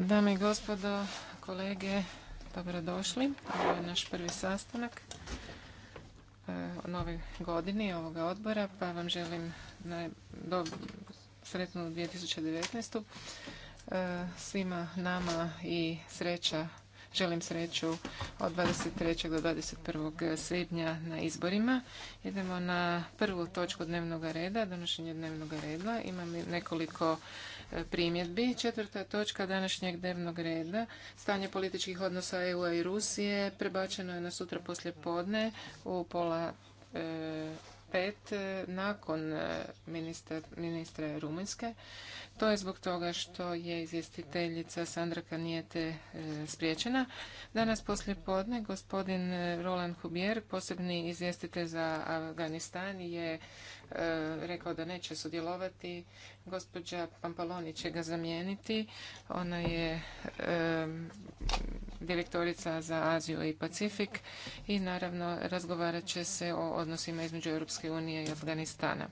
Dame i gospodo, kolege, dobrodošli. Ovo je naš prvi sastanak e, o nove godini ovoga odbora, pa vam želim sretnu 2019. E, svima nama i sreća Želim sreću od 23. do 21. svibnja na izborima. Idemo na prvu točku dnevnog reda, donošenje dnevnog reda. Imam nekoliko e, primjedbi. Četvrta točka današnjeg dnevnog reda, stanje političkih odnosa eu i Rusije, prebačeno je na sutra poslje podne u pola e, pet e, nakon e, ministra, Rumunjske. To je zbog toga što je izvjestiteljica Sandra Kanijete e, spriječena. Danas poslije podne gospodin Roland Hubier, posebni izvjestitelj za Afganistan, je rekao da neće sudjelovati. Gospođa Pampaloni će ga zamijeniti. Ona je direktorica za Aziju i Pacifik i naravno razgovarat će se o odnosima između Europske unije i Afganistana.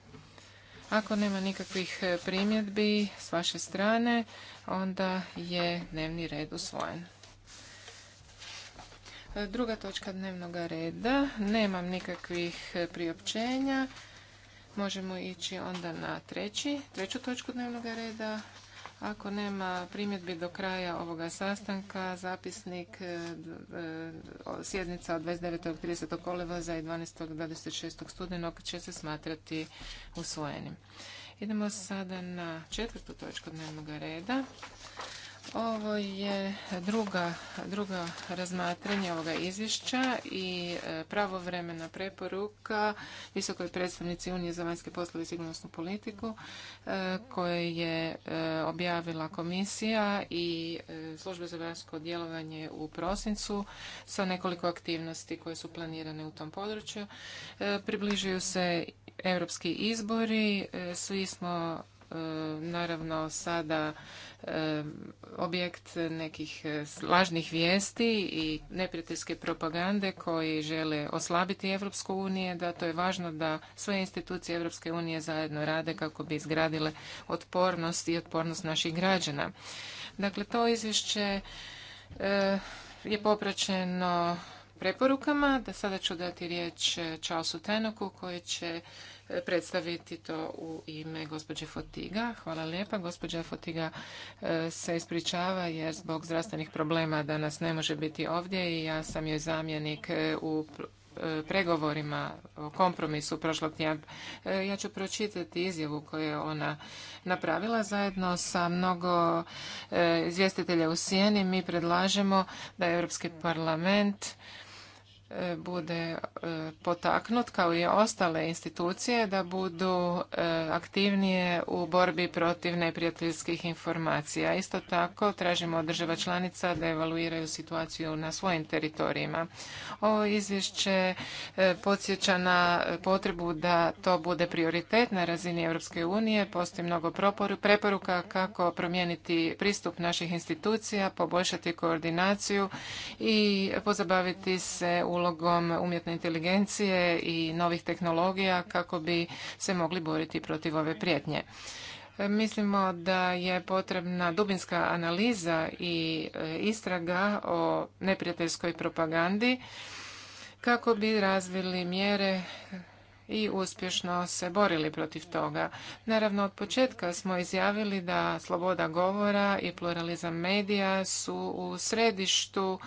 Ako nema nikakvih e, primjedbi s vaše strane, onda je dnevni red usvojen. E, druga točka dnevnog reda, nemam nikakvih e, priopćenja. Možemo ići onda na treći, treću točku dnevnog reda, ako nema primjedbi do kraja ovoga sastanka, zapisnik e, e, sjednica od 29. 30. kolovoza i 12. 26. studenog će se smatrati usvojenim. Idemo sada na četvrtu točku dnevnog reda. Ovo je druga, druga razmatranje ovoga izvješća i e, pravovremena preporuka visokoj predstavnici Unije za vanjske poslove i sigurnosnu politiku e, koje je e, objavila komisija i službe za vanjsko djelovanje u prosincu sa nekoliko aktivnosti koje su planirane u tom području. Približuju se europski izbori, svi smo naravno sada E, objekt nekih e, lažnih vijesti i neprijateljske propagande koji žele oslabiti Europsku uniju, da to je važno da sve institucije Europske unije zajedno rade kako bi izgradile otpornost i otpornost naših građana. Dakle, to izvješće e, je popraćeno preporukama. Da sada ću dati riječ Charlesu Tenoku koji će predstaviti to u ime gospođe Fotiga. Hvala lijepa. Gospođa Fotiga e, se ispričava jer zbog zdravstvenih problema danas ne može biti ovdje i ja sam joj zamjenik e, u e, pregovorima o kompromisu prošlog tjedna. Ja ću pročitati izjavu koju je ona napravila zajedno sa mnogo izvjestitelja u Sijeni. Mi predlažemo da Europski parlament E, bude e, potaknut kao i ostale institucije da budu e, aktivnije u borbi protiv neprijateljskih informacija. Isto tako tražimo od država članica da evaluiraju situaciju na svojim teritorijima. Ovo izvješće podsjeća na potrebu da to bude prioritet na razini Europske unije. Postoji mnogo preporuka kako promijeniti pristup naših institucija, poboljšati koordinaciju i pozabaviti se u ulogom umjetne inteligencije i novih tehnologija kako bi se mogli boriti protiv ove prijetnje. E, mislimo da je potrebna dubinska analiza i e, istraga o neprijateljskoj propagandi kako bi razvili mjere i uspješno se borili protiv toga. Naravno, od početka smo izjavili da sloboda govora i pluralizam medija su u središtu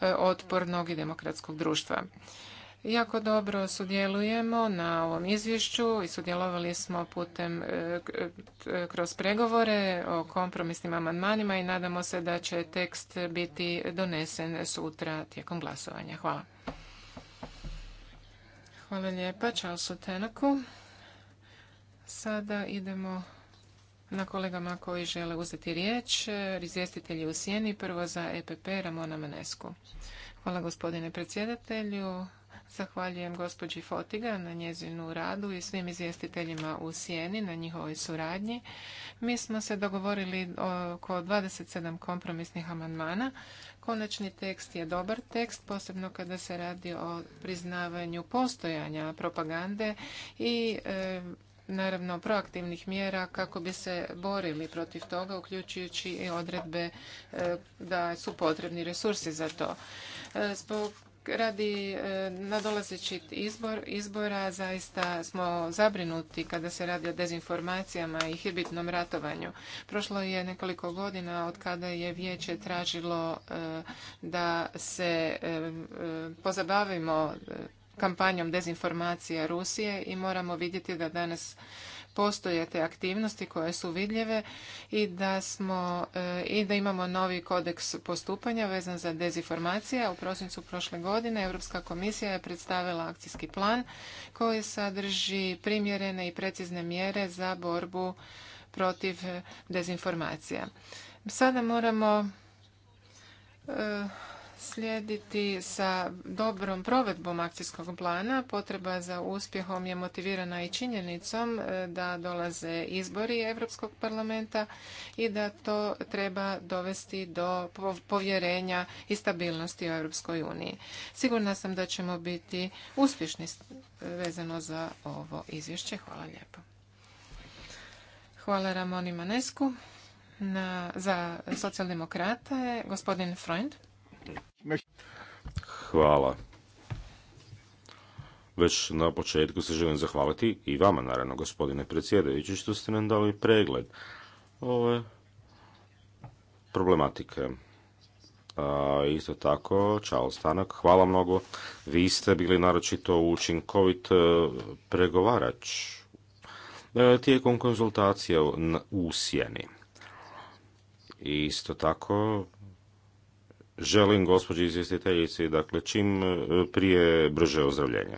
E, otpornog i demokratskog društva. Jako dobro sudjelujemo na ovom izvješću i sudjelovali smo putem e, e, kroz pregovore o kompromisnim amandmanima i nadamo se da će tekst biti donesen sutra tijekom glasovanja. Hvala. Hvala lijepa Tenaku. Sada idemo na kolegama koji žele uzeti riječ. E, izvjestitelji u sjeni, prvo za EPP Ramona Menesku. Hvala gospodine predsjedatelju. Zahvaljujem gospođi Fotiga na njezinu radu i svim izvjestiteljima u Sjeni na njihovoj suradnji. Mi smo se dogovorili oko 27 kompromisnih amandmana. Konačni tekst je dobar tekst, posebno kada se radi o priznavanju postojanja propagande i e, naravno proaktivnih mjera kako bi se borili protiv toga uključujući i odredbe e, da su potrebni resursi za to. E, zbog radi e, nadolazeći izbor, izbora zaista smo zabrinuti kada se radi o dezinformacijama i hibitnom ratovanju. Prošlo je nekoliko godina od kada je vijeće tražilo da se pozabavimo kampanjom dezinformacija Rusije i moramo vidjeti da danas postoje te aktivnosti koje su vidljive i da smo e, i da imamo novi kodeks postupanja vezan za dezinformacije. U prosincu prošle godine Europska komisija je predstavila akcijski plan koji sadrži primjerene i precizne mjere za borbu protiv dezinformacija. Sada moramo e, slijediti sa dobrom provedbom akcijskog plana. Potreba za uspjehom je motivirana i činjenicom e, da dolaze izbori Europskog parlamenta i da to treba dovesti do povjerenja i stabilnosti u Europskoj uniji. Sigurna sam da ćemo biti uspješni vezano za ovo izvješće. Hvala lijepo. Hvala Ramoni Manesku. Na, za socijaldemokrata je gospodin Freund. Hvala. Već na početku se želim zahvaliti i vama, naravno, gospodine predsjedajući, što ste nam dali pregled ove problematike. A, isto tako, čao Stanak, hvala mnogo. Vi ste bili naročito učinkovit e, pregovarač e, tijekom konzultacija u Sjeni. Isto tako, želim gospođi izvjestiteljici dakle čim e, prije brže ozdravljenje.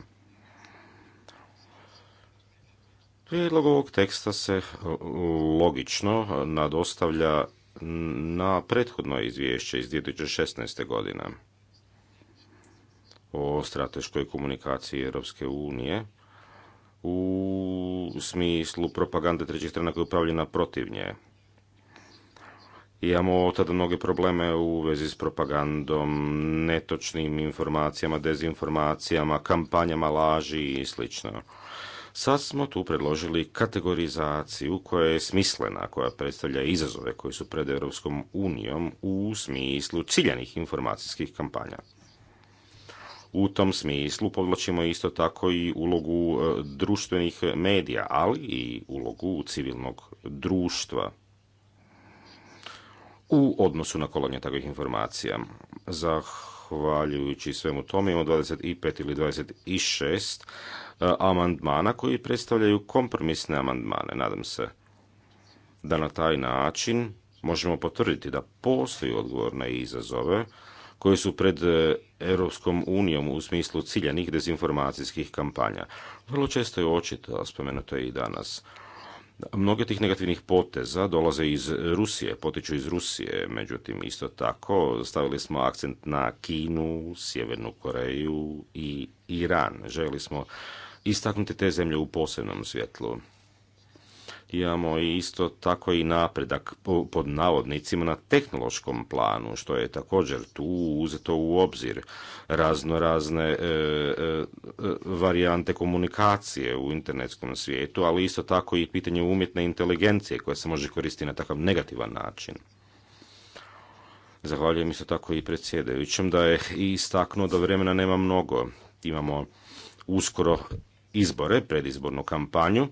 Prijedlog ovog teksta se logično nadostavlja na prethodno izvješće iz 2016. godine o strateškoj komunikaciji Europske unije u smislu propagande trećih strana koja je upravljena protiv nje. Imamo tada mnoge probleme u vezi s propagandom, netočnim informacijama, dezinformacijama, kampanjama laži i sl. Sad smo tu predložili kategorizaciju koja je smislena, koja predstavlja izazove koji su pred Europskom unijom u smislu ciljanih informacijskih kampanja. U tom smislu podločimo isto tako i ulogu e, društvenih medija, ali i ulogu civilnog društva u odnosu na kolonje takvih informacija. Zahvaljujući svemu tome imamo 25 ili 26 eh, amandmana koji predstavljaju kompromisne amandmane. Nadam se da na taj način možemo potvrditi da postoji odgovor na izazove koje su pred eh, Europskom unijom u smislu ciljanih dezinformacijskih kampanja. Vrlo često je očito, a spomenuto je i danas, Mnoge tih negativnih poteza dolaze iz Rusije, potiču iz Rusije, međutim isto tako stavili smo akcent na Kinu, Sjevernu Koreju i Iran. Želi smo istaknuti te zemlje u posebnom svjetlu imamo isto tako i napredak pod navodnicima na tehnološkom planu, što je također tu uzeto u obzir razno razne e, e, varijante komunikacije u internetskom svijetu, ali isto tako i pitanje umjetne inteligencije koja se može koristiti na takav negativan način. Zahvaljujem isto tako i predsjedajućem da je istaknuo da vremena nema mnogo. Imamo uskoro izbore, predizbornu kampanju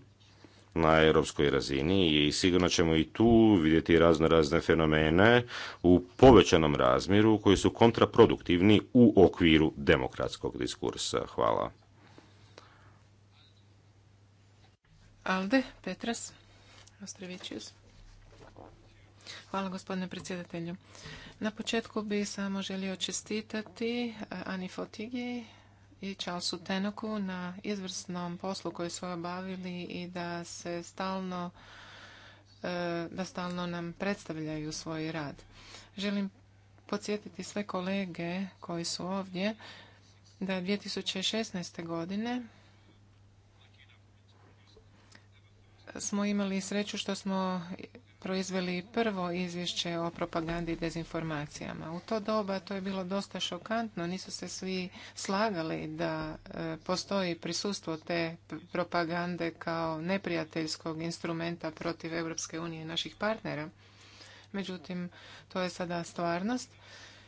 na europskoj razini i sigurno ćemo i tu vidjeti razno razne fenomene u povećanom razmjeru koji su kontraproduktivni u okviru demokratskog diskursa. Hvala. Alde, Petras, Hvala gospodine predsjedatelju. Na početku bi samo želio čestitati eh, Ani Fotigi i Charlesu Tenoku na izvrsnom poslu koji su obavili i da se stalno e, da stalno nam predstavljaju svoj rad. Želim podsjetiti sve kolege koji su ovdje da 2016. godine smo imali sreću što smo proizveli prvo izvješće o propagandi i dezinformacijama. U to doba to je bilo dosta šokantno, nisu se svi slagali da e, postoji prisustvo te propagande kao neprijateljskog instrumenta protiv Europske unije i naših partnera. Međutim, to je sada stvarnost.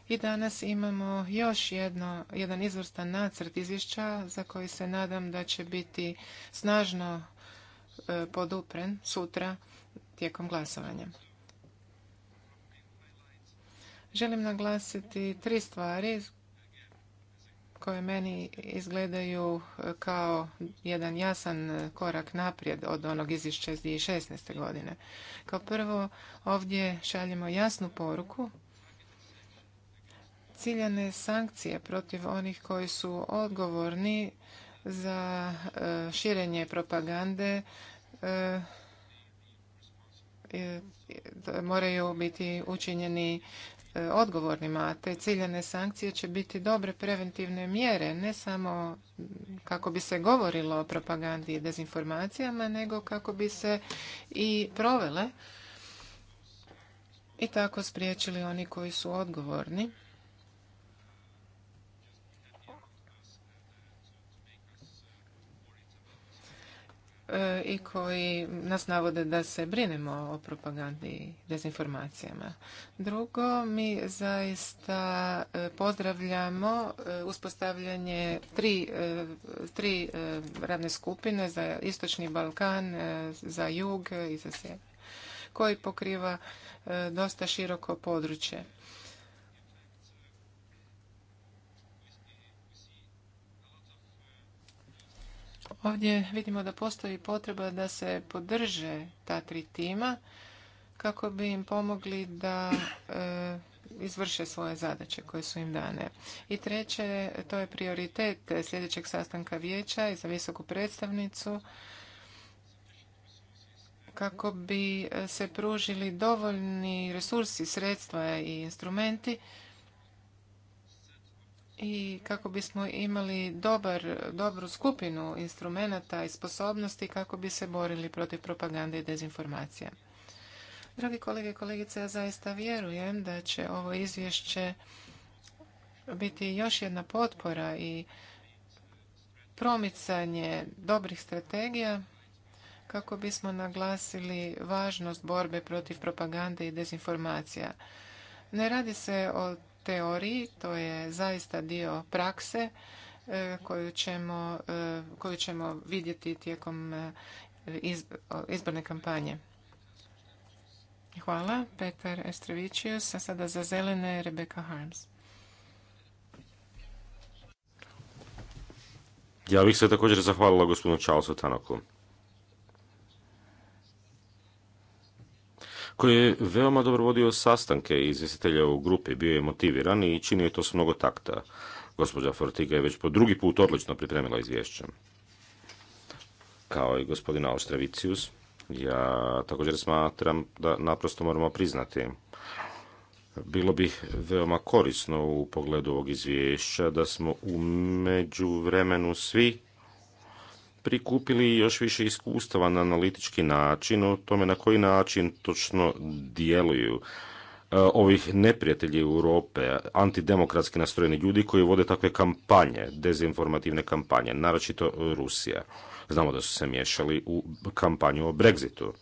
I danas imamo još jedno, jedan izvrstan nacrt izvješća za koji se nadam da će biti snažno e, podupren sutra tijekom glasovanja. Želim naglasiti tri stvari koje meni izgledaju eh, kao jedan jasan eh, korak naprijed od onog izvješća iz 2016. godine. Kao prvo, ovdje šaljemo jasnu poruku ciljane sankcije protiv onih koji su odgovorni za eh, širenje propagande moraju biti učinjeni e, odgovornima, a te ciljene sankcije će biti dobre preventivne mjere, ne samo kako bi se govorilo o propagandi i dezinformacijama, nego kako bi se i provele i tako spriječili oni koji su odgovorni E, i koji nas navode da se brinemo o propagandi i dezinformacijama. Drugo, mi zaista e, pozdravljamo e, uspostavljanje tri, tri radne skupine za Istočni Balkan, za Jug i za Sjever, koji pokriva dosta široko područje. Ovdje vidimo da postoji potreba da se podrže ta tri tima kako bi im pomogli da e, izvrše svoje zadaće koje su im dane. I treće, to je prioritet sljedećeg sastanka vijeća i za visoku predstavnicu kako bi se pružili dovoljni resursi, sredstva i instrumenti i kako bismo imali dobar, dobru skupinu instrumenata i sposobnosti kako bi se borili protiv propagande i dezinformacija. Dragi kolege i kolegice, ja zaista vjerujem da će ovo izvješće biti još jedna potpora i promicanje dobrih strategija kako bismo naglasili važnost borbe protiv propagande i dezinformacija. Ne radi se o teoriji, to je zaista dio prakse e, koju ćemo, e, koju ćemo vidjeti tijekom e, izborne kampanje. Hvala. Petar Estrevićius. a sada za zelene Rebecca Harms. Ja bih se također zahvalila gospodinu Charlesu Tanaku. koji je veoma dobro vodio sastanke izvjestitelja u grupi, bio je motiviran i činio je to s mnogo takta. Gospođa Fortiga je već po drugi put odlično pripremila izvješće. Kao i gospodin Oštravicius, ja također smatram da naprosto moramo priznati bilo bi veoma korisno u pogledu ovog izvješća da smo u međuvremenu svi prikupili još više iskustava na analitički način o tome na koji način točno djeluju e, ovih neprijatelji Europe, antidemokratski nastrojeni ljudi koji vode takve kampanje, dezinformativne kampanje, naročito Rusija. Znamo da su se miješali u kampanju o Brexitu.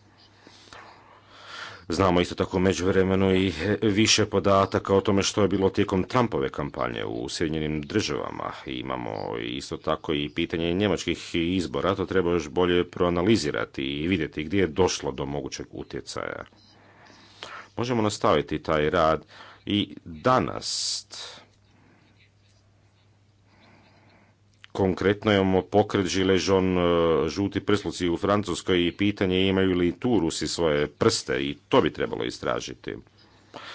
Znamo isto tako međuvremeno i više podataka o tome što je bilo tijekom Trumpove kampanje u Sjedinjenim državama. Imamo isto tako i pitanje njemačkih izbora, to treba još bolje proanalizirati i vidjeti gdje je došlo do mogućeg utjecaja. Možemo nastaviti taj rad i danas Konkretno imamo pokret Žiležon e, žuti prsluci u Francuskoj i pitanje imaju li tu Rusi svoje prste i to bi trebalo istražiti.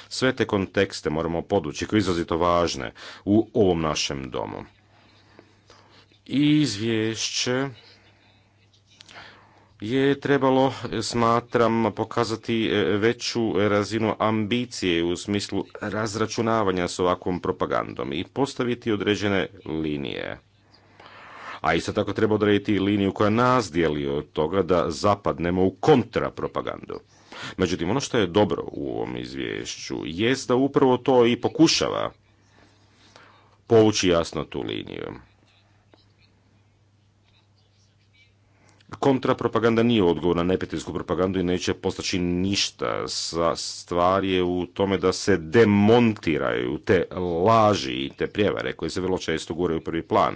Sve te kontekste moramo podući koji izrazito važne u ovom našem domu. Izvješće je trebalo, smatram, pokazati e, veću razinu ambicije u smislu razračunavanja s ovakvom propagandom i postaviti određene linije a isto tako treba odrediti liniju koja nas dijeli od toga da zapadnemo u kontrapropagandu. Međutim, ono što je dobro u ovom izvješću jest da upravo to i pokušava povući jasno tu liniju. kontrapropaganda nije odgovor na neprijateljsku propagandu i neće postaći ništa. Stvar je u tome da se demontiraju te laži i te prijevare koje se vrlo često guraju u prvi plan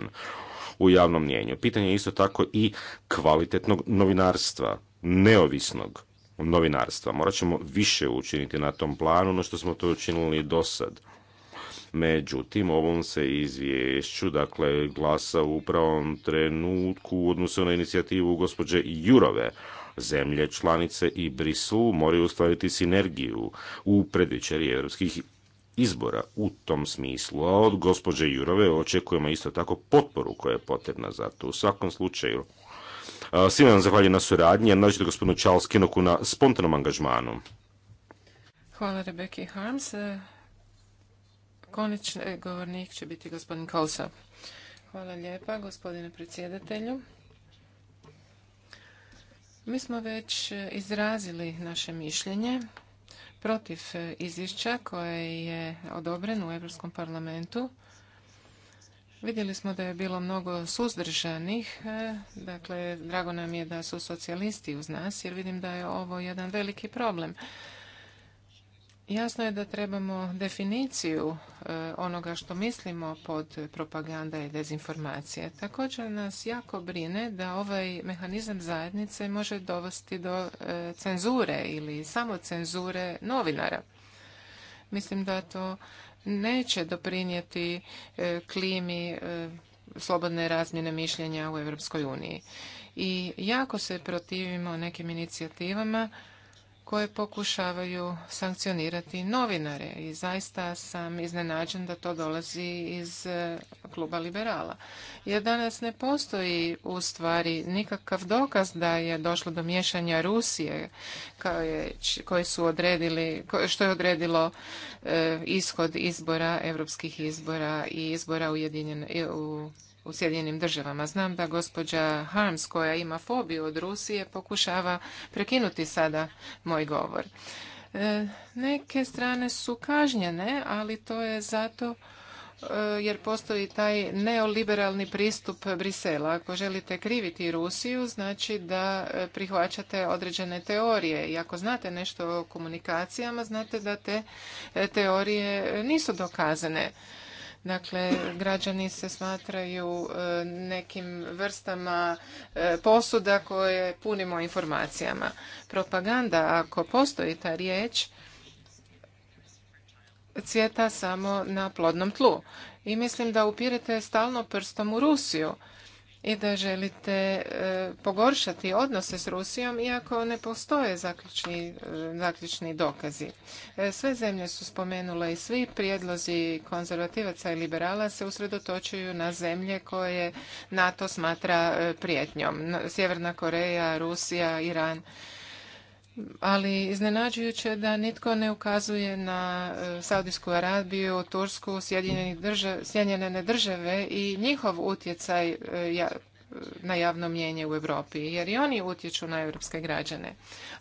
u javnom mnjenju. Pitanje je isto tako i kvalitetnog novinarstva, neovisnog novinarstva. Morat ćemo više učiniti na tom planu, ono što smo to učinili do sad. Međutim, ovom se izvješću, dakle, glasa u pravom trenutku u odnosu na inicijativu gospođe Jurove. Zemlje, članice i BRISU moraju ostvariti sinergiju u predvičeri europskih izbora u tom smislu, a od gospođe Jurove očekujemo isto tako potporu koja je potrebna za to. U svakom slučaju, svima vam zahvaljujem na suradnji, a nađete gospodinu Charles Kinoku na spontanom angažmanu. Hvala Rebeki Harms. E, govornik će biti gospodin Kosa. Hvala lijepa gospodine predsjedatelju. Mi smo već e, izrazili naše mišljenje protiv e, izvješća koje je odobreno u Europskom parlamentu. Vidjeli smo da je bilo mnogo suzdržanih, e, dakle drago nam je da su socijalisti uz nas jer vidim da je ovo jedan veliki problem. Jasno je da trebamo definiciju e, onoga što mislimo pod propaganda i dezinformacije. Također nas jako brine da ovaj mehanizam zajednice može dovesti do e, cenzure ili samo cenzure novinara. Mislim da to neće doprinijeti e, klimi slobodne razmjene mišljenja u Europskoj uniji. I jako se protivimo nekim inicijativama koje pokušavaju sankcionirati novinare i zaista sam iznenađen da to dolazi iz e, kluba liberala. Jer danas ne postoji u stvari nikakav dokaz da je došlo do miješanja Rusije koje su odredili, što je odredilo e, ishod izbora, europskih izbora i izbora u, u Sjedinjenim državama. Znam da gospođa Harms koja ima fobiju od Rusije pokušava prekinuti sada moj govor. E, neke strane su kažnjene, ali to je zato e, jer postoji taj neoliberalni pristup Brisela. Ako želite kriviti Rusiju, znači da e, prihvaćate određene teorije. I ako znate nešto o komunikacijama, znate da te teorije nisu dokazane. Dakle, građani se smatraju e, nekim vrstama e, posuda koje punimo informacijama. Propaganda, ako postoji ta riječ, cvjeta samo na plodnom tlu. I mislim da upirete stalno prstom u Rusiju i da želite e, pogoršati odnose s Rusijom iako ne postoje zaključni, e, dokazi. E, sve zemlje su spomenule i svi prijedlozi konzervativaca i liberala se usredotočuju na zemlje koje NATO smatra prijetnjom. Sjeverna Koreja, Rusija, Iran ali iznenađujuće da nitko ne ukazuje na e, Saudijsku Arabiju, Tursku, Sjedinjene države i njihov utjecaj e, na javno mjenje u Europi, jer i oni utječu na europske građane.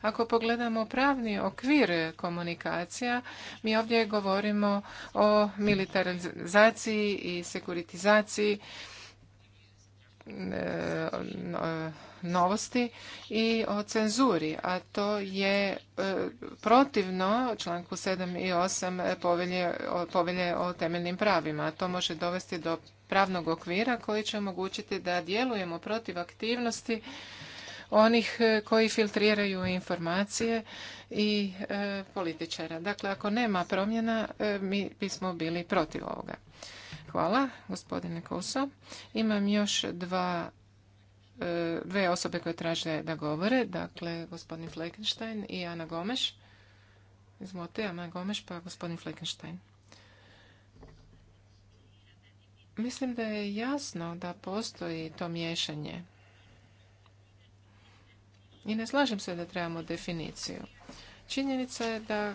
Ako pogledamo pravni okvir komunikacija, mi ovdje govorimo o militarizaciji i sekuritizaciji e, novosti i o cenzuri, a to je e, protivno članku 7 i 8 povelje, o temeljnim pravima. To može dovesti do pravnog okvira koji će omogućiti da djelujemo protiv aktivnosti onih e, koji filtriraju informacije i e, političara. Dakle, ako nema promjena, mi bismo bili protiv ovoga. Hvala, gospodine Kuso. Imam još dva dve osobe koje traže da govore, dakle gospodin Fleckenstein i Ana Gomeš. Izvolite, Ana Gomeš pa gospodin Fleckenstein. Mislim da je jasno da postoji to miješanje. I ne slažem se da trebamo definiciju. Činjenica je da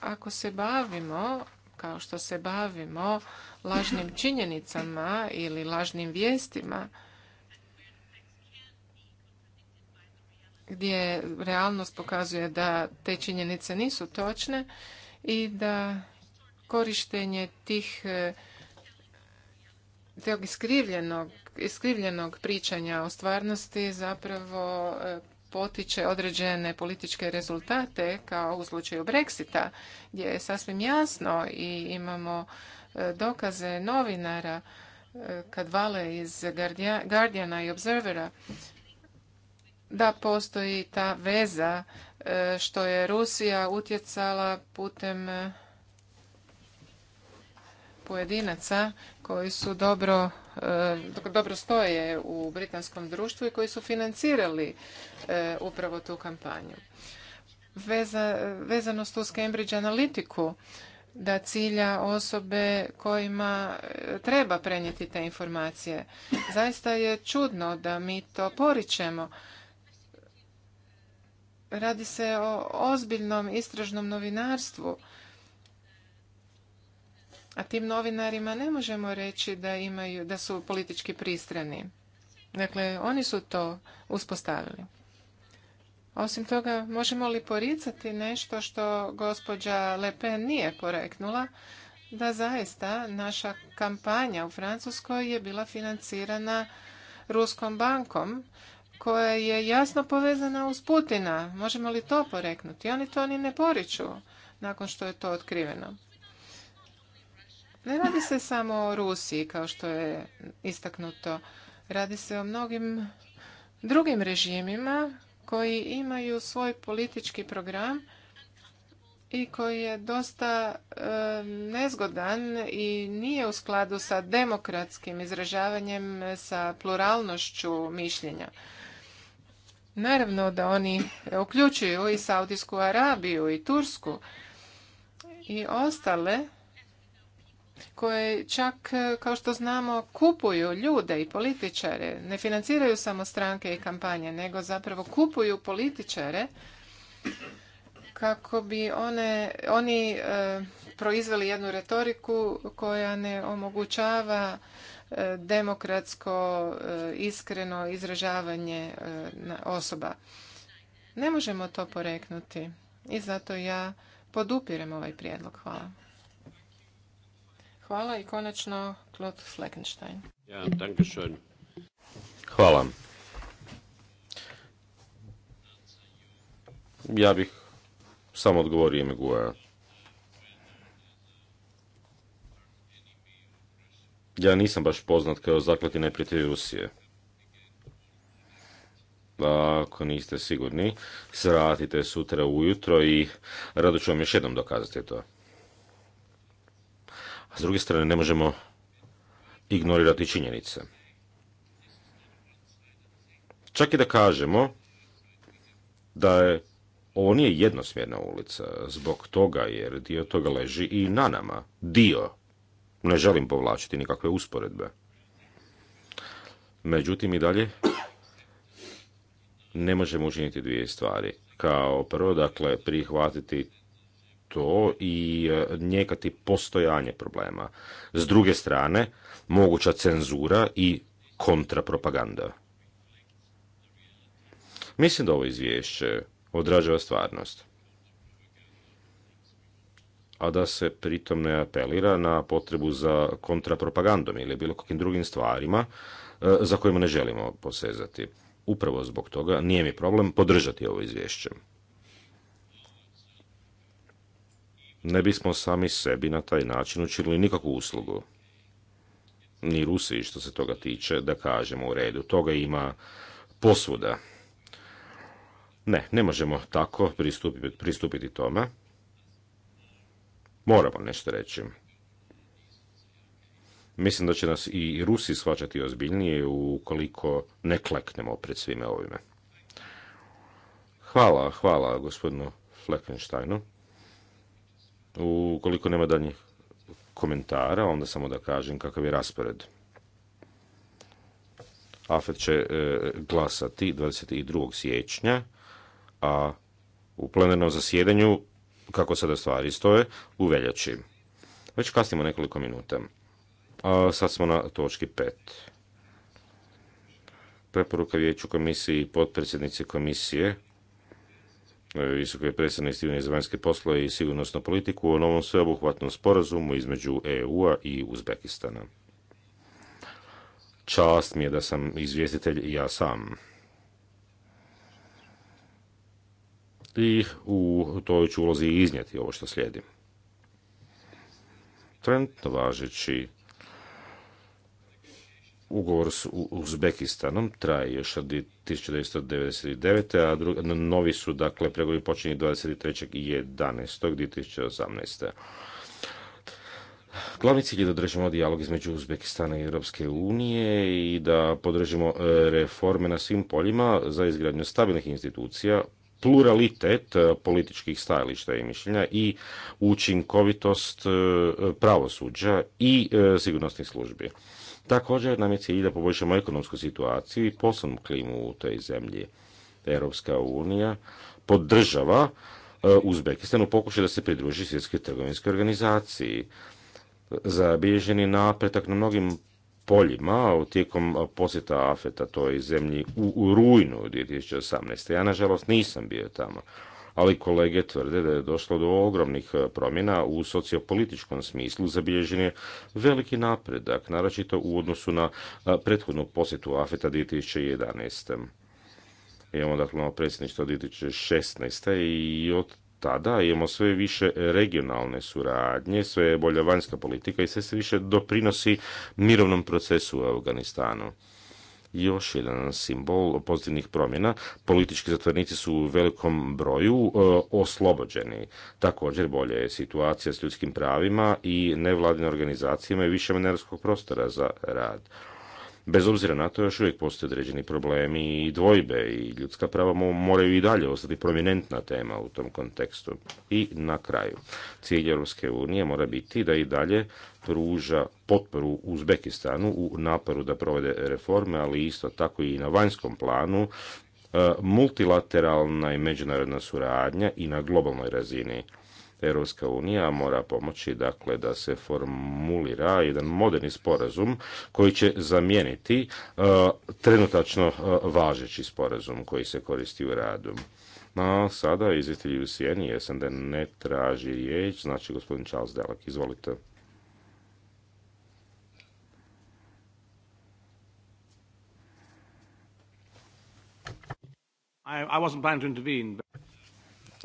ako se bavimo kao što se bavimo lažnim činjenicama ili lažnim vijestima, gdje realnost pokazuje da te činjenice nisu točne i da korištenje tih e, tog iskrivljenog, iskrivljenog pričanja o stvarnosti zapravo e, potiče određene političke rezultate kao u slučaju Brexita gdje je sasvim jasno i imamo e, dokaze novinara kad vale iz Guardiana i Observera da postoji ta veza e, što je Rusija utjecala putem e, pojedinaca koji su dobro, e, dobro stoje u britanskom društvu i koji su financirali upravo tu kampanju. Veza, vezanost uz Cambridge analitiku da cilja osobe kojima treba prenijeti te informacije. Zaista je čudno da mi to poričemo Radi se o ozbiljnom istražnom novinarstvu. A tim novinarima ne možemo reći da imaju da su politički pristrani. Dakle, oni su to uspostavili. Osim toga, možemo li poricati nešto što gospođa Le Pen nije poreknula, da zaista naša kampanja u Francuskoj je bila financirana Ruskom bankom koja je jasno povezana uz Putina. Možemo li to poreknuti? Oni to ni ne poriču nakon što je to otkriveno. Ne radi se samo o Rusiji, kao što je istaknuto. Radi se o mnogim drugim režimima koji imaju svoj politički program i koji je dosta e, nezgodan i nije u skladu sa demokratskim izražavanjem, sa pluralnošću mišljenja. Naravno da oni uključuju i Saudijsku Arabiju i Tursku i ostale koje čak, kao što znamo, kupuju ljude i političare. Ne financiraju samo stranke i kampanje, nego zapravo kupuju političare kako bi one, oni eh, proizveli jednu retoriku koja ne omogućava E, demokratsko, e, iskreno izražavanje e, osoba. Ne možemo to poreknuti i zato ja podupirem ovaj prijedlog. Hvala. Hvala i konačno Klot Fleckenstein. Ja, Hvala. Ja bih samo odgovorio ime Ja nisam baš poznat kao zaklati neprijatelj Rusije. Ako niste sigurni, sratite sutra ujutro i rado ću vam još jednom dokazati to. A s druge strane, ne možemo ignorirati činjenice. Čak i da kažemo da je ovo nije jednosmjerna ulica zbog toga jer dio toga leži i na nama. Dio ne želim povlačiti nikakve usporedbe. Međutim i dalje ne možemo učiniti dvije stvari. Kao prvo, dakle, prihvatiti to i e, njekati postojanje problema. S druge strane, moguća cenzura i kontrapropaganda. Mislim da ovo izvješće odražava stvarnost a da se pritom ne apelira na potrebu za kontrapropagandom ili bilo kakvim drugim stvarima e, za kojima ne želimo posezati. Upravo zbog toga nije mi problem podržati ovo izvješće. Ne bismo sami sebi na taj način učinili nikakvu uslugu. Ni Rusiji što se toga tiče, da kažemo u redu. Toga ima posvuda. Ne, ne možemo tako pristupiti, pristupiti tome moramo nešto reći. Mislim da će nas i Rusi shvaćati ozbiljnije ukoliko ne kleknemo pred svime ovime. Hvala, hvala gospodinu Fleckensteinu. Ukoliko nema danjih komentara, onda samo da kažem kakav je raspored. Afet će e, glasati 22. siječnja, a u plenarnom zasjedanju kako sada stvari stoje u veljači. Već kasnimo nekoliko minuta. A sad smo na točki pet. Preporuka vijeću komisiji i potpredsjednici komisije e, visokoj predstavnici za vanjske poslove i sigurnosnu politiku o novom sveobuhvatnom sporazumu između EU-a i Uzbekistana. Čast mi je da sam izvjestitelj i ja sam. i u toj ću ulozi iznijeti ovo što slijedi. Trenutno važeći ugovor s Uzbekistanom traje još od 1999. a novi su, dakle, pregovori počinje 23.11.2018. Glavni cilj je da držimo dijalog između Uzbekistana i Europske unije i da podržimo e, reforme na svim poljima za izgradnju stabilnih institucija, pluralitet e, političkih stajališta i mišljenja i učinkovitost e, pravosuđa i e, sigurnosnih službi. Također nam je cilj da poboljšamo ekonomsku situaciju i poslovnu klimu u toj zemlji. Europska unija podržava Uzbekistan u pokušaju da se pridruži svjetskoj trgovinskoj organizaciji. zabilježeni napretak na mnogim poljima tijekom posjeta Afeta toj zemlji u, u rujnu 2018. Ja nažalost nisam bio tamo, ali kolege tvrde da je došlo do ogromnih promjena u sociopolitičkom smislu. Zabilježen je veliki napredak, naročito u odnosu na prethodnu posjetu Afeta 2011. Imamo dakle novo predsjedništvo 2016. i od tada imamo sve više regionalne suradnje, sve je bolja vanjska politika i sve se više doprinosi mirovnom procesu u Afganistanu još jedan simbol pozitivnih promjena. Politički zatvornici su u velikom broju e, oslobođeni. Također bolje je situacija s ljudskim pravima i nevladine organizacije imaju više manerskog prostora za rad. Bez obzira na to još uvijek postoje određeni problemi i dvojbe i ljudska prava moraju i dalje ostati prominentna tema u tom kontekstu. I na kraju, cilj Europske unije mora biti da i dalje pruža potporu Uzbekistanu u naporu da provede reforme, ali isto tako i na vanjskom planu e, multilateralna i međunarodna suradnja i na globalnoj razini Europska unija mora pomoći dakle da se formulira jedan moderni sporazum koji će zamijeniti e, trenutačno e, važeći sporazum koji se koristi u radu. No, sada izvjetelji u sjeni, jesam da ne traži riječ, znači gospodin Charles Delak, izvolite. I wasn't planning to intervene, but...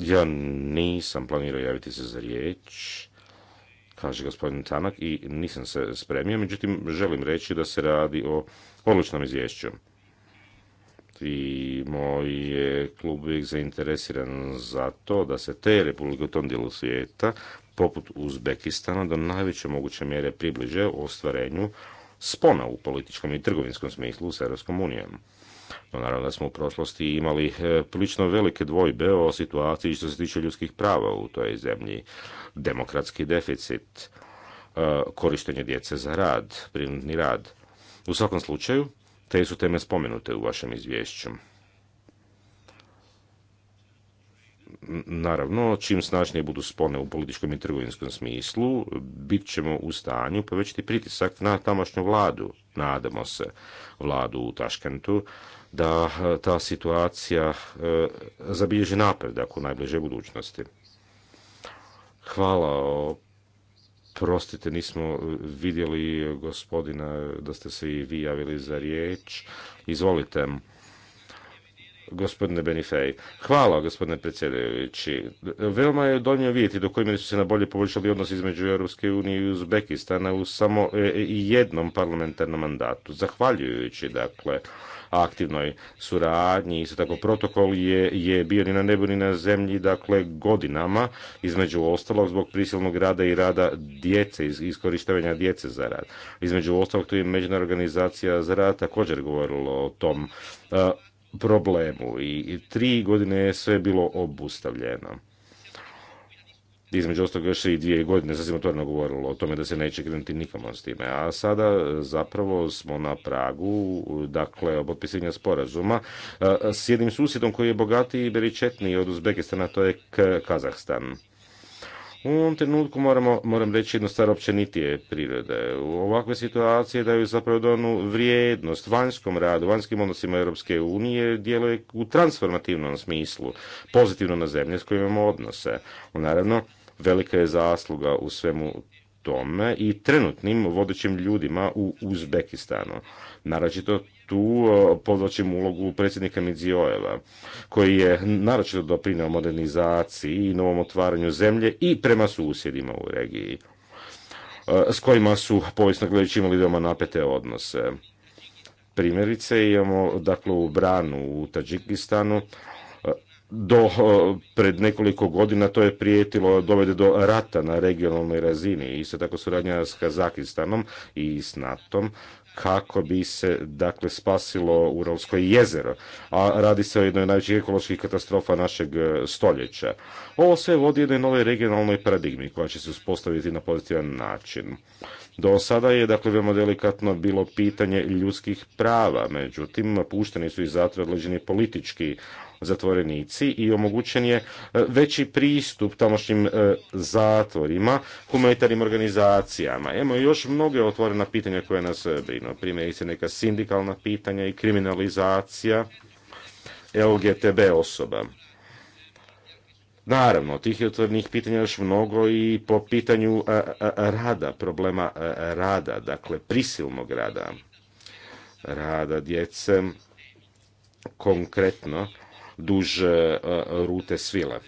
Ja nisam planirao javiti se za riječ, kaže gospodin Tanak, i nisam se spremio, međutim želim reći da se radi o odličnom izvješću. I moj je klub uvijek zainteresiran za to da se te republike u tom dijelu svijeta, poput Uzbekistana, do najveće moguće mjere približe ostvarenju spona u političkom i trgovinskom smislu s Europskom unijom. No, naravno da smo u prošlosti imali e, prilično velike dvojbe o situaciji što se tiče ljudskih prava u toj zemlji. Demokratski deficit, e, korištenje djece za rad, prinudni rad. U svakom slučaju, te su teme spomenute u vašem izvješću. naravno, čim snažnije budu spone u političkom i trgovinskom smislu, bit ćemo u stanju povećati pritisak na tamošnju vladu, nadamo se, vladu u Taškentu, da e, ta situacija e, zabilježi napredak u najbliže budućnosti. Hvala. Prostite, nismo vidjeli gospodina da ste se i vi javili za riječ. Izvolite. Gospodine Benifej, hvala gospodine predsjedajući. Veoma je donio vidjeti do kojima su se na bolje poboljšali odnos između Europske unije i Uzbekistana u samo e, e, jednom parlamentarnom mandatu. Zahvaljujući, dakle, aktivnoj suradnji. Isto tako protokol je, je bio ni na nebu ni na zemlji, dakle godinama, između ostalog zbog prisilnog rada i rada djece, iskorištavanja djece za rad. Između ostalog tu je Međunarodna organizacija za rad također govorilo o tom. E, problemu i tri godine je sve bilo obustavljeno. Između ostalog još i dvije godine sasvim otvoreno govorilo o tome da se neće krenuti nikamo s time. A sada zapravo smo na pragu, dakle, potpisivanja sporazuma e, s jednim susjedom koji je bogatiji i beričetniji od Uzbekistana, to je Kazahstan. U ovom trenutku moramo, moram reći jednu stvar općenitije prirode. U ovakve situacije daju zapravo donu vrijednost vanjskom radu, vanjskim odnosima Europske unije, djeluje u transformativnom smislu, pozitivno na zemlje s kojima imamo odnose. Naravno, velika je zasluga u svemu tome i trenutnim vodećim ljudima u Uzbekistanu. Naročito tu e, podlačim ulogu predsjednika Midzijojeva, koji je naročito doprinio modernizaciji i novom otvaranju zemlje i prema susjedima u regiji, e, s kojima su povijesno gledajući imali doma napete odnose. Primjerice imamo dakle u Branu u Tadžikistanu e, do pred nekoliko godina to je prijetilo dovede do rata na regionalnoj razini. Isto tako suradnja s Kazakistanom i s NATO-om kako bi se dakle spasilo Uralsko jezero, a radi se o jednoj najvećih ekoloških katastrofa našeg e, stoljeća. Ovo sve vodi jednoj novoj regionalnoj paradigmi koja će se uspostaviti na pozitivan način. Do sada je dakle veoma delikatno bilo pitanje ljudskih prava, međutim pušteni su i zatvora određeni politički zatvorenici i omogućen je e, veći pristup tamošnjim e, zatvorima, humanitarnim organizacijama. Imamo još mnoge otvorena pitanja koja nas e, brinu. Primjerice neka sindikalna pitanja i kriminalizacija LGTB osoba. Naravno, tih je otvorenih pitanja još mnogo i po pitanju rada, problema rada, dakle prisilnog rada, rada djece, konkretno duž e, rute svile.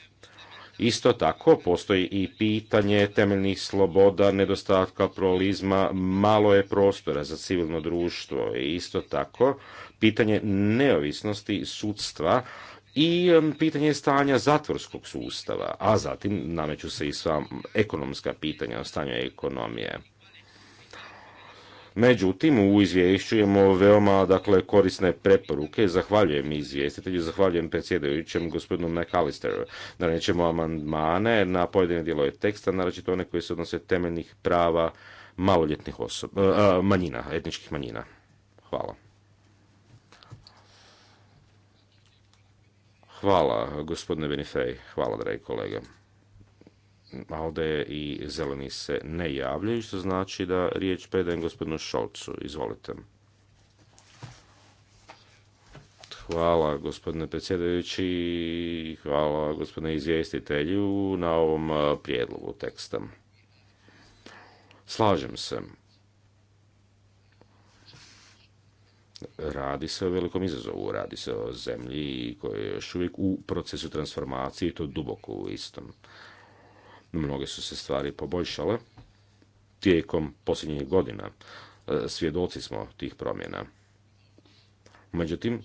Isto tako postoji i pitanje temeljnih sloboda, nedostatka prolizma, malo je prostora za civilno društvo i isto tako pitanje neovisnosti sudstva i pitanje stanja zatvorskog sustava, a zatim nameću se i sva ekonomska pitanja o stanju ekonomije. Međutim, u izvješću imamo veoma dakle, korisne preporuke. Zahvaljujem izvjestitelju, zahvaljujem predsjedajućem gospodinu McAllisteru. Da nećemo amandmane na pojedine dijelove teksta, naročito one koji se odnose temeljnih prava maloljetnih osoba, e, manjina, etničkih manjina. Hvala. Hvala, gospodine Benifej. Hvala, dragi kolega. Alde i Zeleni se ne javljaju, što znači da riječ predajem gospodinu Šolcu. Izvolite. Hvala gospodine predsjedajući, hvala gospodine izvjestitelju na ovom prijedlogu teksta. Slažem se. Radi se o velikom izazovu, radi se o zemlji koja je još uvijek u procesu transformacije i to duboko u istom. Mnoge su se stvari poboljšale tijekom posljednjih godina. E, svjedoci smo tih promjena. Međutim,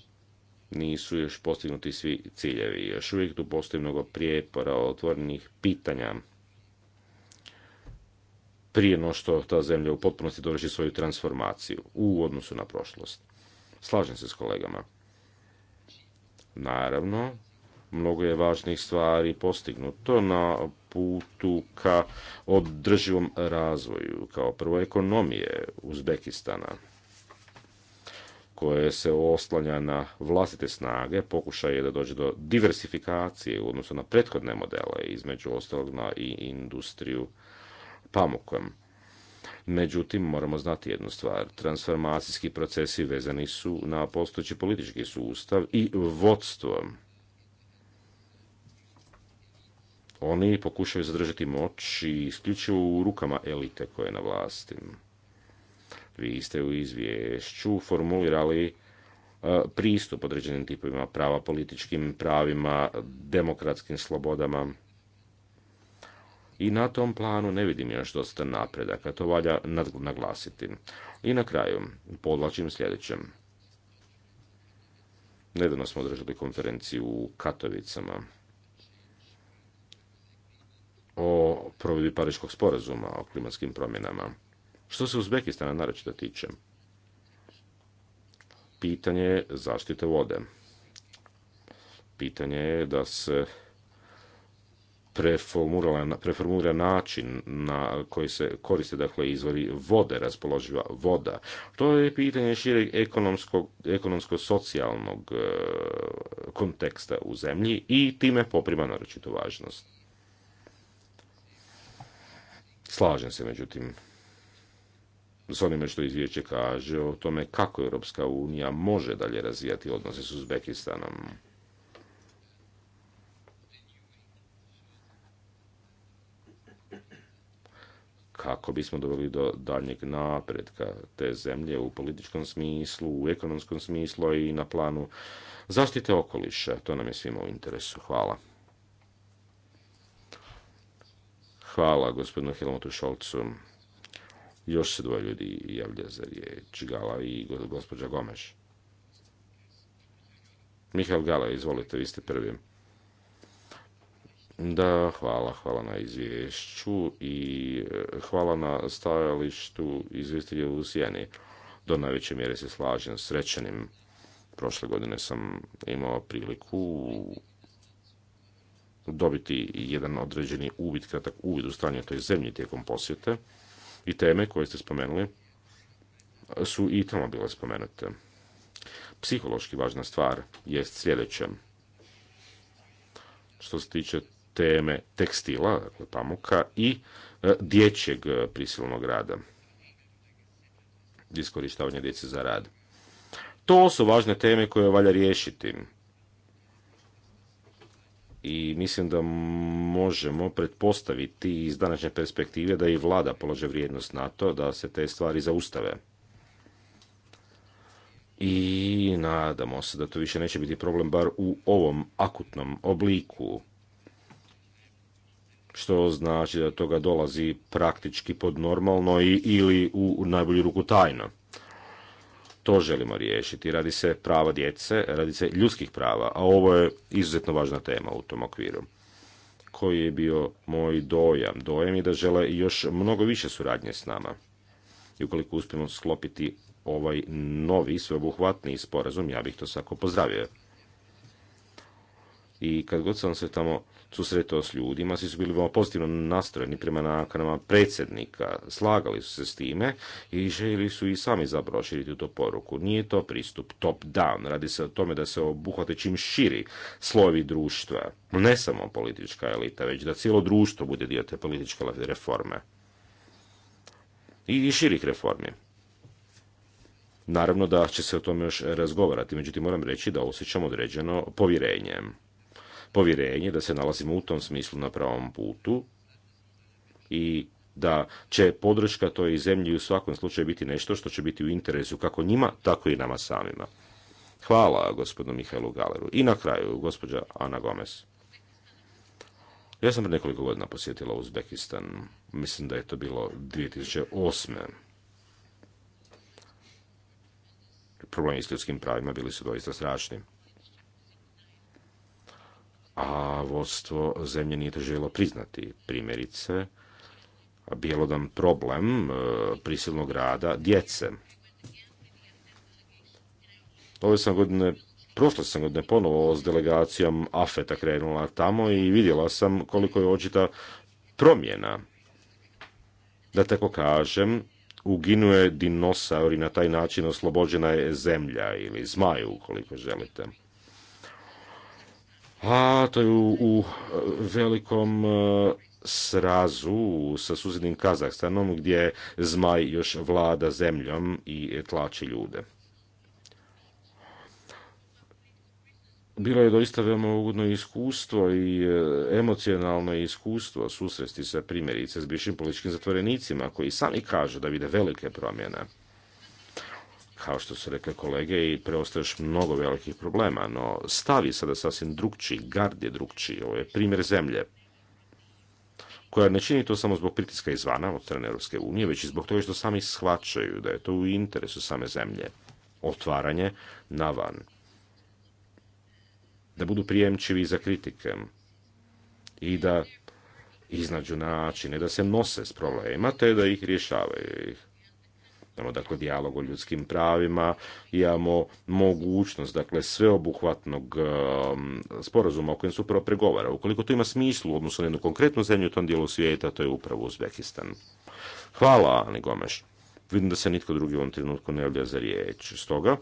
nisu još postignuti svi ciljevi. Još uvijek tu postoji mnogo prijepora, otvorenih pitanja prije no što ta zemlja u potpunosti dovrši svoju transformaciju u odnosu na prošlost. Slažem se s kolegama. Naravno, mnogo je važnih stvari postignuto na putu ka održivom razvoju, kao prvo ekonomije Uzbekistana koje se oslanja na vlastite snage, pokušaj je da dođe do diversifikacije u odnosu na prethodne modele, između ostalog na i industriju pamukom. Međutim, moramo znati jednu stvar. Transformacijski procesi vezani su na postojeći politički sustav i vodstvo Oni pokušaju zadržati moć i isključivo u rukama elite koje je na vlasti. Vi ste u izvješću formulirali e, pristup određenim tipovima prava, političkim pravima, demokratskim slobodama. I na tom planu ne vidim još dosta napredaka, to valja naglasiti. I na kraju, podlačim sljedećem. Nedavno smo održali konferenciju u Katovicama o provedbi Pariškog sporazuma o klimatskim promjenama. Što se Uzbekistana naročito tiče? Pitanje je zaštite vode. Pitanje je da se preformulira način na koji se koriste dakle izvori vode, raspoloživa voda. To je pitanje šireg ekonomsko-socijalnog eh, konteksta u zemlji i time poprima naročito važnost. Slažem se međutim s onime što izvješće kaže o tome kako Europska unija može dalje razvijati odnose s Uzbekistanom. kako bismo doveli do daljnjeg napretka te zemlje u političkom smislu, u ekonomskom smislu i na planu zaštite okoliša. To nam je svima u interesu. Hvala. Hvala gospodinu Helmutu Šolcu. Još se dvoje ljudi javlja za riječ. Gala i gospođa Gomeš. Mihael Gala, izvolite, vi ste prvi. Da, hvala, hvala na izvješću i e, hvala na stajalištu izvjestilje u Sjeni. Do najveće mjere se slažem srećenim. Prošle godine sam imao priliku dobiti jedan određeni uvid, kratak uvid u stanje toj zemlji tijekom posjete i teme koje ste spomenuli su i tamo bile spomenute. Psihološki važna stvar je sljedeća. Što se tiče teme tekstila, dakle pamuka, i e, dječjeg prisilnog rada. Iskorištavanje djece za rad. To su važne teme koje valja riješiti i mislim da možemo pretpostaviti iz današnje perspektive da i vlada polože vrijednost na to da se te stvari zaustave. I nadamo se da to više neće biti problem bar u ovom akutnom obliku što znači da toga dolazi praktički pod normalno ili u najbolju ruku tajno to želimo riješiti. Radi se prava djece, radi se ljudskih prava, a ovo je izuzetno važna tema u tom okviru. Koji je bio moj dojam? Dojam je da žele još mnogo više suradnje s nama. I ukoliko uspijemo sklopiti ovaj novi, sveobuhvatni sporazum, ja bih to svako pozdravio. I kad god sam se tamo susretao s ljudima, svi su bili veoma pozitivno nastrojeni prema nakonama predsjednika, slagali su se s time i željeli su i sami zapravo širiti tu poruku. Nije to pristup top down, radi se o tome da se obuhvate čim širi slovi društva, ne samo politička elita, već da cijelo društvo bude dio te političke reforme i širih reformi. Naravno da će se o tome još razgovarati, međutim moram reći da osjećam određeno povjerenje povjerenje da se nalazimo u tom smislu na pravom putu i da će podrška toj zemlji u svakom slučaju biti nešto što će biti u interesu kako njima, tako i nama samima. Hvala gospodinu Mihajlu Galeru. I na kraju, gospođa Ana Gomez. Ja sam pre nekoliko godina posjetila Uzbekistan. Mislim da je to bilo 2008. Problemi s ljudskim pravima bili su doista strašni a vodstvo zemlje nije to priznati. Primjerice, bijelodan problem e, prisilnog rada djece. Ove sam godine, prošle sam godine ponovo s delegacijom AFETA krenula tamo i vidjela sam koliko je očita promjena. Da tako kažem, uginuje je dinosaur i na taj način oslobođena je zemlja ili zmaju ukoliko želite a to je u, e, velikom e, srazu sa susjednim Kazahstanom gdje zmaj još vlada zemljom i tlači ljude. Bilo je doista veoma ugodno iskustvo i e, emocionalno iskustvo susresti se primjerice s bivšim političkim zatvorenicima koji sami kažu da vide velike promjene. Kao što su rekle kolege, i preostaješ mnogo velikih problema, no stavi sada sasvim drugčiji, gard je drugčiji, ovo je primjer zemlje koja ne čini to samo zbog pritiska izvana od strane Europske unije, već i zbog toga što sami shvaćaju da je to u interesu same zemlje. Otvaranje na van. Da budu prijemčivi za kritike i da iznađu načine da se nose s problemima, te da ih rješavaju ih. Imamo dakle dijalog o ljudskim pravima, imamo mogućnost dakle sveobuhvatnog um, sporazuma o kojem se upravo pregovara. Ukoliko to ima smislu, odnosno na jednu konkretnu zemlju u tom dijelu svijeta, to je upravo Uzbekistan. Hvala, Ani Gomeš. Vidim da se nitko drugi u ovom trenutku ne javlja za riječ. Stoga,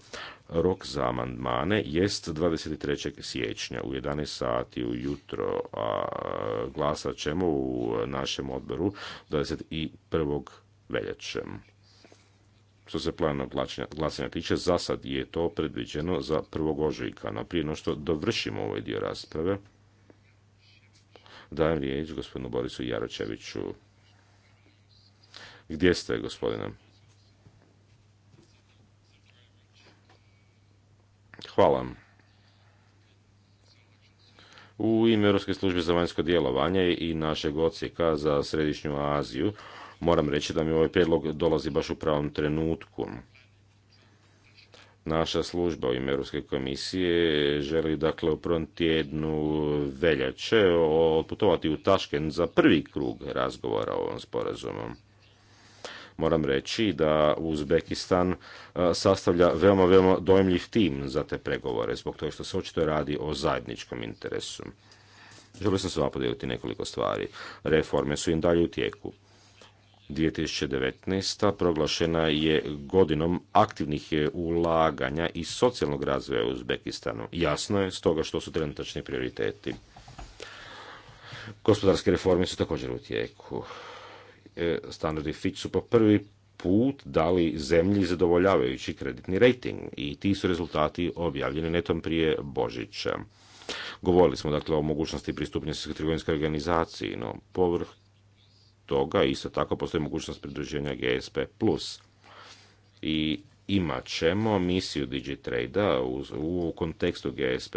rok za amandmane jest 23. siječnja u 11 sati ujutro, a glasat ćemo u našem odboru 21. veljače. Što se plana glasanja tiče, za sad je to predviđeno za prvog ožujka, no no što dovršimo ovaj dio rasprave, dajem riječ gospodinu Borisu Jaročeviću. Gdje ste, gospodine? Hvala. U ime Europske službe za vanjsko djelovanje i našeg ocijeka za Središnju Aziju, Moram reći da mi ovaj prijedlog dolazi baš u pravom trenutku. Naša služba u ime Europske komisije želi dakle u prvom tjednu veljače otputovati u Tašken za prvi krug razgovora o ovom sporazumu. Moram reći da Uzbekistan sastavlja veoma, veoma dojemljiv tim za te pregovore, zbog toga što se očito radi o zajedničkom interesu. Želio sam s vama podijeliti nekoliko stvari. Reforme su im dalje u tijeku. 2019. proglašena je godinom aktivnih ulaganja i socijalnog razvoja u Uzbekistanu. Jasno je stoga što su trenutačni prioriteti. Gospodarske reforme su također u tijeku. E, standardi Fitch su po prvi put dali zemlji zadovoljavajući kreditni rating i ti su rezultati objavljeni netom prije Božića. Govorili smo dakle o mogućnosti pristupnja trgovinske organizaciji, no povrh toga isto tako postoji mogućnost pridruženja GSP+. I imat ćemo misiju Digitrade-a u, kontekstu GSP+,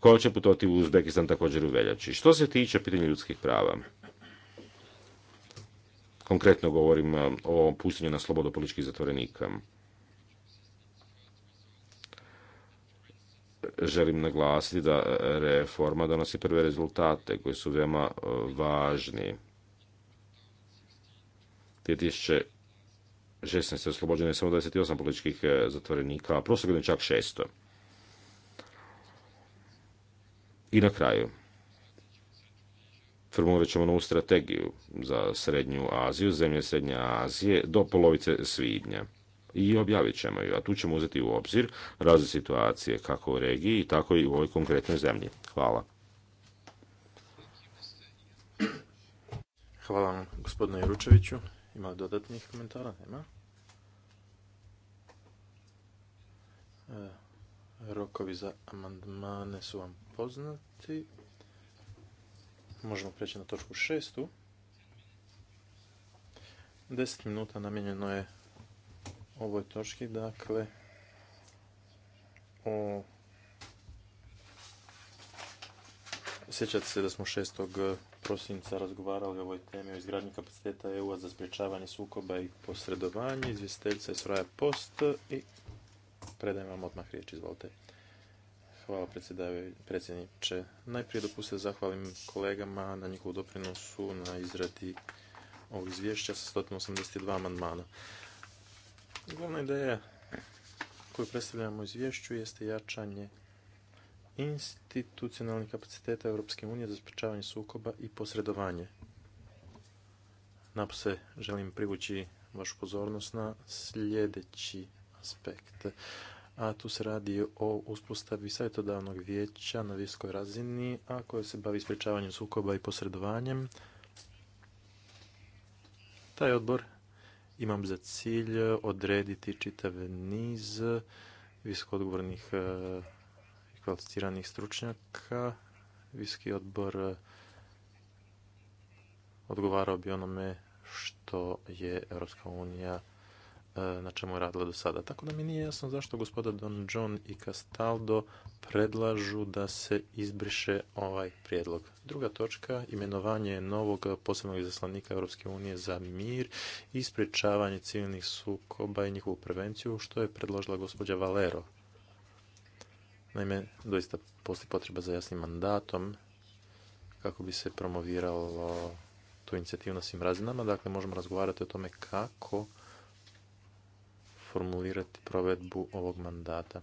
koja će putovati u Uzbekistan također u veljači. Što se tiče pitanja ljudskih prava, konkretno govorim eh, o pustinju na slobodu političkih zatvorenika. Želim naglasiti da eh, reforma donosi prve rezultate koji su veoma eh, važni. 2016. oslobođeno je samo 28 političkih e, zatvorenika, a prošle čak 600. I na kraju, formulirat ćemo novu strategiju za Srednju Aziju, zemlje Srednje Azije, do polovice svibnja. I objavit ćemo ju, a tu ćemo uzeti u obzir razne situacije kako u regiji, tako i u ovoj konkretnoj zemlji. Hvala. Hvala vam, gospodine Jeručeviću. Ima dodatnih komentara? Nema. E, rokovi za amandmane su vam poznati. Možemo preći na točku šestu. Deset minuta namijenjeno je ovoj točki, dakle, o Sjećate se da smo 6. Eh, prosinca razgovarali o ovoj temi o izgradnji kapaciteta EU-a za sprječavanje sukoba i posredovanje. Izvjestiteljica je sraja Post i predajem vam odmah riječ, izvolite. Hvala predsjedniče. Najprije dopustite zahvalim kolegama na njihovu doprinosu na izradi ovog izvješća sa 182 amandmana. Glavna ideja koju predstavljamo u izvješću jeste jačanje institucionalnih kapaciteta Europske unije za sprečavanje sukoba i posredovanje. Napose želim privući vašu pozornost na sljedeći aspekt. A tu se radi o uspostavi savjetodavnog vijeća na viskoj razini, a koje se bavi sprečavanjem sukoba i posredovanjem. Taj odbor imam za cilj odrediti čitav niz odgovornih kvalificiranih stručnjaka. Viski odbor eh, odgovarao bi onome što je Europska unija eh, na čemu je radila do sada. Tako da mi nije jasno zašto gospoda Don John i Castaldo predlažu da se izbriše ovaj prijedlog. Druga točka, imenovanje novog posebnog izaslanika Europske unije za mir i sprječavanje civilnih sukoba i njihovu prevenciju, što je predložila gospođa Valero. Naime, doista postoji potreba za jasnim mandatom kako bi se promoviralo tu inicijativu na svim razinama. Dakle, možemo razgovarati o tome kako formulirati provedbu ovog mandata.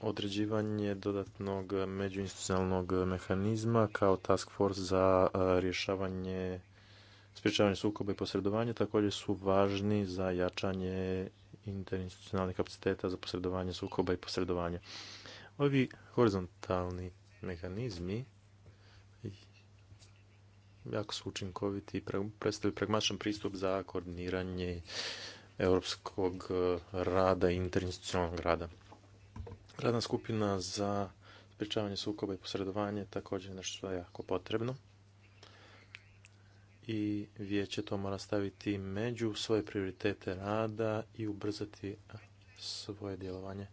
Određivanje dodatnog međuinstitucionalnog mehanizma kao task force za e, rješavanje sprječavanje sukoba i posredovanje također su važni za jačanje interinstitucionalnih kapaciteta za posredovanje sukoba i posredovanje. Ovi horizontalni mehanizmi jako su učinkoviti i predstavljaju pragmačan pristup za koordiniranje europskog eh, rada i interinstitucionalnog rada. Radna skupina za sprječavanje sukoba i posredovanje također je nešto što je jako potrebno i vijeće to mora staviti među svoje prioritete rada i ubrzati svoje djelovanje.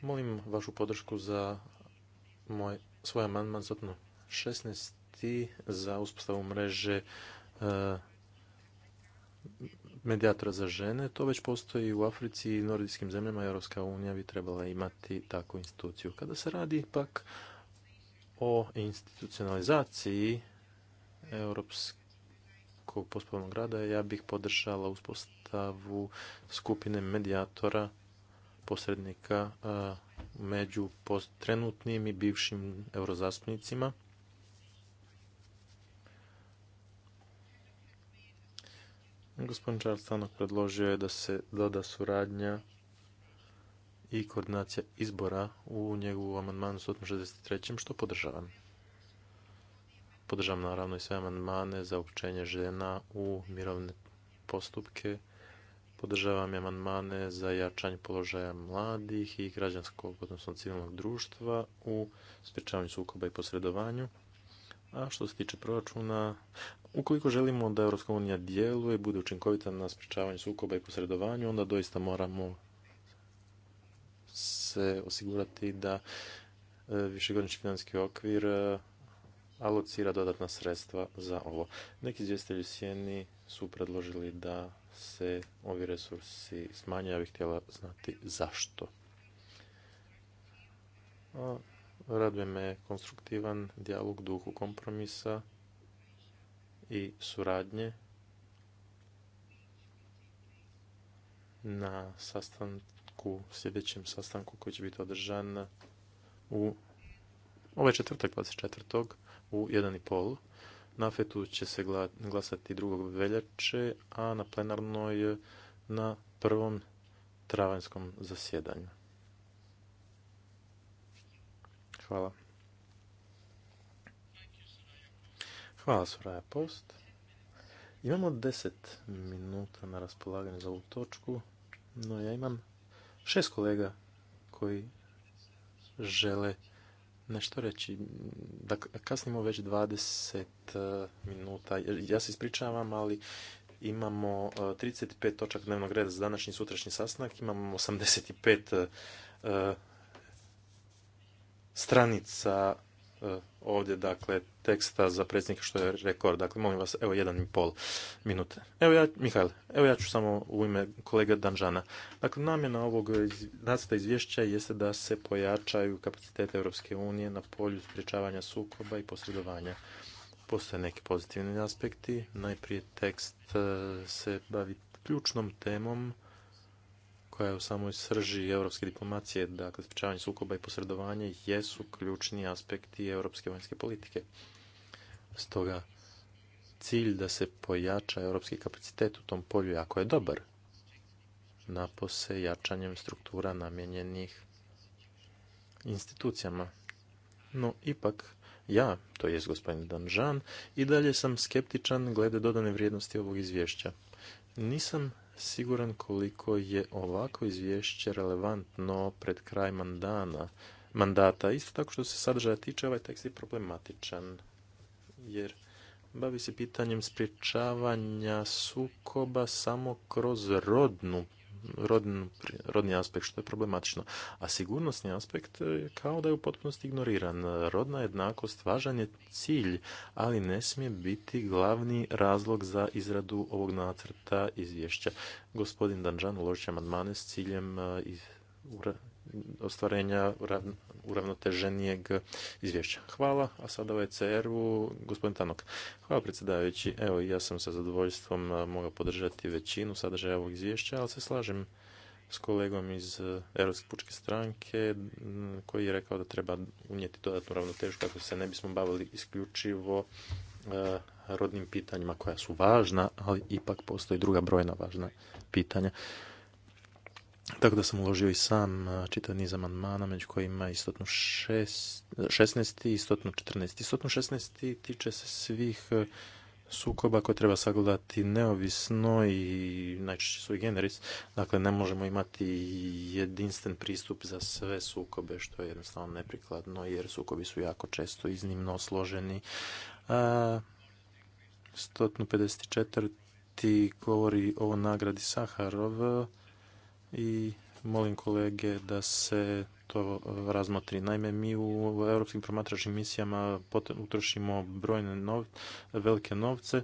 Molim vašu podršku za moj, svoj amandman za 16. za uspostavu mreže e, medijatora za žene. To već postoji u Africi i nordijskim zemljama. Europska unija bi trebala imati takvu instituciju. Kada se radi pak o institucionalizaciji europskog poslovnog rada ja bih podržala uspostavu skupine medijatora, posrednika među trenutnim i bivšim eurozastupnicima. Gospodin Čarstanok predložio je da se doda suradnja i koordinacija izbora u njegovu amandmanu 163. što podržavam. Podržavam naravno i sve amandmane za uključenje žena u mirovne postupke. Podržavam i amandmane za jačanje položaja mladih i građanskog, odnosno civilnog društva u sprječavanju sukoba i posredovanju. A što se tiče proračuna, ukoliko želimo da Europska unija djeluje i bude učinkovita na sprječavanju sukoba i posredovanju, onda doista moramo se osigurati da e, višegodišnji financijski okvir e, alocira dodatna sredstva za ovo. Neki izvjestitelji u Sjeni su predložili da se ovi resursi smanje, ja bih htjela znati zašto. Raduje me konstruktivan dijalog duhu kompromisa i suradnje na sastanku, sljedećem sastanku koji će biti održan u ovaj četvrtak 24 u 1.30. Na fetu će se glasati 2. veljače, a na plenarnoj na prvom travanjskom zasjedanju. Hvala. Hvala Soraya Post. Imamo 10 minuta na raspolaganju za ovu točku, no ja imam šest kolega koji žele nešto reći. da kasnimo već 20 e, minuta. Ja se ispričavam, ali imamo 35 e, točak dnevnog reda za današnji sutrašnji sastanak. Imamo 85 e, stranica E, ovdje, dakle, teksta za predsjednika što je rekord. Dakle, molim vas, evo, jedan i pol minute. Evo ja, Mihajl, evo ja ću samo u ime kolega Danžana. Dakle, namjena ovog nacrta izvješća jeste da se pojačaju kapacitete Europske unije na polju sprječavanja sukoba i posredovanja. Postoje neki pozitivni aspekti. Najprije tekst e, se bavi ključnom temom koja je u samoj srži europske diplomacije, dakle sprečavanje sukoba i posredovanje, jesu ključni aspekti europske vanjske politike. Stoga cilj da se pojača europski kapacitet u tom polju jako je dobar. Napose jačanjem struktura namijenjenih institucijama. No, ipak, ja, to jest gospodin Danžan, i dalje sam skeptičan glede dodane vrijednosti ovog izvješća. Nisam siguran koliko je ovako izvješće relevantno pred kraj mandana, mandata. Isto tako što se sadržaja tiče, ovaj tekst je problematičan jer bavi se pitanjem sprječavanja sukoba samo kroz rodnu rodni aspekt, što je problematično. A sigurnosni aspekt kao da je u potpunosti ignoriran. Rodna jednakost važan je cilj, ali ne smije biti glavni razlog za izradu ovog nacrta izvješća. Gospodin Danžan uložit će amandmane s ciljem e, ostvarenja uravnoteženijeg izvješća. Hvala, a sada ovaj e CR-u, gospodin Tanok. Hvala predsjedavajući, evo ja sam sa zadovoljstvom mogao podržati većinu sadržaja ovog izvješća, ali se slažem s kolegom iz e, Europske pučke stranke koji je rekao da treba unijeti dodatnu ravnotežu kako se ne bismo bavili isključivo e, rodnim pitanjima koja su važna, ali ipak postoji druga brojna važna pitanja. Tako da sam uložio i sam čitav niz amandmana, među kojima i istotno i Istotno 16 tiče se svih e, sukoba koje treba sagledati neovisno i najčešće su i generis. Dakle, ne možemo imati jedinstven pristup za sve sukobe, što je jednostavno neprikladno, jer sukobi su jako često iznimno složeni. A, ti govori o nagradi Saharov i molim kolege da se to e, razmotri. Naime, mi u europskim promatračnim misijama utrošimo brojne velike novce,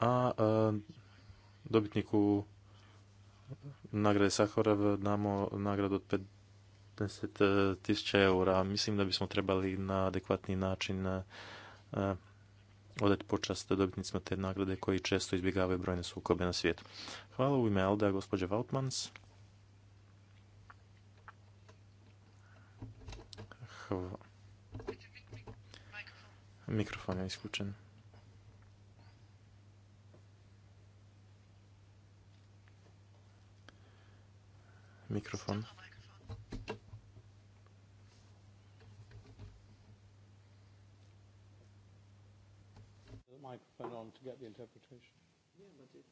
a, e, dobitniku nagrade Sahorav damo nagradu od 50.000 e, eura. Mislim da bismo trebali na adekvatni način odati počast dobitnicima te nagrade koji često izbjegavaju brojne sukobe na svijetu. Hvala u ime Alda, gospođa Vautmans. Mikrofon je isključen. Mikrofon. microphone on to get the interpretation? Yeah, but it's...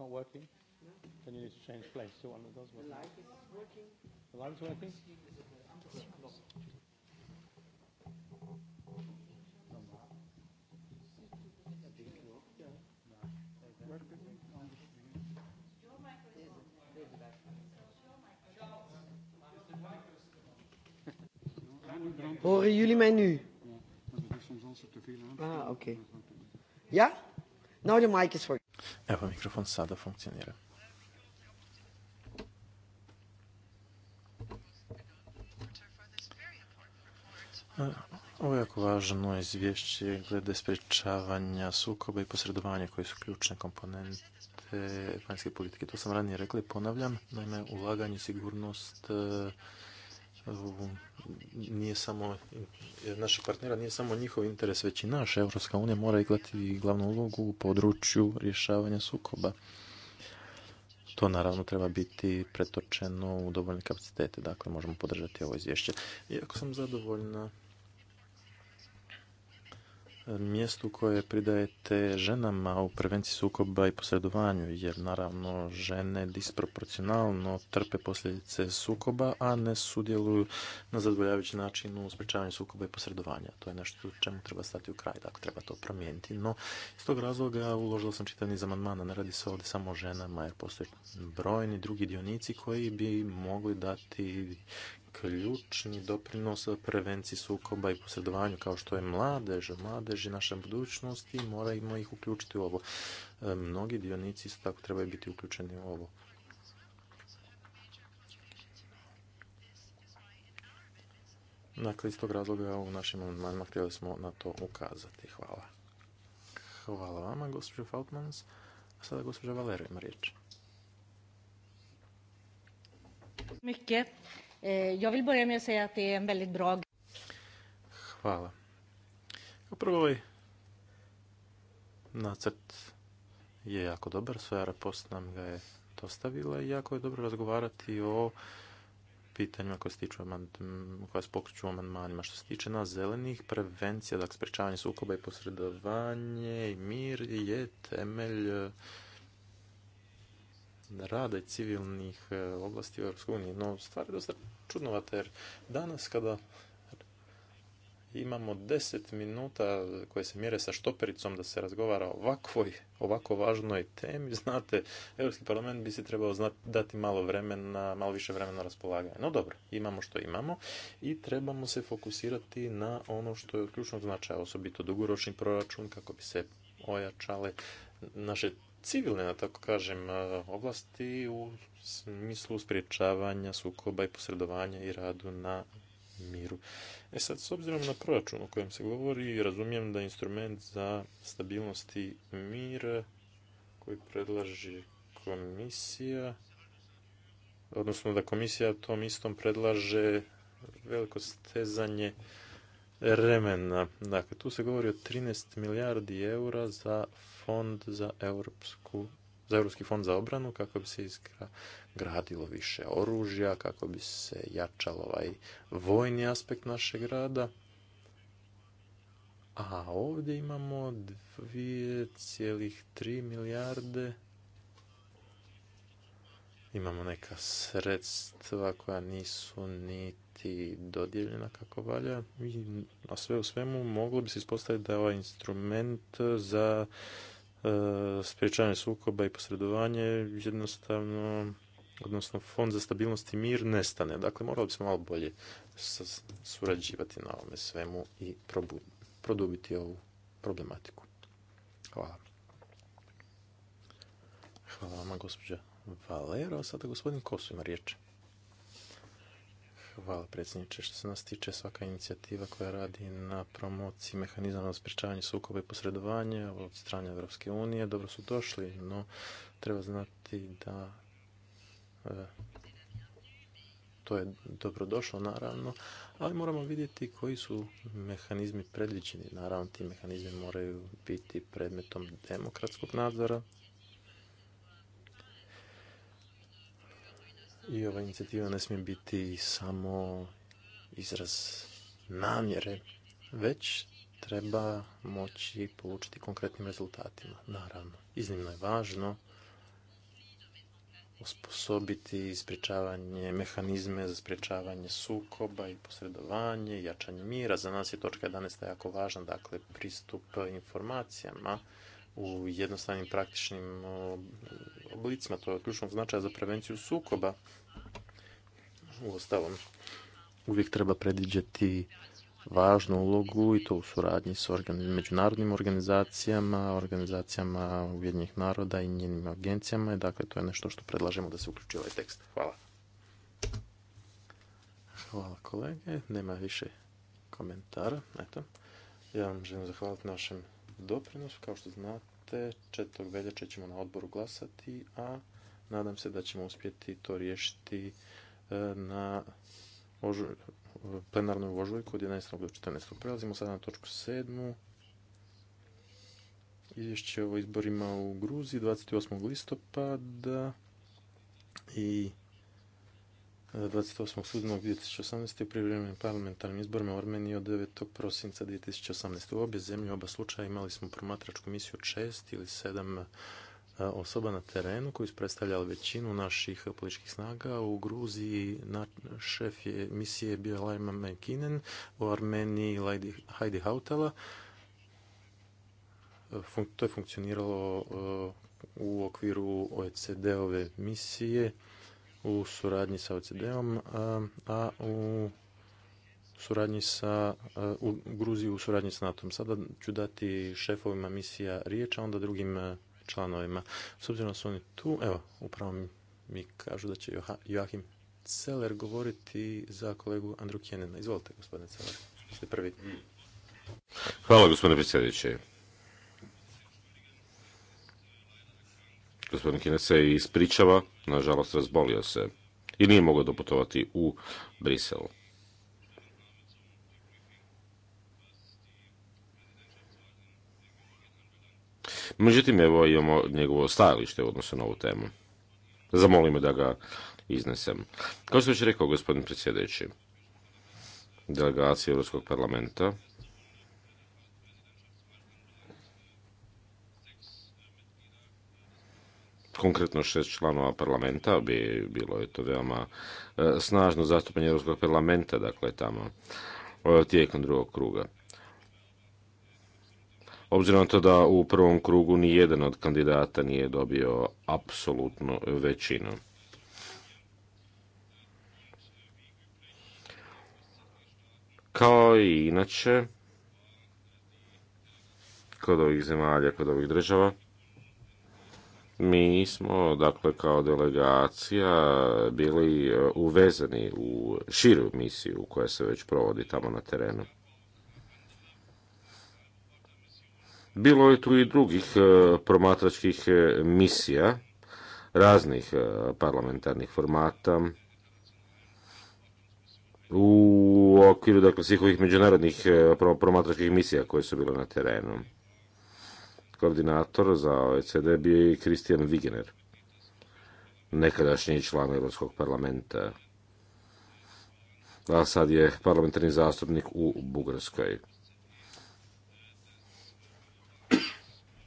Not working? No. Then you need to change place to one that does work. The light is working. The light is working? Horen jullie mij nu? Ah, oké. Okay. Ja? Now ovdje Evo, mikrofon sada funkcionira. E, ovo je jako važno izvješće glede sprječavanja sukoba i posredovanja koje su ključne komponente vanjske politike. To sam ranije rekla i ponavljam. Naime, ulaganje sigurnost e, Ehm, nije samo naših partnera nije samo njihov interes, već i naš. Europska unija mora igrati glavnu ulogu u području rješavanja sukoba. To naravno treba biti pretočeno u dovoljne kapacitete, dakle možemo podržati ovo izvješće. Iako sam zadovoljna mjestu koje pridajete ženama u prevenciji sukoba i posredovanju, jer naravno žene disproporcionalno trpe posljedice sukoba, a ne sudjeluju na zadovoljavajući način u sprečavanju sukoba i posredovanja. To je nešto čemu treba stati u kraj, dakle treba to promijeniti. No, iz tog razloga uložila sam čitav niz amandmana, ne radi se ovdje samo o ženama, jer postoje brojni drugi dionici koji bi mogli dati ključni doprinos prevenciji sukoba i posredovanju kao što je mladež, mladež je naša budućnost i moramo ih uključiti u ovo. E, mnogi dionici isto tako trebaju biti uključeni u ovo. Dakle, iz tog razloga u našim amandmanima htjeli smo na to ukazati. Hvala. Hvala vama, gospođo Faltmans. A sada gospođa Valero ima riječ. Eh, jag med det Hvala. Upravo ovaj nacrt je jako dobar, Sojara Post nam ga je dostavila i jako je dobro razgovarati o pitanjima koja se tiču koja se pokreću amandmanima. Što se tiče nas zelenih, prevencija, dakle sprečavanje sukoba i posredovanje i mir je temelj rada i civilnih e, oblasti u EU. No, stvar je dosta čudnovata jer danas kada imamo deset minuta koje se mjere sa štopericom da se razgovara o ovakvoj, ovako važnoj temi, znate, Europski parlament bi se trebao dati malo vremena, malo više vremena raspolaganje. No dobro, imamo što imamo i trebamo se fokusirati na ono što je od ključnog značaja, osobito dugoročni proračun kako bi se ojačale naše civilne, da tako kažem, e, oblasti u smislu spriječavanja sukoba i posredovanja i radu na miru. E sad, s obzirom na proračun o kojem se govori, razumijem da je instrument za stabilnost i mir koji predlaže komisija, odnosno da komisija tom istom predlaže veliko stezanje remena. Dakle, tu se govori o 13 milijardi eura za fond za europsku za Europski fond za obranu kako bi se gradilo više oružja, kako bi se jačalo ovaj vojni aspekt našeg grada. A ovdje imamo 2,3 milijarde. Imamo neka sredstva koja nisu niti dodijeljena kako valja. A sve u svemu moglo bi se ispostaviti da je ovaj instrument za E, Spriječanje sukoba i posredovanje jednostavno odnosno fond za stabilnost i mir nestane. Dakle, morali bismo malo bolje surađivati na ovome svemu i produbiti ovu problematiku. Hvala. Hvala vama, gospođa Valero. Sada gospodin Kosu ima riječ. Hvala predsjedniče. Što se nas tiče, svaka inicijativa koja radi na promociji mehanizama za sprječavanje sukoba i posredovanja od strane Europske unije dobro su došli, no treba znati da e, to je dobro došlo naravno, ali moramo vidjeti koji su mehanizmi predviđeni. Naravno ti mehanizmi moraju biti predmetom demokratskog nadzora, I ova inicijativa ne smije biti samo izraz namjere, već treba moći polučiti konkretnim rezultatima. Naravno, iznimno je važno osposobiti ispričavanje, mehanizme za sprječavanje sukoba i posredovanje, jačanje mira. Za nas je točka 11. jako važna, dakle pristup informacijama u jednostavnim praktičnim oblicima. To je od ključnog značaja za prevenciju sukoba Uostalom, Uvijek treba predviđati važnu ulogu i to u suradnji s međunarodnim organizacijama, organizacijama Ujedinjenih naroda i njenim agencijama. Dakle, to je nešto što predlažemo da se uključi ovaj tekst. Hvala. Hvala kolege. Nema više komentara. Eto. Ja vam želim zahvaliti našem doprinosu. Kao što znate, 4. veljače ćemo na odboru glasati, a nadam se da ćemo uspjeti to riješiti na plenarnoj Ožujku od 11. do 14. Prelazimo sada na točku 7. Izvješće o izborima u Gruziji 28. listopada i 28. studenog 2018. u privremenim parlamentarnim izborima u Armeniji od 9. prosinca 2018. U obje zemlje, oba slučaja, imali smo promatračku misiju 6 ili 7 osoba na terenu koji su predstavljali većinu naših političkih snaga. U Gruziji na, šef je misije bio Lajma Mekinen, u Armeniji Heidi Hautala. to je funkcioniralo e, u okviru OECD-ove misije u suradnji sa OECD-om, a, u suradnji sa, e, u Gruziji u suradnji sa NATO-om. Sada ću dati šefovima misija riječ, a onda drugim e, članovima. S obzirom da su oni tu, evo, upravo mi kažu da će Joachim Celer govoriti za kolegu Andru Kjenina. Izvolite, gospodine Celer, ste prvi. Hvala, gospodine predsjedniče. Gospodin Kjenin se ispričava, nažalost razbolio se i nije mogao doputovati u Briselu. Međutim, evo imamo njegovo stajalište u odnosu na ovu temu. Zamolimo da ga iznesem. Kao što već rekao gospodin predsjedajući delegacija Europskog parlamenta konkretno šest članova parlamenta, bi, bilo je to veoma e, snažno zastupanje Europskog parlamenta, dakle tamo e, tijekom drugog kruga. Obzirom na to da u prvom krugu ni jedan od kandidata nije dobio apsolutnu većinu. Kao i inače, kod ovih zemalja, kod ovih država, mi smo, dakle, kao delegacija bili eh, uvezani u širu misiju koja se već provodi tamo na terenu. Bilo je tu i drugih e, promatračkih e, misija, raznih e, parlamentarnih formata, u okviru dakle, svih ovih međunarodnih promatračkih misija koje su bile na terenu. Koordinator za OECD bio je Kristijan Vigener, nekadašnji član Europskog parlamenta, a sad je parlamentarni zastupnik u Bugarskoj.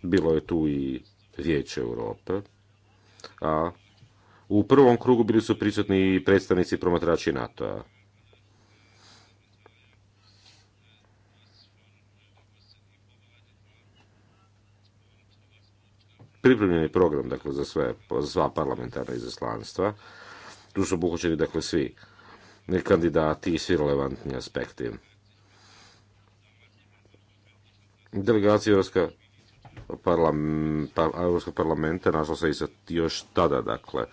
Bilo je tu i Vijeće Europe, a u prvom krugu bili su prisutni i predstavnici promatrači NATO-a. Pripremljen je program dakle, za, sve, za sva parlamentarna izaslanstva. Tu su obuhvaćeni dakle, svi kandidati i svi relevantni aspekti. Delegacija Europska Europskog parlamenta našla se i sa još tada, dakle, e,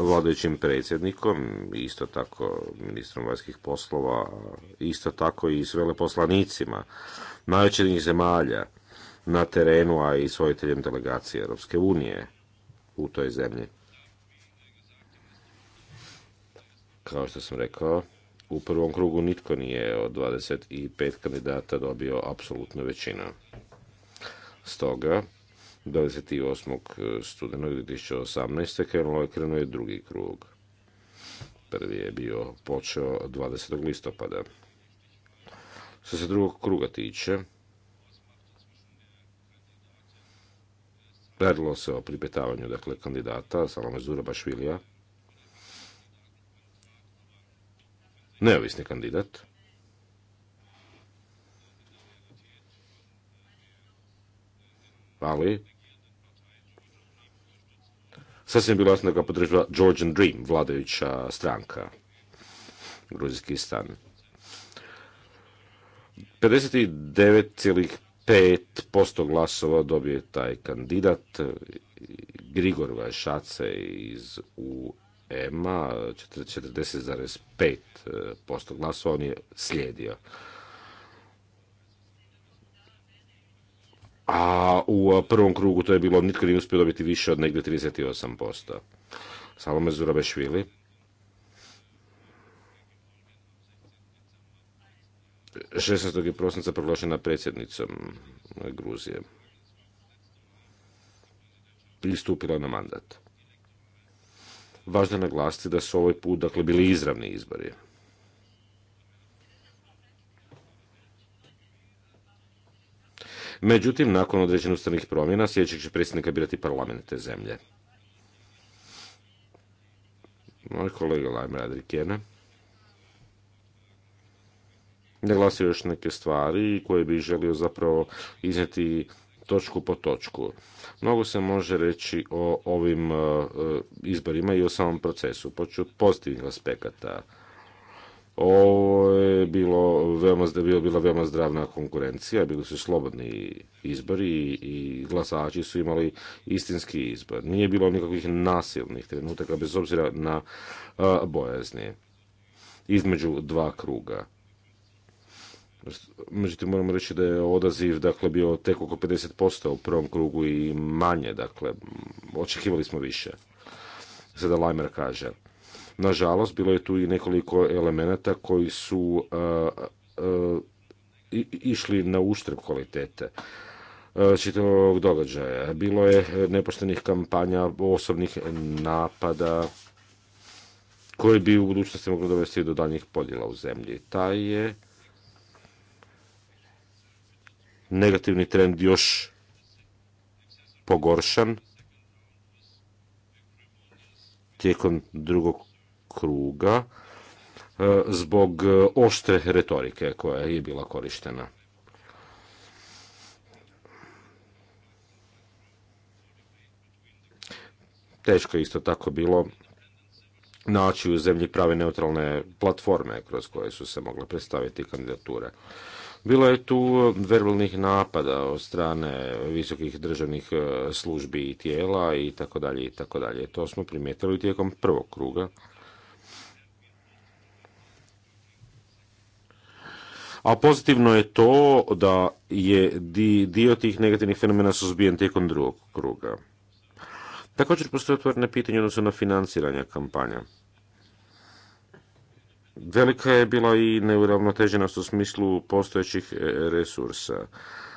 vladajućim predsjednikom, isto tako ministrom vanjskih poslova, isto tako i s veleposlanicima najvećih zemalja na terenu, a i svojiteljem delegacije Europske unije u toj zemlji. Kao što sam rekao, u prvom krugu nitko nije od 25 kandidata dobio apsolutnu većinu. Stoga, 28. E, studenog 2018. krenulo je krenuo je drugi krug. Prvi je bio počeo 20. listopada. Što se drugog kruga tiče, radilo se o pripetavanju dakle, kandidata Salome bašvilija neovisni kandidat, ali sasvim je bilo jasno da ga podržava Georgian Dream, vladajuća stranka, gruzijski stan. 59,5% glasova dobije taj kandidat, Grigor Vajšace iz UEMA, 40,5% glasova, on je slijedio. a u prvom krugu to je bilo, nitko nije uspio dobiti više od negdje 38%. Salome Zurabešvili. šesnaest je prosinca proglašena predsjednicom Gruzije pristupila na mandat. Važno je naglasiti da su ovaj put dakle, bili izravni izbori. Međutim, nakon određenih ustavnih promjena sljedećeg će predsjednika birati parlament te zemlje. Moj kolega Lajmer naglasio još neke stvari koje bi želio zapravo iznijeti točku po točku. Mnogo se može reći o ovim e, izborima i o samom procesu, počet od pozitivnih aspekata. Ovo je bilo veoma, bila veoma zdravna konkurencija, bili su slobodni izbori i, i glasači su imali istinski izbor. Nije bilo nikakvih nasilnih trenutaka, bez obzira na a, bojazni između dva kruga. Međutim, moramo reći da je odaziv dakle, bio tek oko 50% u prvom krugu i manje, dakle, očekivali smo više. Sada Lajmer kaže. Nažalost, bilo je tu i nekoliko elemenata koji su e, e, išli na uštrb kvalitete e, čitavog događaja. Bilo je nepoštenih kampanja, osobnih napada koji bi u budućnosti mogli dovesti do daljnjih podjela u zemlji. Taj je negativni trend još pogoršan tijekom drugog kruga e, zbog e, oštre retorike koja je bila korištena. Teško je isto tako bilo naći u zemlji prave neutralne platforme kroz koje su se mogle predstaviti kandidature. Bilo je tu e, verbalnih napada od strane visokih državnih službi i tijela i tako dalje i tako dalje. To smo primijetili tijekom prvog kruga a pozitivno je to da je dio tih negativnih fenomena suzbijen tijekom drugog kruga. Također postoje otvorene pitanje odnosno na financiranje kampanja. Velika je bila i neuravnoteženost u smislu postojećih e, resursa,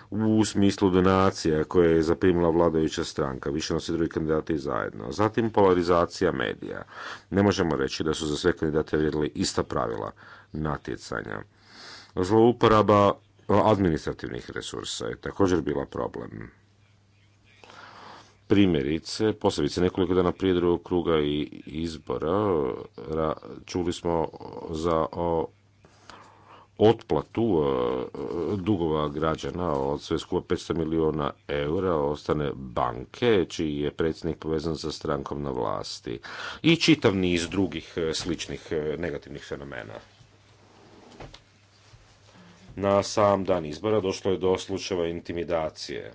u smislu donacija koje je zaprimila vladajuća stranka, više nosi drugi kandidati zajedno. Zatim polarizacija medija. Ne možemo reći da su za sve kandidate vrijedili ista pravila natjecanja zlouporaba e, administrativnih resursa je također bila problem. Primjerice, posebice nekoliko dana prije drugog kruga i izbora, čuli smo za otplatu e, dugova građana od sve skupa 500 miliona eura ostane banke, čiji je predsjednik povezan sa strankom na vlasti i čitav niz drugih e, sličnih negativnih fenomena. Na sam dan izbora došlo je do slučajeva intimidacije.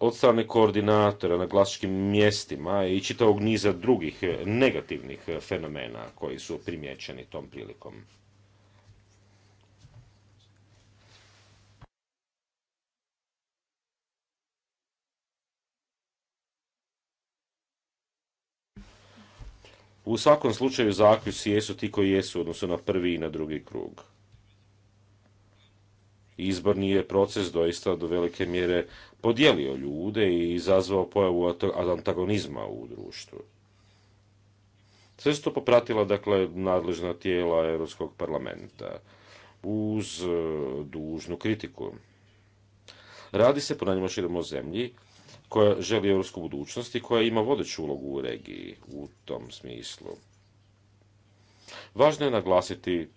od strane koordinatora na glasačkim mjestima i čitavog niza drugih negativnih fenomena koji su primjećeni tom prilikom. U svakom slučaju zaključci jesu ti koji jesu odnosno na prvi i na drugi krug. Izborni je proces doista do velike mjere podijelio ljude i izazvao pojavu antagonizma u društvu. Sve su to popratila, dakle, nadležna tijela Europskog parlamenta uz e, dužnu kritiku. Radi se po još širom o zemlji koja želi europsku budućnost i koja ima vodeću ulogu u regiji u tom smislu. Važno je naglasiti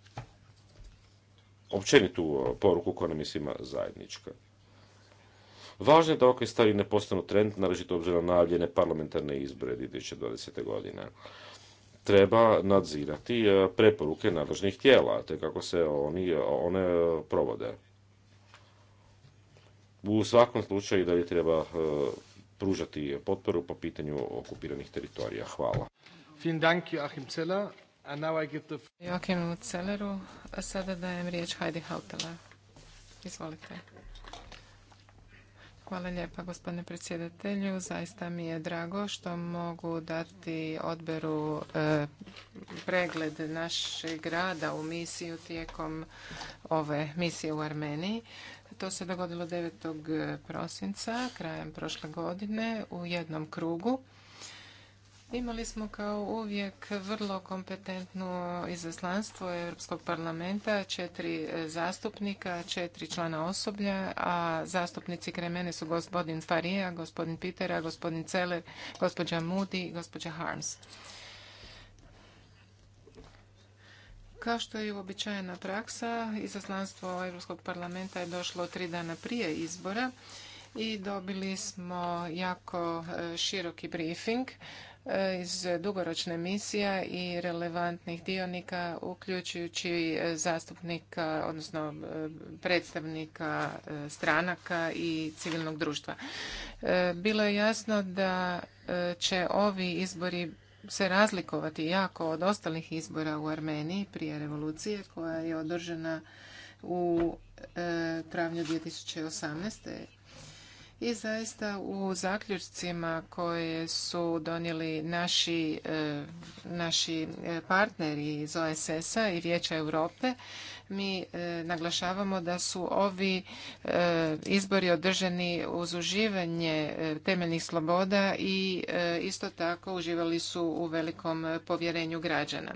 općenitu e, poruku koja nam je svima zajednička. Važno je da ovakve stvari ne postanu trend, naročito obzirom na najavljene parlamentarne izbore 2020. godine. Treba nadzirati e, preporuke nadležnih tijela, te kako se oni, e, one provode. U svakom slučaju da dalje treba e, pružati potporu po pitanju okupiranih teritorija. Hvala. Joachim a sada dajem riječ Heidi Izvolite. Hvala lijepa gospodine predsjedatelju. Zaista mi je drago što mogu dati odberu e, pregled našeg grada u misiju tijekom ove misije u Armeniji. To se dogodilo 9. E, prosinca, krajem prošle godine, u jednom krugu. Imali smo kao uvijek vrlo kompetentno izaslanstvo Europskog parlamenta, četiri e, zastupnika, četiri člana osoblja, a zastupnici kraj mene su gospodin Farija, gospodin Pitera, gospodin Celer, gospođa Moody i gospođa Harms. Kao što je uobičajena praksa, izaslanstvo Europskog parlamenta je došlo tri dana prije izbora i dobili smo jako e, široki briefing e, iz dugoročne misije i relevantnih dionika, uključujući e, zastupnika, odnosno predstavnika stranaka i civilnog društva. Bilo je jasno da će ovi izbori se razlikovati jako od ostalih izbora u Armeniji prije revolucije koja je održana u e, travnju 2018. I zaista u zaključcima koje su donijeli naši, e, naši e, partneri iz OSS-a i Vijeća Europe mi e, naglašavamo da su ovi e, izbori održani uz uživanje e, temeljnih sloboda i isto tako uživali su u velikom povjerenju građana.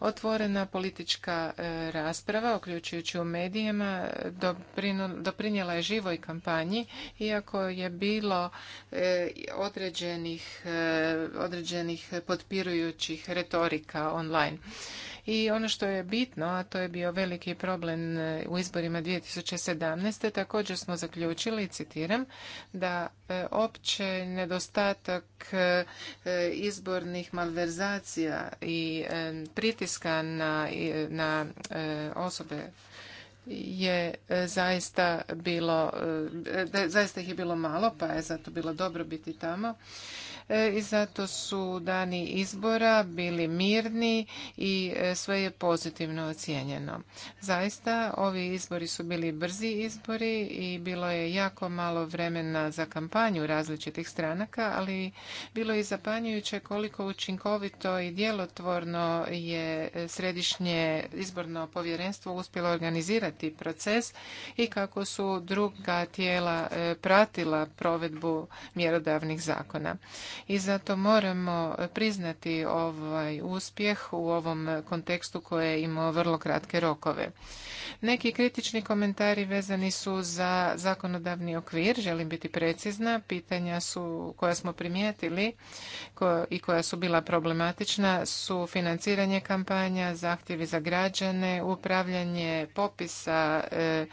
Otvorena politička rasprava, uključujući u medijima, doprinjela je živoj kampanji, iako je bilo određenih, određenih potpirujućih retorika online i ono što je bitno, a to je bio veliki problem eh, u izborima 2017. također smo zaključili, citiram, da eh, opće nedostatak eh, izbornih malverzacija i pritiska na, na osobe je zaista bilo, zaista ih je bilo malo, pa je zato bilo dobro biti tamo. E, i zato su dani izbora bili mirni i e, sve je pozitivno ocijenjeno. Zaista, ovi izbori su bili brzi izbori i bilo je jako malo vremena za kampanju različitih stranaka, ali bilo je zapanjujuće koliko učinkovito i djelotvorno je e, središnje izborno povjerenstvo uspjelo organizirati proces i kako su druga tijela pratila provedbu mjerodavnih zakona i zato moramo priznati ovaj uspjeh u ovom kontekstu koje je imao vrlo kratke rokove. Neki kritični komentari vezani su za zakonodavni okvir, želim biti precizna, pitanja su koja smo primijetili i koja su bila problematična su financiranje kampanja, zahtjevi za građane, upravljanje popisa e,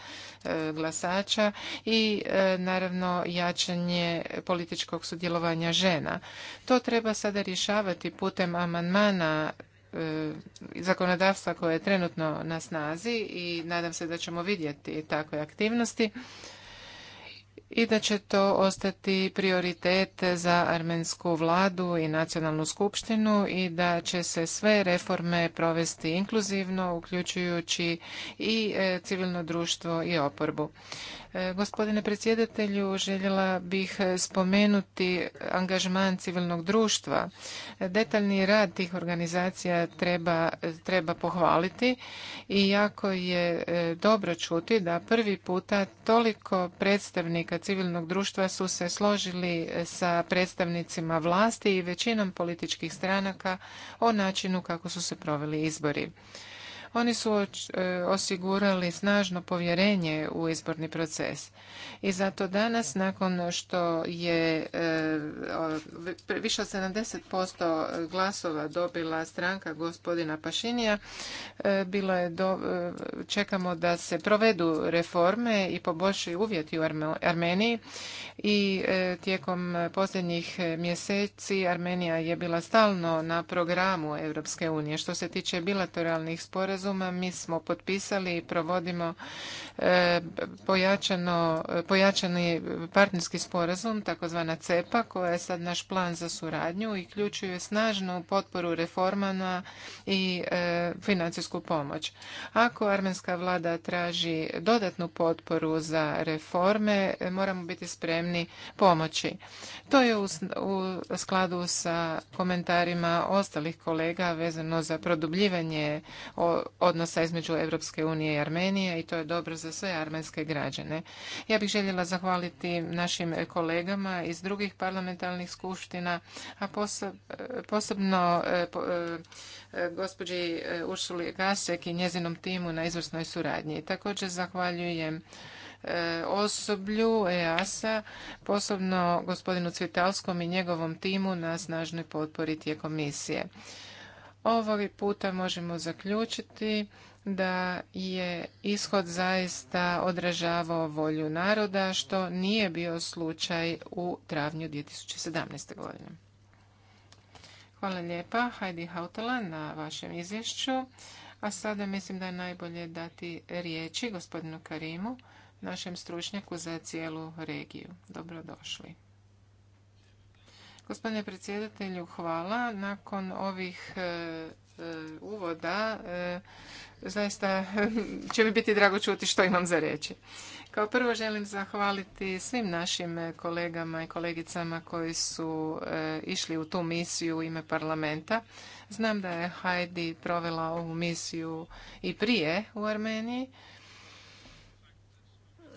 e, glasača i e, naravno jačanje političkog sudjelovanja žena. To treba sada rješavati putem amandmana e, zakonodavstva koje je trenutno na snazi i nadam se da ćemo vidjeti takve aktivnosti i da će to ostati prioritet za armensku vladu i nacionalnu skupštinu i da će se sve reforme provesti inkluzivno, uključujući i e, civilno društvo i oporbu. E, gospodine predsjedatelju, željela bih spomenuti angažman civilnog društva. Detaljni rad tih organizacija treba, treba pohvaliti i jako je e, dobro čuti da prvi puta toliko predstavnika civilnog društva su se složili eh, sa predstavnicima vlasti i većinom političkih stranaka o načinu kako su se proveli izbori. Oni su e, osigurali snažno povjerenje u izborni proces. I zato danas, nakon što je e, više od 70% glasova dobila stranka gospodina Pašinija, e, bilo je čekamo da se provedu reforme i poboljšaju uvjeti u Armeniji i tijekom posljednjih mjeseci Armenija je bila stalno na programu Europske unije. Što se tiče bilateralnih sporazuma, sporazuma. Mi smo potpisali i provodimo e, pojačani partnerski sporazum, takozvana CEPA, koja je sad naš plan za suradnju i ključuje snažnu potporu reformama i e, financijsku pomoć. Ako armenska vlada traži dodatnu potporu za reforme, moramo biti spremni pomoći. To je u skladu sa komentarima ostalih kolega vezano za produbljivanje odnosa između Europske unije i Armenije i to je dobro za sve armenske građane. Ja bih željela zahvaliti našim kolegama iz drugih parlamentarnih skupština, a posebno e, e, gospođi e, Uršuli Gasek i njezinom timu na izvrsnoj suradnji. Također zahvaljujem osoblju EASA, posebno gospodinu Cvitalskom i njegovom timu na snažnoj potpori tijekom misije. Ovoga puta možemo zaključiti da je ishod zaista odražavao volju naroda, što nije bio slučaj u travnju 2017. godine. Hvala lijepa Heidi Hautala na vašem izvješću. A sada mislim da je najbolje dati riječi gospodinu Karimu, našem stručnjaku za cijelu regiju. Dobrodošli. Gospodine predsjedatelju, hvala. Nakon ovih e, e, uvoda e, zaista će mi biti drago čuti što imam za reći. Kao prvo želim zahvaliti svim našim kolegama i kolegicama koji su išli u tu misiju u ime parlamenta. Znam da je Heidi provela ovu misiju i prije u Armeniji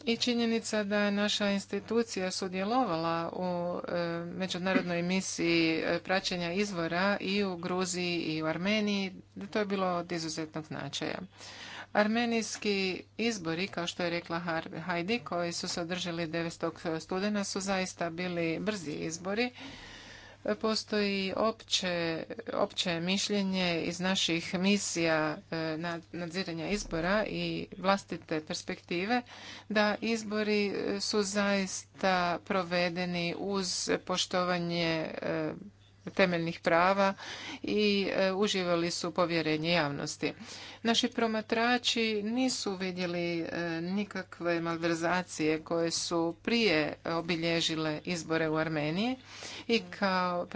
i činjenica da je naša institucija sudjelovala u e, međunarodnoj misiji e, praćenja izvora i u Gruziji i u Armeniji, da to je bilo od izuzetnog značaja. Armenijski izbori, kao što je rekla Heidi, koji su se održali 9. studena, su zaista bili brzi izbori Postoji opće, opće mišljenje iz naših misija e, nadziranja izbora i vlastite perspektive da izbori e, su zaista provedeni uz poštovanje e, temeljnih prava i e, uživali su povjerenje javnosti. Naši promatrači nisu vidjeli e, nikakve malverzacije koje su prije obilježile izbore u Armeniji i kao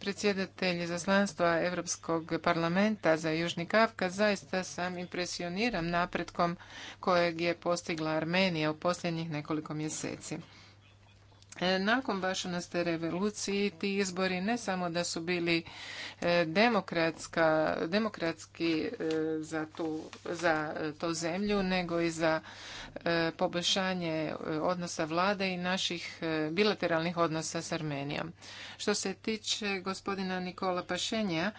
predsjedatelj zaslanstva Europskog parlamenta za Južni Kavkaz zaista sam impresioniran napretkom kojeg je postigla Armenija u posljednjih nekoliko mjeseci. E, nakon Bašanaste revoluciji ti izbori ne samo da su bili e, demokratska, demokratski e, za, tu, za to zemlju, nego i za poboljšanje odnosa vlade i naših bilateralnih odnosa s Armenijom. Što se tiče gospodina Nikola Pašenja,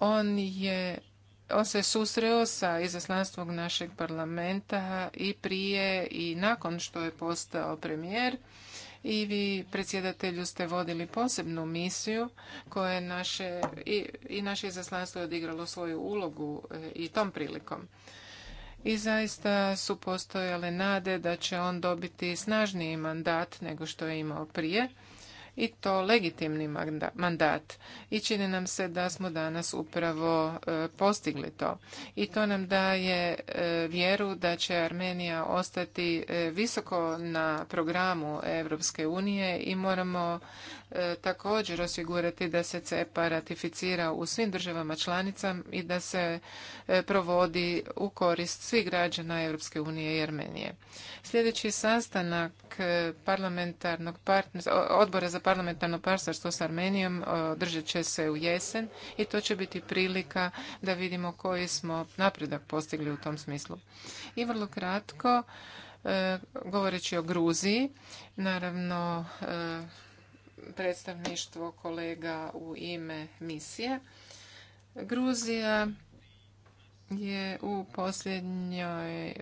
on je on se susreo sa izaslanstvom našeg parlamenta i prije i nakon što je postao premijer i vi predsjedatelju ste vodili posebnu misiju koje naše i, i naše izaslanstvo je odigralo svoju ulogu e, i tom prilikom. I zaista su postojale nade da će on dobiti snažniji mandat nego što je imao prije i to legitimni mandat. I čini nam se da smo danas upravo e, postigli to. I to nam daje e, vjeru da će Armenija ostati e, visoko na programu Europske unije i moramo E, također osigurati da se CEPA ratificira u svim državama članicama i da se e, provodi u korist svih građana Europske unije i Armenije. Sljedeći sastanak e, parlamentarnog odbora za parlamentarno partnerstvo s Armenijom držat će se u jesen i to će biti prilika da vidimo koji smo napredak postigli u tom smislu. I vrlo kratko, govoreći o Gruziji, naravno predstavništvo kolega u ime misije. Gruzija je u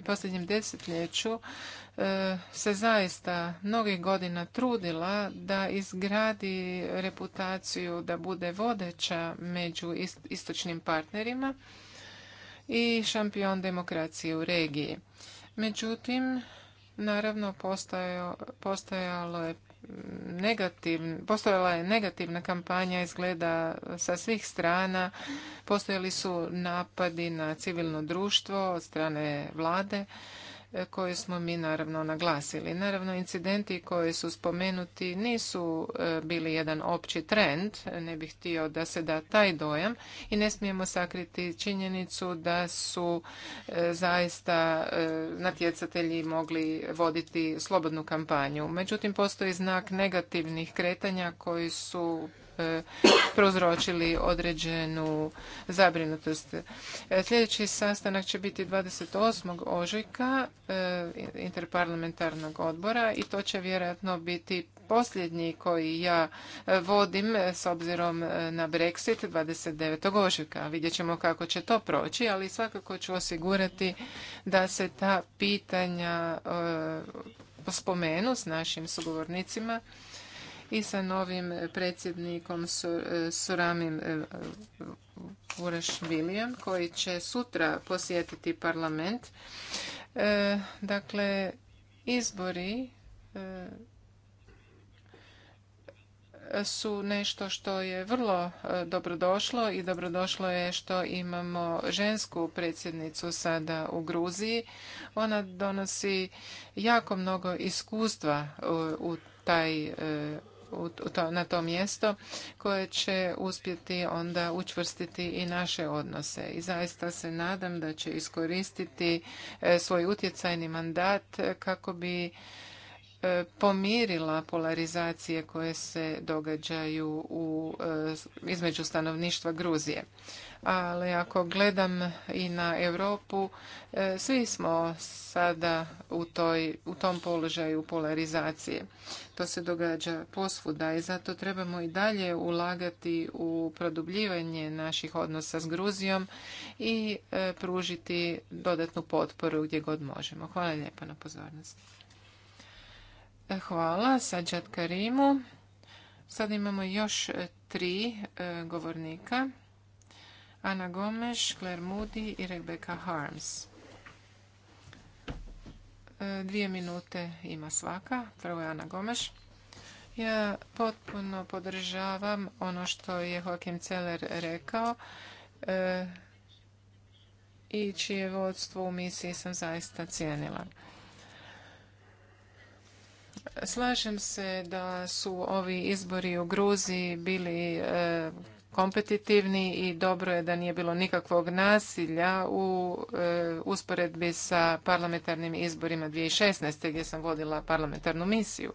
posljednjem desetljeću e, se zaista mnogih godina trudila da izgradi reputaciju da bude vodeća među istočnim partnerima i šampion demokracije u regiji. Međutim, naravno postojalo je negativ, postojala je negativna kampanja izgleda sa svih strana, postojali su napadi na civilno društvo od strane vlade koje smo mi naravno naglasili. Naravno, incidenti koji su spomenuti nisu e, bili jedan opći trend, ne bih htio da se da taj dojam i ne smijemo sakriti činjenicu da su e, zaista e, natjecatelji mogli voditi slobodnu kampanju. Međutim, postoji znak negativnih kretanja koji su E, prouzročili određenu zabrinutost. E, sljedeći sastanak će biti 28. ožujka e, interparlamentarnog odbora i to će vjerojatno biti posljednji koji ja vodim s obzirom na Brexit 29. ožujka. Vidjet ćemo kako će to proći, ali svakako ću osigurati da se ta pitanja spomenu s našim sugovornicima i sa novim e, predsjednikom e, Suramim e, Urešvilijem koji će sutra posjetiti parlament. Dakle, izbori su nešto što je vrlo dobrodošlo i dobrodošlo je što imamo žensku predsjednicu sada u Gruziji. Ona donosi jako mnogo iskustva u taj na to mjesto koje će uspjeti onda učvrstiti i naše odnose. I zaista se nadam da će iskoristiti e, svoj utjecajni mandat kako bi E, pomirila polarizacije koje se događaju u, e, između stanovništva Gruzije. Ali ako gledam i na Europu, e, svi smo sada u, toj, u tom položaju polarizacije. To se događa posvuda i zato trebamo i dalje ulagati u produbljivanje naših odnosa s Gruzijom i pružiti dodatnu potporu gdje god možemo. Hvala lijepa na pozornosti. Hvala Sađat Karimu. Sad imamo još tri e, govornika. Ana Gomes, Claire Moody i Rebecca Harms. E, dvije minute ima svaka. Prvo je Ana Gomes. Ja potpuno podržavam ono što je Joachim Celer rekao e, i čije vodstvo u misiji sam zaista cijenila. Slažem se da su ovi izbori u Gruziji bili e, kompetitivni i dobro je da nije bilo nikakvog nasilja u e, usporedbi sa parlamentarnim izborima 2016. gdje sam vodila parlamentarnu misiju.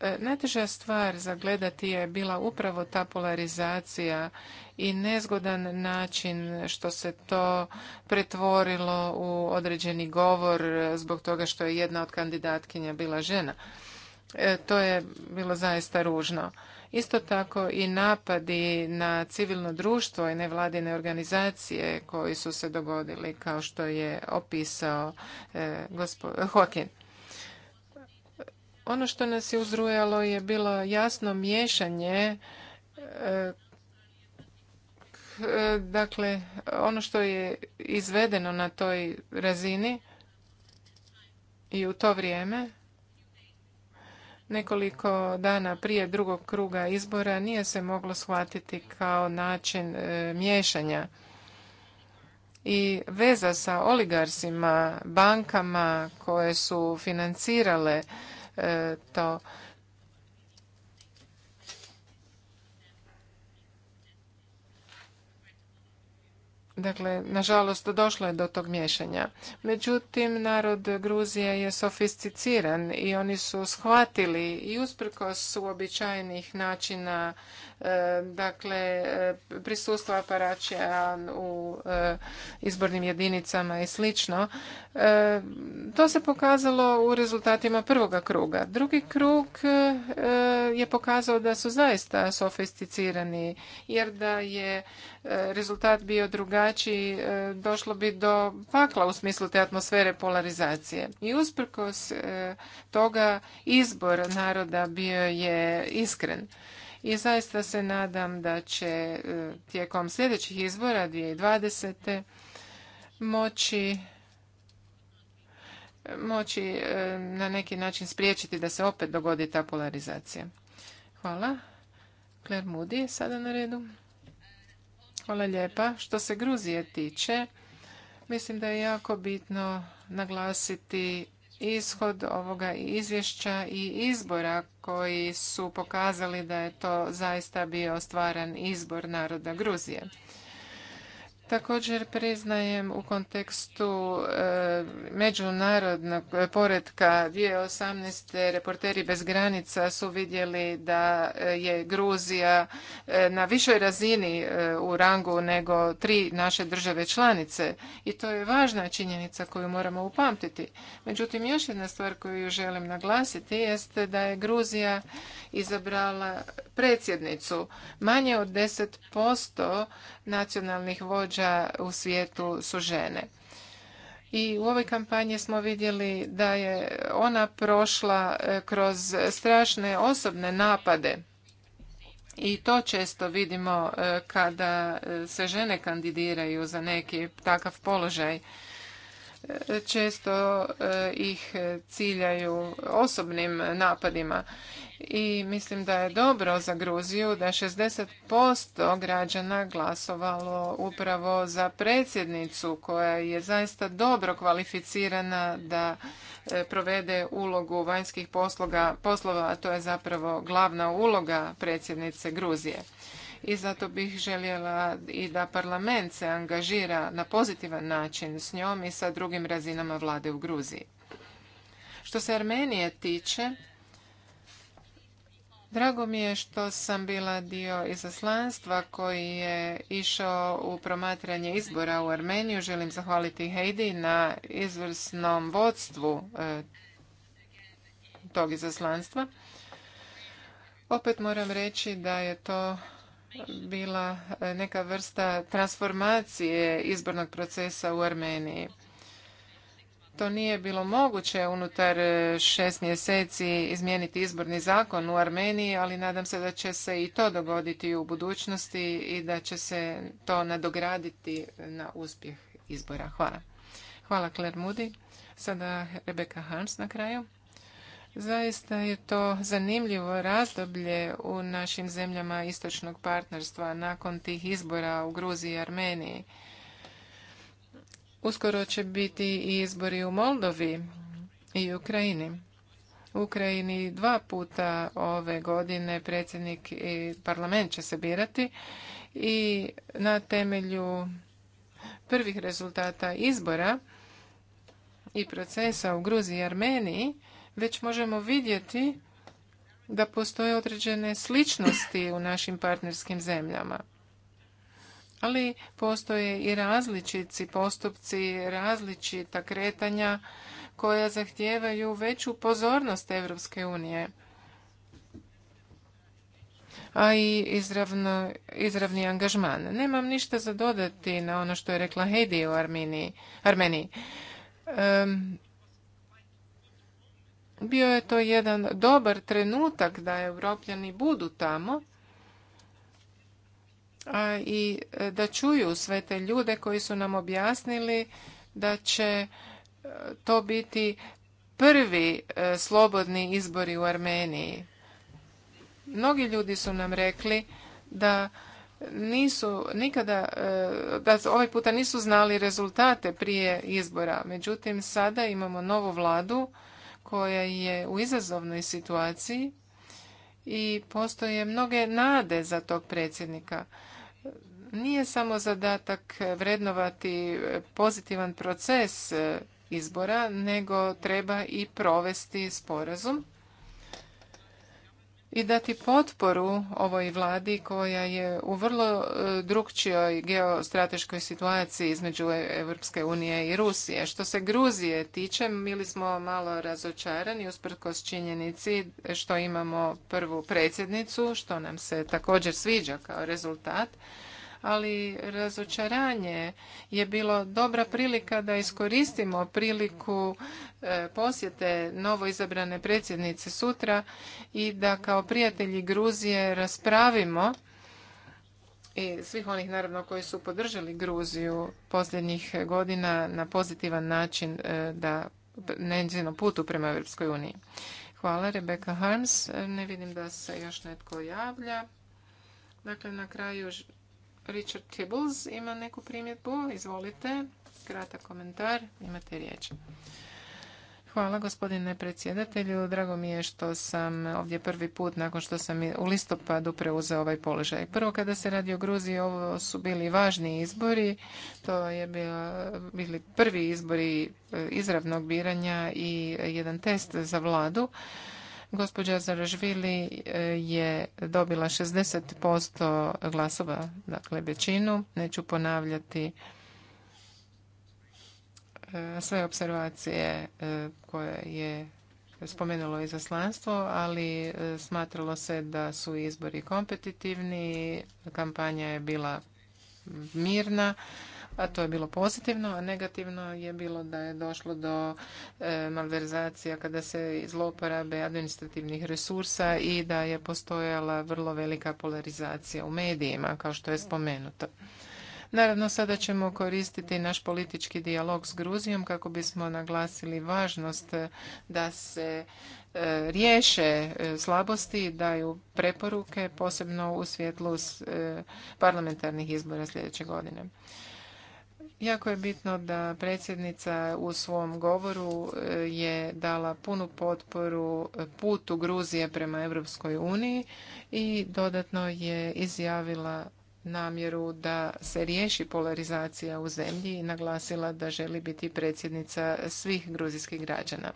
E, najteža stvar za gledati je bila upravo ta polarizacija i nezgodan način što se to pretvorilo u određeni govor zbog toga što je jedna od kandidatkinja bila žena. E, to je bilo zaista ružno. Isto tako i napadi na civilno društvo i nevladine organizacije koji su se dogodili kao što je opisao Hokin. E, ono što nas je uzrujalo je bilo jasno miješanje e, E, dakle ono što je izvedeno na toj razini i u to vrijeme nekoliko dana prije drugog kruga izbora nije se moglo shvatiti kao način e, miješanja i veza sa oligarsima, bankama koje su financirale e, to Dakle, nažalost, došlo je do tog miješanja. Međutim, narod Gruzije je sofisticiran i oni su shvatili i usprkos uobičajenih načina E, dakle e, prisustvo aparačija u e, izbornim jedinicama i slično. To se pokazalo u rezultatima prvoga kruga. Drugi krug je pokazao da su zaista sofisticirani jer da je rezultat bio drugačiji došlo bi do pakla u smislu te atmosfere polarizacije. I usprkos toga izbor naroda bio je iskren i zaista se nadam da će e, tijekom sljedećih izbora 2020. moći moći e, na neki način spriječiti da se opet dogodi ta polarizacija. Hvala. Claire Moody je sada na redu. Hvala lijepa. Što se Gruzije tiče, mislim da je jako bitno naglasiti ishod ovoga izvješća i izbora koji su pokazali da je to zaista bio stvaran izbor naroda Gruzije. Također priznajem u kontekstu e, međunarodnog poredka 2018. reporteri bez granica su vidjeli da je Gruzija e, na višoj razini e, u rangu nego tri naše države članice i to je važna činjenica koju moramo upamtiti. Međutim, još jedna stvar koju želim naglasiti jeste da je Gruzija izabrala predsjednicu. Manje od 10% nacionalnih vođa u svijetu su žene. I u ovoj kampanji smo vidjeli da je ona prošla e, kroz strašne osobne napade. I to često vidimo e, kada e, se žene kandidiraju za neki takav položaj često e, ih ciljaju osobnim napadima i mislim da je dobro za Gruziju da 60% građana glasovalo upravo za predsjednicu koja je zaista dobro kvalificirana da e, provede ulogu vanjskih poslova, a to je zapravo glavna uloga predsjednice Gruzije i zato bih željela i da parlament se angažira na pozitivan način s njom i sa drugim razinama vlade u Gruziji. Što se Armenije tiče, Drago mi je što sam bila dio izaslanstva koji je išao u promatranje izbora u Armeniju. Želim zahvaliti Heidi na izvrsnom vodstvu e, tog izaslanstva. Opet moram reći da je to bila e, neka vrsta transformacije izbornog procesa u Armeniji. To nije bilo moguće unutar e, šest mjeseci izmijeniti izborni zakon u Armeniji, ali nadam se da će se i to dogoditi u budućnosti i da će se to nadograditi na uspjeh izbora. Hvala. Hvala Claire Moody. Sada Rebecca Harms na kraju. Zaista je to zanimljivo razdoblje u našim zemljama istočnog partnerstva nakon tih izbora u Gruziji i Armeniji. Uskoro će biti i izbori u Moldovi i Ukrajini. U Ukrajini dva puta ove godine predsjednik i parlament će se birati i na temelju prvih rezultata izbora i procesa u Gruziji i Armeniji već možemo vidjeti da postoje određene sličnosti u našim partnerskim zemljama. Ali postoje i različiti postupci, različita kretanja koja zahtijevaju veću pozornost Evropske unije. A i izravno, izravni angažman. Nemam ništa za dodati na ono što je rekla Heidi u Armeniji bio je to jedan dobar trenutak da europljani budu tamo a i e, da čuju sve te ljude koji su nam objasnili da će e, to biti prvi e, slobodni izbori u Armeniji. Mnogi ljudi su nam rekli da nisu nikada, da ovaj puta nisu znali rezultate prije izbora. Međutim, sada imamo novu vladu koja je u izazovnoj situaciji i postoje mnoge nade za tog predsjednika. Nije samo zadatak vrednovati pozitivan proces izbora, nego treba i provesti sporazum i dati potporu ovoj vladi koja je u vrlo e, drukčijoj geostrateškoj situaciji između e- Evropske unije i Rusije. Što se Gruzije tiče, bili smo malo razočarani usprkos činjenici što imamo prvu predsjednicu, što nam se također sviđa kao rezultat ali razočaranje je bilo dobra prilika da iskoristimo priliku e, posjete novoizabrane predsjednice sutra i da kao prijatelji Gruzije raspravimo i svih onih naravno koji su podržali Gruziju posljednjih godina na pozitivan način e, da na njezinom putu prema Europskoj uniji. Hvala Rebecca Harms. Ne vidim da se još netko javlja. Dakle, na kraju Richard Tibbles ima neku primjetbu. Izvolite, kratak komentar, imate riječ. Hvala gospodine predsjedatelju. Drago mi je što sam ovdje prvi put nakon što sam u listopadu preuzeo ovaj položaj. Prvo kada se radi o Gruziji ovo su bili važni izbori. To je bio bili prvi izbori e, izravnog biranja i jedan test za vladu. Gospođa Zaražvili eh, je dobila 60% glasova, dakle većinu. Neću ponavljati eh, sve observacije eh, koje je spomenulo izaslanstvo, ali smatralo se da su izbori kompetitivni, kampanja je bila mirna a to je bilo pozitivno, a negativno je bilo da je došlo do e, malverzacija kada se zlouporabe administrativnih resursa i da je postojala vrlo velika polarizacija u medijima, kao što je spomenuto. Naravno, sada ćemo koristiti naš politički dijalog s Gruzijom kako bismo naglasili važnost da se e, riješe e, slabosti, daju preporuke, posebno u svjetlu parlamentarnih izbora sljedeće godine. Jako je bitno da predsjednica u svom govoru eh, je dala punu potporu putu Gruzije prema Europskoj uniji i dodatno je izjavila namjeru da se riješi polarizacija u zemlji i naglasila da želi biti predsjednica svih gruzijskih građana.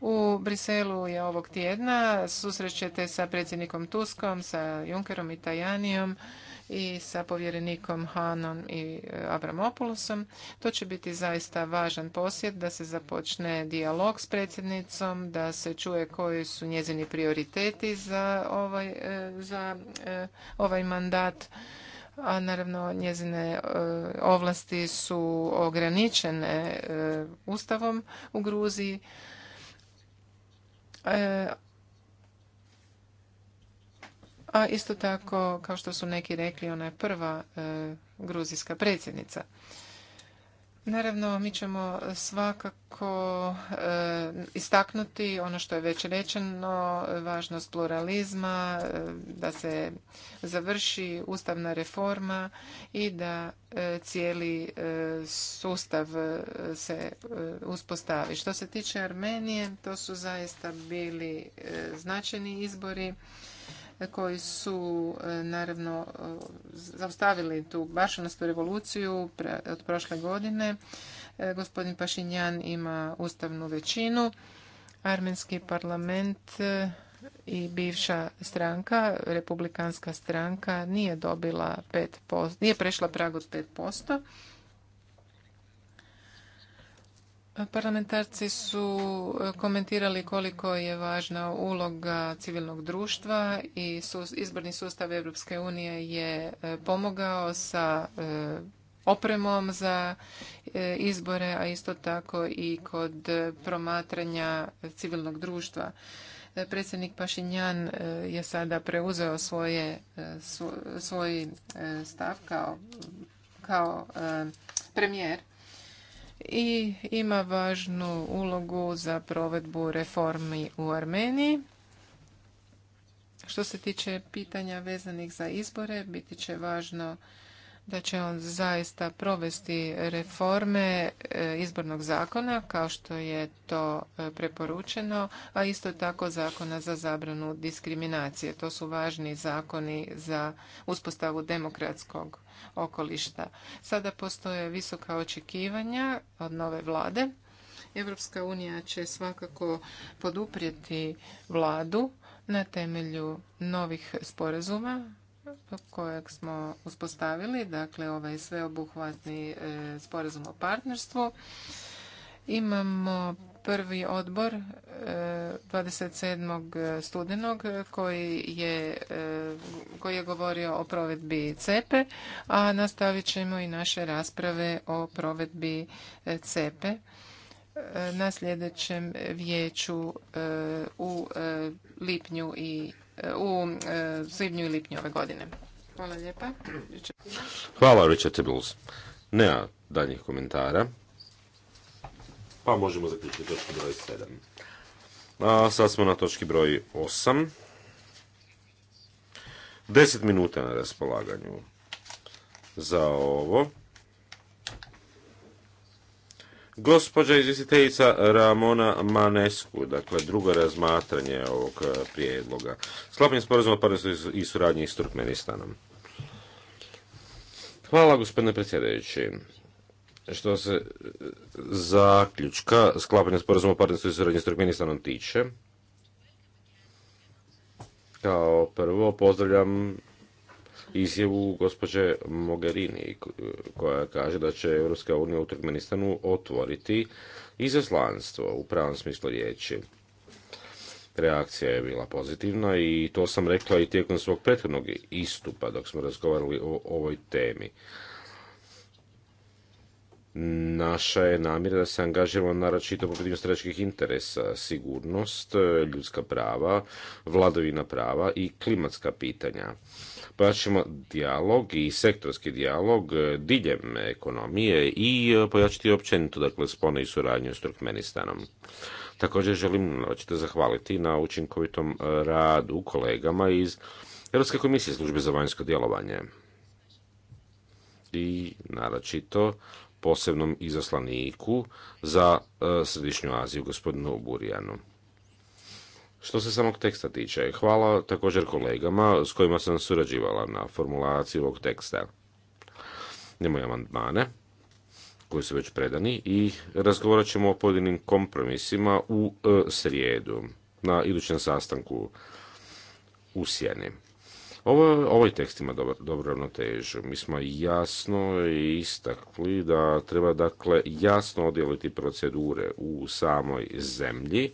U Briselu je ovog tjedna susrećete sa predsjednikom Tuskom, sa Junkerom i Tajanijom i sa povjerenikom Hanom i e, Abramopoulosom. To će biti zaista važan posjet da se započne dijalog s predsjednicom, da se čuje koji su njezini prioriteti za ovaj, e, za e, ovaj mandat a naravno njezine ovlasti su ograničene ustavom u Gruziji a isto tako, kao što su neki rekli, ona je prva e, gruzijska predsjednica. Naravno, mi ćemo svakako e, istaknuti ono što je već rečeno, važnost pluralizma, e, da se završi ustavna reforma i da cijeli sustav se uspostavi. Što se tiče Armenije, to su zaista bili značajni izbori koji su e, naravno e, zaustavili tu bašanastu revoluciju od prošle godine. E, gospodin Pašinjan ima ustavnu većinu. Armenski parlament i bivša stranka, republikanska stranka, nije dobila 5%, nije prešla prag od 5%. Parlamentarci su e, komentirali koliko je važna uloga civilnog društva i izborni sustav Europske unije je e, pomogao sa e, opremom za izbore, a isto tako i kod promatranja civilnog društva. Predsjednik Pašinjan je sada preuzeo svoje, svoj stav kao, kao premijer i ima važnu ulogu za provedbu reformi u Armeniji. Što se tiče pitanja vezanih za izbore, biti će važno da će on zaista provesti reforme e, izbornog zakona kao što je to e, preporučeno, a isto tako zakona za zabranu diskriminacije. To su važni zakoni za uspostavu demokratskog okolišta. Sada postoje visoka očekivanja od nove vlade. Europska unija će svakako poduprijeti vladu na temelju novih sporazuma kojeg smo uspostavili, dakle ovaj sveobuhvatni e, sporazum o partnerstvu. Imamo prvi odbor 27. E, studenog koji je, e, koji je govorio o provedbi CEPE, a nastavit ćemo i naše rasprave o provedbi e, CEPE na sljedećem vijeću u lipnju i u svibnju i lipnju ove godine. Hvala lijepa. Hvala Richard Tibbles. Nema daljih komentara pa možemo zaključiti točku broj 7. A sad smo na točki broj 8. 10 minuta na raspolaganju za ovo. Gospođa izvjestiteljica Ramona Manesku, dakle drugo razmatranje ovog e, prijedloga. Sklapanje sporazuma o i suradnji s Turkmenistanom. Hvala gospodine predsjedajući. Što se zaključka sklapanja sporazuma o partnerstvu i suradnji s Turkmenistanom tiče, kao prvo pozdravljam izjavu gospođe Mogherini koja kaže da će Europska unija u Turkmenistanu otvoriti izaslanstvo u pravom smislu riječi. Reakcija je bila pozitivna i to sam rekla i tijekom svog prethodnog istupa dok smo razgovarali o ovoj temi. Naša je namjera da se angažiramo naročito po pitanju strateških interesa, sigurnost, ljudska prava, vladovina prava i klimatska pitanja. Pojačimo dijalog i sektorski dijalog diljem ekonomije i pojačiti općenito dakle, spone i suradnju s Turkmenistanom. Također želim zahvaliti na učinkovitom radu kolegama iz Europske komisije službe za vanjsko djelovanje i naročito posebnom izaslaniku za e, Središnju Aziju, gospodinu Burijanu. Što se samog teksta tiče, hvala također kolegama s kojima sam surađivala na formulaciji ovog teksta. Nemoj amandmane koji su već predani i razgovorat ćemo o pojedinim kompromisima u e, srijedu na idućem sastanku u Sjeni. Ovo, ovaj tekst ima dobar, dobru ravnotežu. Mi smo jasno istakli da treba dakle jasno odjeliti procedure u samoj zemlji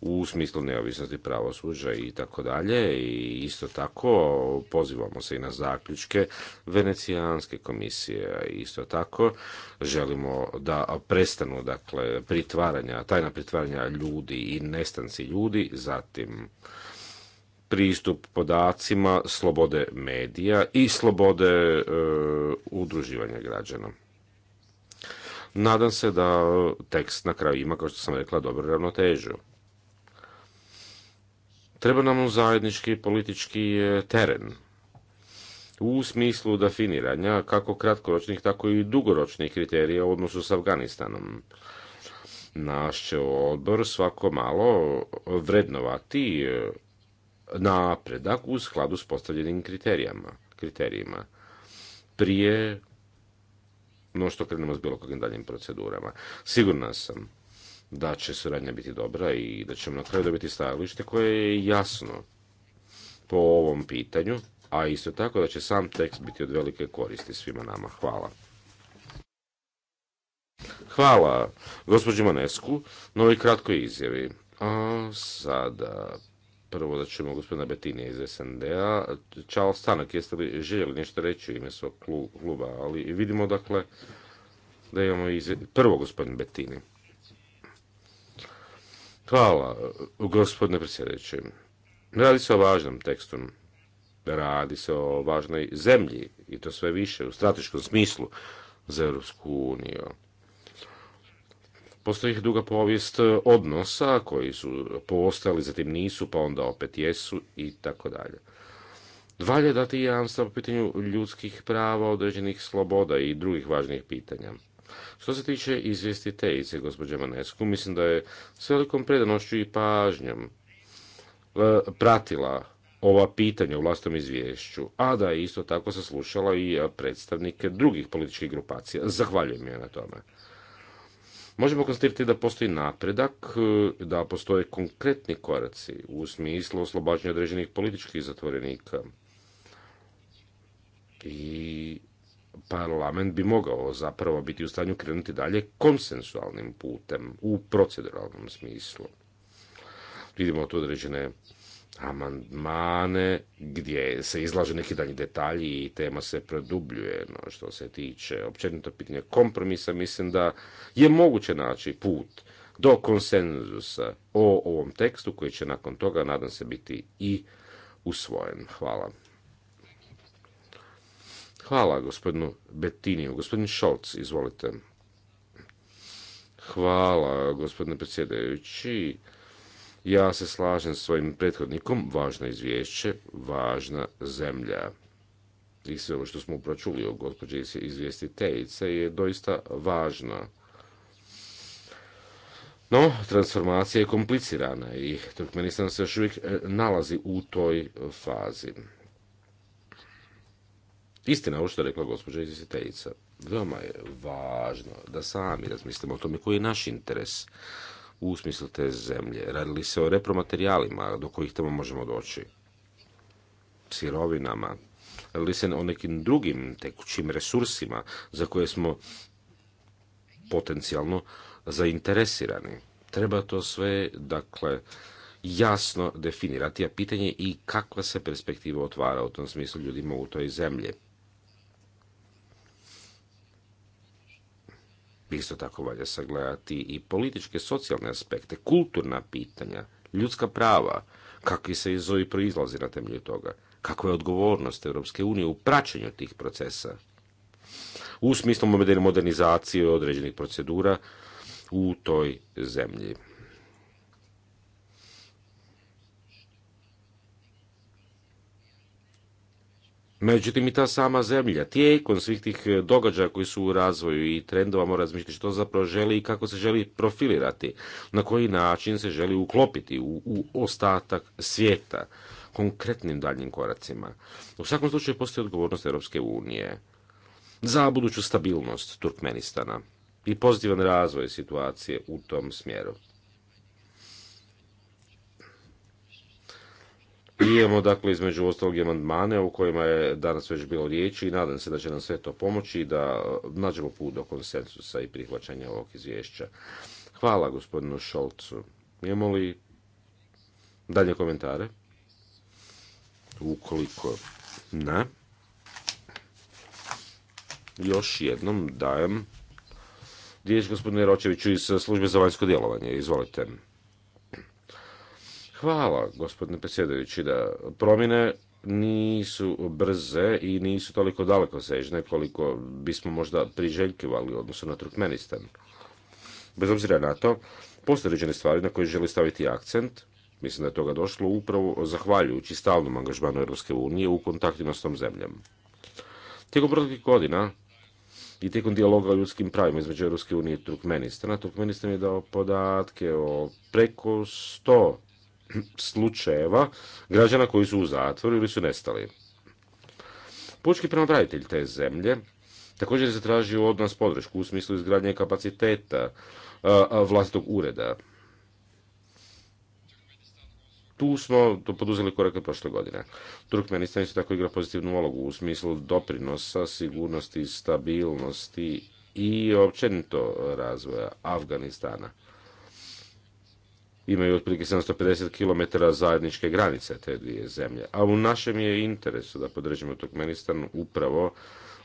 u smislu neovisnosti pravosuđa i tako dalje i isto tako pozivamo se i na zaključke venecijanske komisije isto tako želimo da prestanu dakle pritvaranja tajna pritvaranja ljudi i nestanci ljudi zatim pristup podacima, slobode medija i slobode e, udruživanja građana. Nadam se da tekst na kraju ima, kao što sam rekla, dobro ravnotežu. Treba nam zajednički politički e, teren u smislu definiranja kako kratkoročnih, tako i dugoročnih kriterija u odnosu s Afganistanom. Naš će odbor svako malo vrednovati e, napredak u skladu s postavljenim kriterijama, kriterijima. Prije no što krenemo s bilo kakvim daljim procedurama. Sigurna sam da će suradnja biti dobra i da ćemo na kraju dobiti stajalište koje je jasno po ovom pitanju, a isto tako da će sam tekst biti od velike koristi svima nama. Hvala. Hvala gospođi Manesku na ovoj kratkoj izjavi. A sada prvo da ćemo gospodina Betinija iz SND-a. Čao Stanak, jeste li željeli nešto reći u ime svog kluba, ali vidimo dakle da imamo iz... prvo gospodin Betini. Hvala, gospodine predsjedeće. Radi se o važnom tekstu. Radi se o važnoj zemlji i to sve više u strateškom smislu za Europsku uniju. Postoji duga povijest odnosa koji su postali, zatim nisu, pa onda opet jesu i tako dalje. Valje dati jamstva po pitanju ljudskih prava, određenih sloboda i drugih važnijih pitanja. Što se tiče izvjestiteljice gospođe Manesku, mislim da je s velikom predanošću i pažnjom e, pratila ova pitanja u vlastnom izvješću, a da je isto tako saslušala i predstavnike drugih političkih grupacija. Zahvaljujem je na tome možemo konstatirati da postoji napredak, e, da postoje konkretni koraci u smislu oslobađanja određenih političkih zatvorenika. I parlament bi mogao zapravo biti u stanju krenuti dalje konsensualnim putem u proceduralnom smislu. Vidimo tu određene amandmane gdje se izlaže neki dalji detalji i tema se produbljuje. No, što se tiče općenito pitanja kompromisa, mislim da je moguće naći put do konsenzusa o ovom tekstu koji će nakon toga, nadam se, biti i usvojen. Hvala. Hvala gospodinu Betiniju. Gospodin Šolc, izvolite. Hvala gospodine predsjedajući. Ja se slažem s svojim prethodnikom, važno izvješće, važna zemlja. I sve ovo što smo upračuli o izvijesti izvjestiteljice je doista važno. No, transformacija je komplicirana i Turkmenistan se još uvijek e, nalazi u toj fazi. Istina ovo što je rekla gospođa izvjestiteljica. Veoma je važno da sami razmislimo o tome koji je naš interes u smislu te zemlje. Radili se o repromaterijalima do kojih tamo možemo doći, sirovinama, li se o nekim drugim tekućim resursima za koje smo potencijalno zainteresirani. Treba to sve, dakle, jasno definirati, a pitanje i kakva se perspektiva otvara u tom smislu ljudima u toj zemlji. Isto tako valja sagledati i političke, socijalne aspekte, kulturna pitanja, ljudska prava, kakvi se izovi proizlazi na temelju toga, kakva je odgovornost Europske unije u praćenju tih procesa. U smislu modernizacije određenih procedura u toj zemlji. Međutim, i ta sama zemlja, tijekom svih tih e, događaja koji su u razvoju i trendova mora razmišljati što zapravo želi i kako se želi profilirati, na koji način se želi uklopiti u, ostatak svijeta, konkretnim daljnim koracima. U svakom slučaju postoji odgovornost Europske unije za buduću stabilnost Turkmenistana i pozitivan razvoj situacije u tom smjeru. imamo dakle između ostalog i amandmane o kojima je danas već bilo riječi i nadam se da će nam sve to pomoći i da nađemo put do konsensusa i prihvaćanja ovog izvješća. Hvala gospodinu Šolcu. Imamo li dalje komentare? Ukoliko ne, još jednom dajem riječ gospodine Ročeviću iz službe za vanjsko djelovanje. Izvolite. Hvala, gospodine predsjedajući, da promjene nisu brze i nisu toliko daleko sežne koliko bismo možda priželjkivali odnosu na Turkmenistan. Bez obzira na to, postoje određene stvari na koje želi staviti akcent. Mislim da je toga došlo upravo zahvaljujući stalnom angažmanu Europske unije u kontaktima s tom zemljom. Tijekom proteklih godina i tijekom dijaloga o ljudskim pravima između Europske unije i Turkmenistana, Turkmenistan je dao podatke o preko sto slučajeva građana koji su u zatvoru ili su nestali. Pučki pravobranitelj te zemlje također je zatražio od nas podršku u smislu izgradnje kapaciteta vlastitog ureda. Tu smo to poduzeli korake prošle godine. Turkmenistan isto tako igra pozitivnu ulogu u smislu doprinosa, sigurnosti, stabilnosti i općenito razvoja Afganistana imaju otprilike 750 km zajedničke granice te dvije zemlje. A u našem je interesu da podržimo Turkmenistan upravo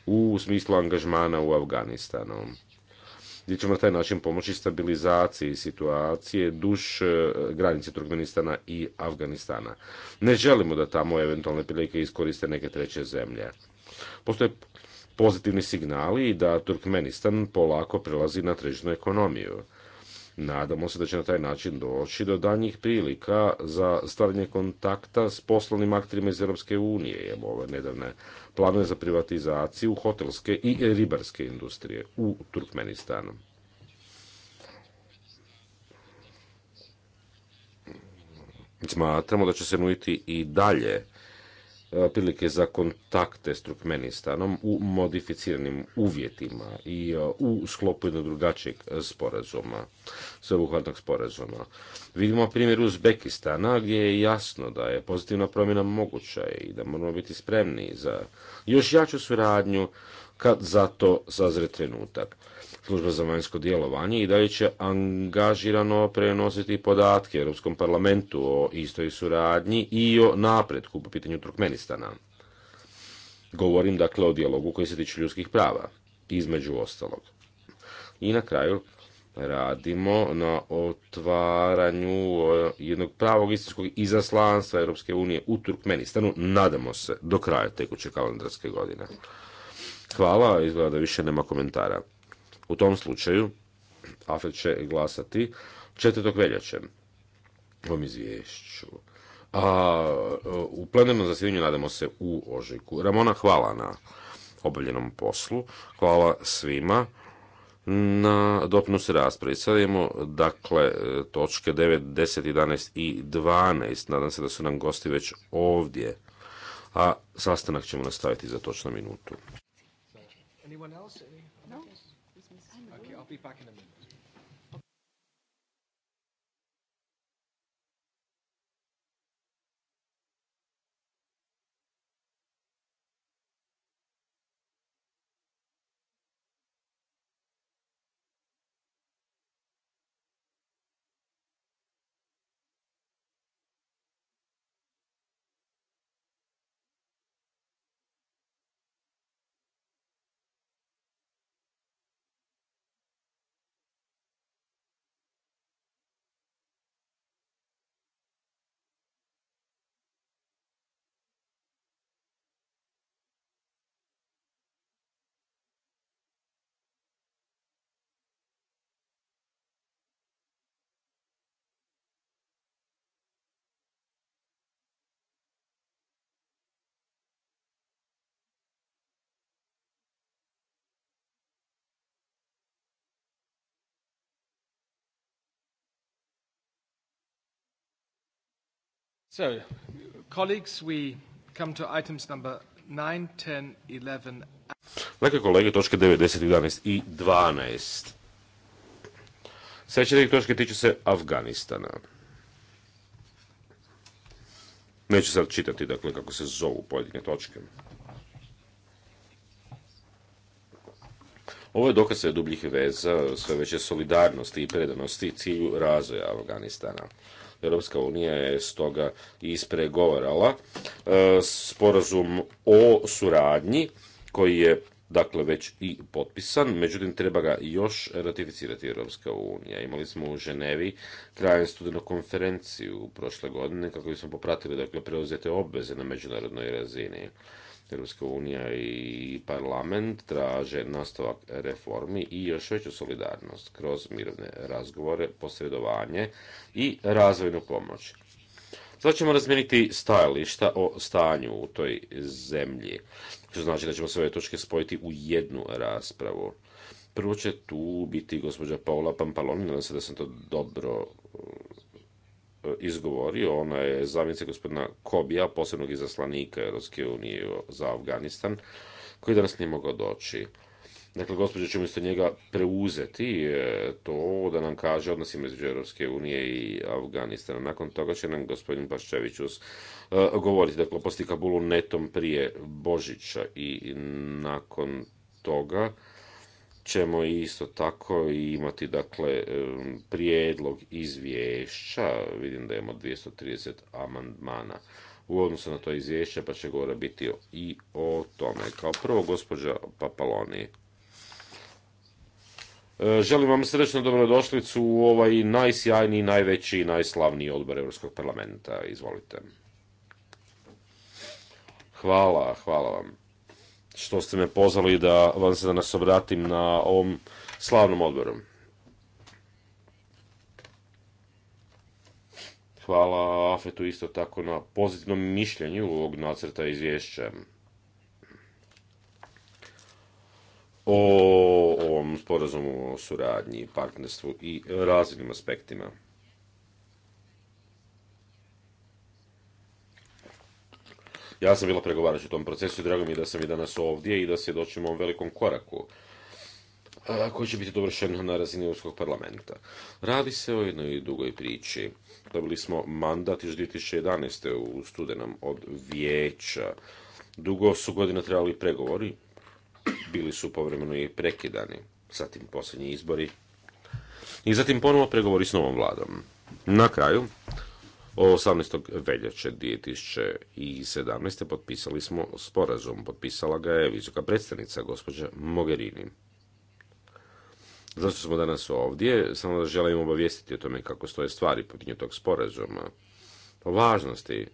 u smislu angažmana u Afganistanu gdje ćemo na taj način pomoći stabilizaciji situacije duš e, granice Turkmenistana i Afganistana. Ne želimo da tamo eventualne prilike iskoriste neke treće zemlje. Postoje pozitivni signali da Turkmenistan polako prelazi na tržišnu ekonomiju. Nadamo se da će na taj način doći do danjih prilika za stvaranje kontakta s poslovnim akterima iz Europske unije. Evo ove nedavne planove za privatizaciju hotelske i ribarske industrije u Turkmenistanu. Smatramo da će se nuditi i dalje prilike za kontakte s Turkmenistanom u modificiranim uvjetima i e, u sklopu jednog drugačijeg sporazuma, sveobuhvatnog sporazuma. Vidimo primjer Uzbekistana gdje je jasno da je pozitivna promjena moguća i da moramo biti spremni za još jaču suradnju kad za to sazre trenutak služba za vanjsko djelovanje i dalje će angažirano prenositi podatke Europskom parlamentu o istoj suradnji i o napretku po pitanju Turkmenistana. Govorim dakle o dijalogu koji se tiče ljudskih prava, između ostalog. I na kraju radimo na otvaranju jednog pravog istinskog izaslanstva Europske unije u Turkmenistanu, nadamo se, do kraja tekuće kalendarske godine. Hvala, izgleda da više nema komentara. U tom slučaju Afet će glasati četvrtog veljače ovom izvješću. A, u plenarnom zasjedanju nadamo se u ožujku. Ramona, hvala na obavljenom poslu. Hvala svima na se raspravi. Sada imamo, dakle, točke 9, 10, 11 i 12. Nadam se da su nam gosti već ovdje. A sastanak ćemo nastaviti za točno minutu back in a minute. So, colleagues, we come to items number 9, 10, 11. Dakle, kolege, točke 9, 10, 11 12. Sljedeće točke tiču se Afganistana. Neću sad čitati, dakle, kako se zovu pojedine točke. Ovo je dokaz sve dubljih veza, sve veće solidarnosti i predanosti cilju razvoja Afganistana. Europska unija je stoga ispregovarala e, sporazum o suradnji koji je dakle već i potpisan, međutim treba ga još ratificirati Europska unija. Imali smo u Ženevi krajem studenu konferenciju prošle godine kako bismo popratili dakle preuzete obveze na međunarodnoj razini. Europska unija i parlament traže nastavak reformi i još veću solidarnost kroz mirovne razgovore, posredovanje i razvojnu pomoć. Sada ćemo razmijeniti stajališta o stanju u toj zemlji, što znači da ćemo sve ove točke spojiti u jednu raspravu. Prvo će tu biti gospođa Paula Pampaloni, nadam se da sam to dobro izgovorio, ona je zamjenica gospodina Kobija, posebnog izaslanika Europske unije za Afganistan, koji danas nije mogao doći. Dakle, gospođa ćemo umjesto njega preuzeti e, to da nam kaže odnosima između Europske unije i Afganistana. Nakon toga će nam gospodin Paščević e, govoriti, dakle, posti Kabulu netom prije Božića i nakon toga ćemo isto tako imati dakle prijedlog izvješća, vidim da imamo 230 amandmana u odnosu na to izvješće, pa će govora biti i o tome. Kao prvo, gospođa Papaloni. E, želim vam srdečno dobrodošlicu u ovaj najsjajniji, najveći i najslavniji odbor Europskog parlamenta. Izvolite. Hvala, hvala vam što ste me pozvali da vam se danas obratim na ovom slavnom odboru. Hvala Afetu isto tako na pozitivnom mišljenju ovog nacrta izvješća. O ovom sporazumu o suradnji, partnerstvu i raznim aspektima. Ja sam bila pregovarač u tom procesu i drago mi je da sam i danas ovdje i da se svjedočimo ovom velikom koraku koji će biti dovršen na razini Europskog parlamenta. Radi se o jednoj dugoj priči. Dobili smo mandat iz 2011. u studenom od vijeća. Dugo su godina trebali pregovori, bili su povremeno i prekidani, zatim posljednji izbori i zatim ponovo pregovori s novom vladom. Na kraju, 18. veljače 2017. potpisali smo sporazum. Potpisala ga je visoka predstavnica, gospođa Mogherini. Zašto smo danas ovdje? Samo da želim obavijestiti o tome kako stoje stvari potinju tog sporazuma. O važnosti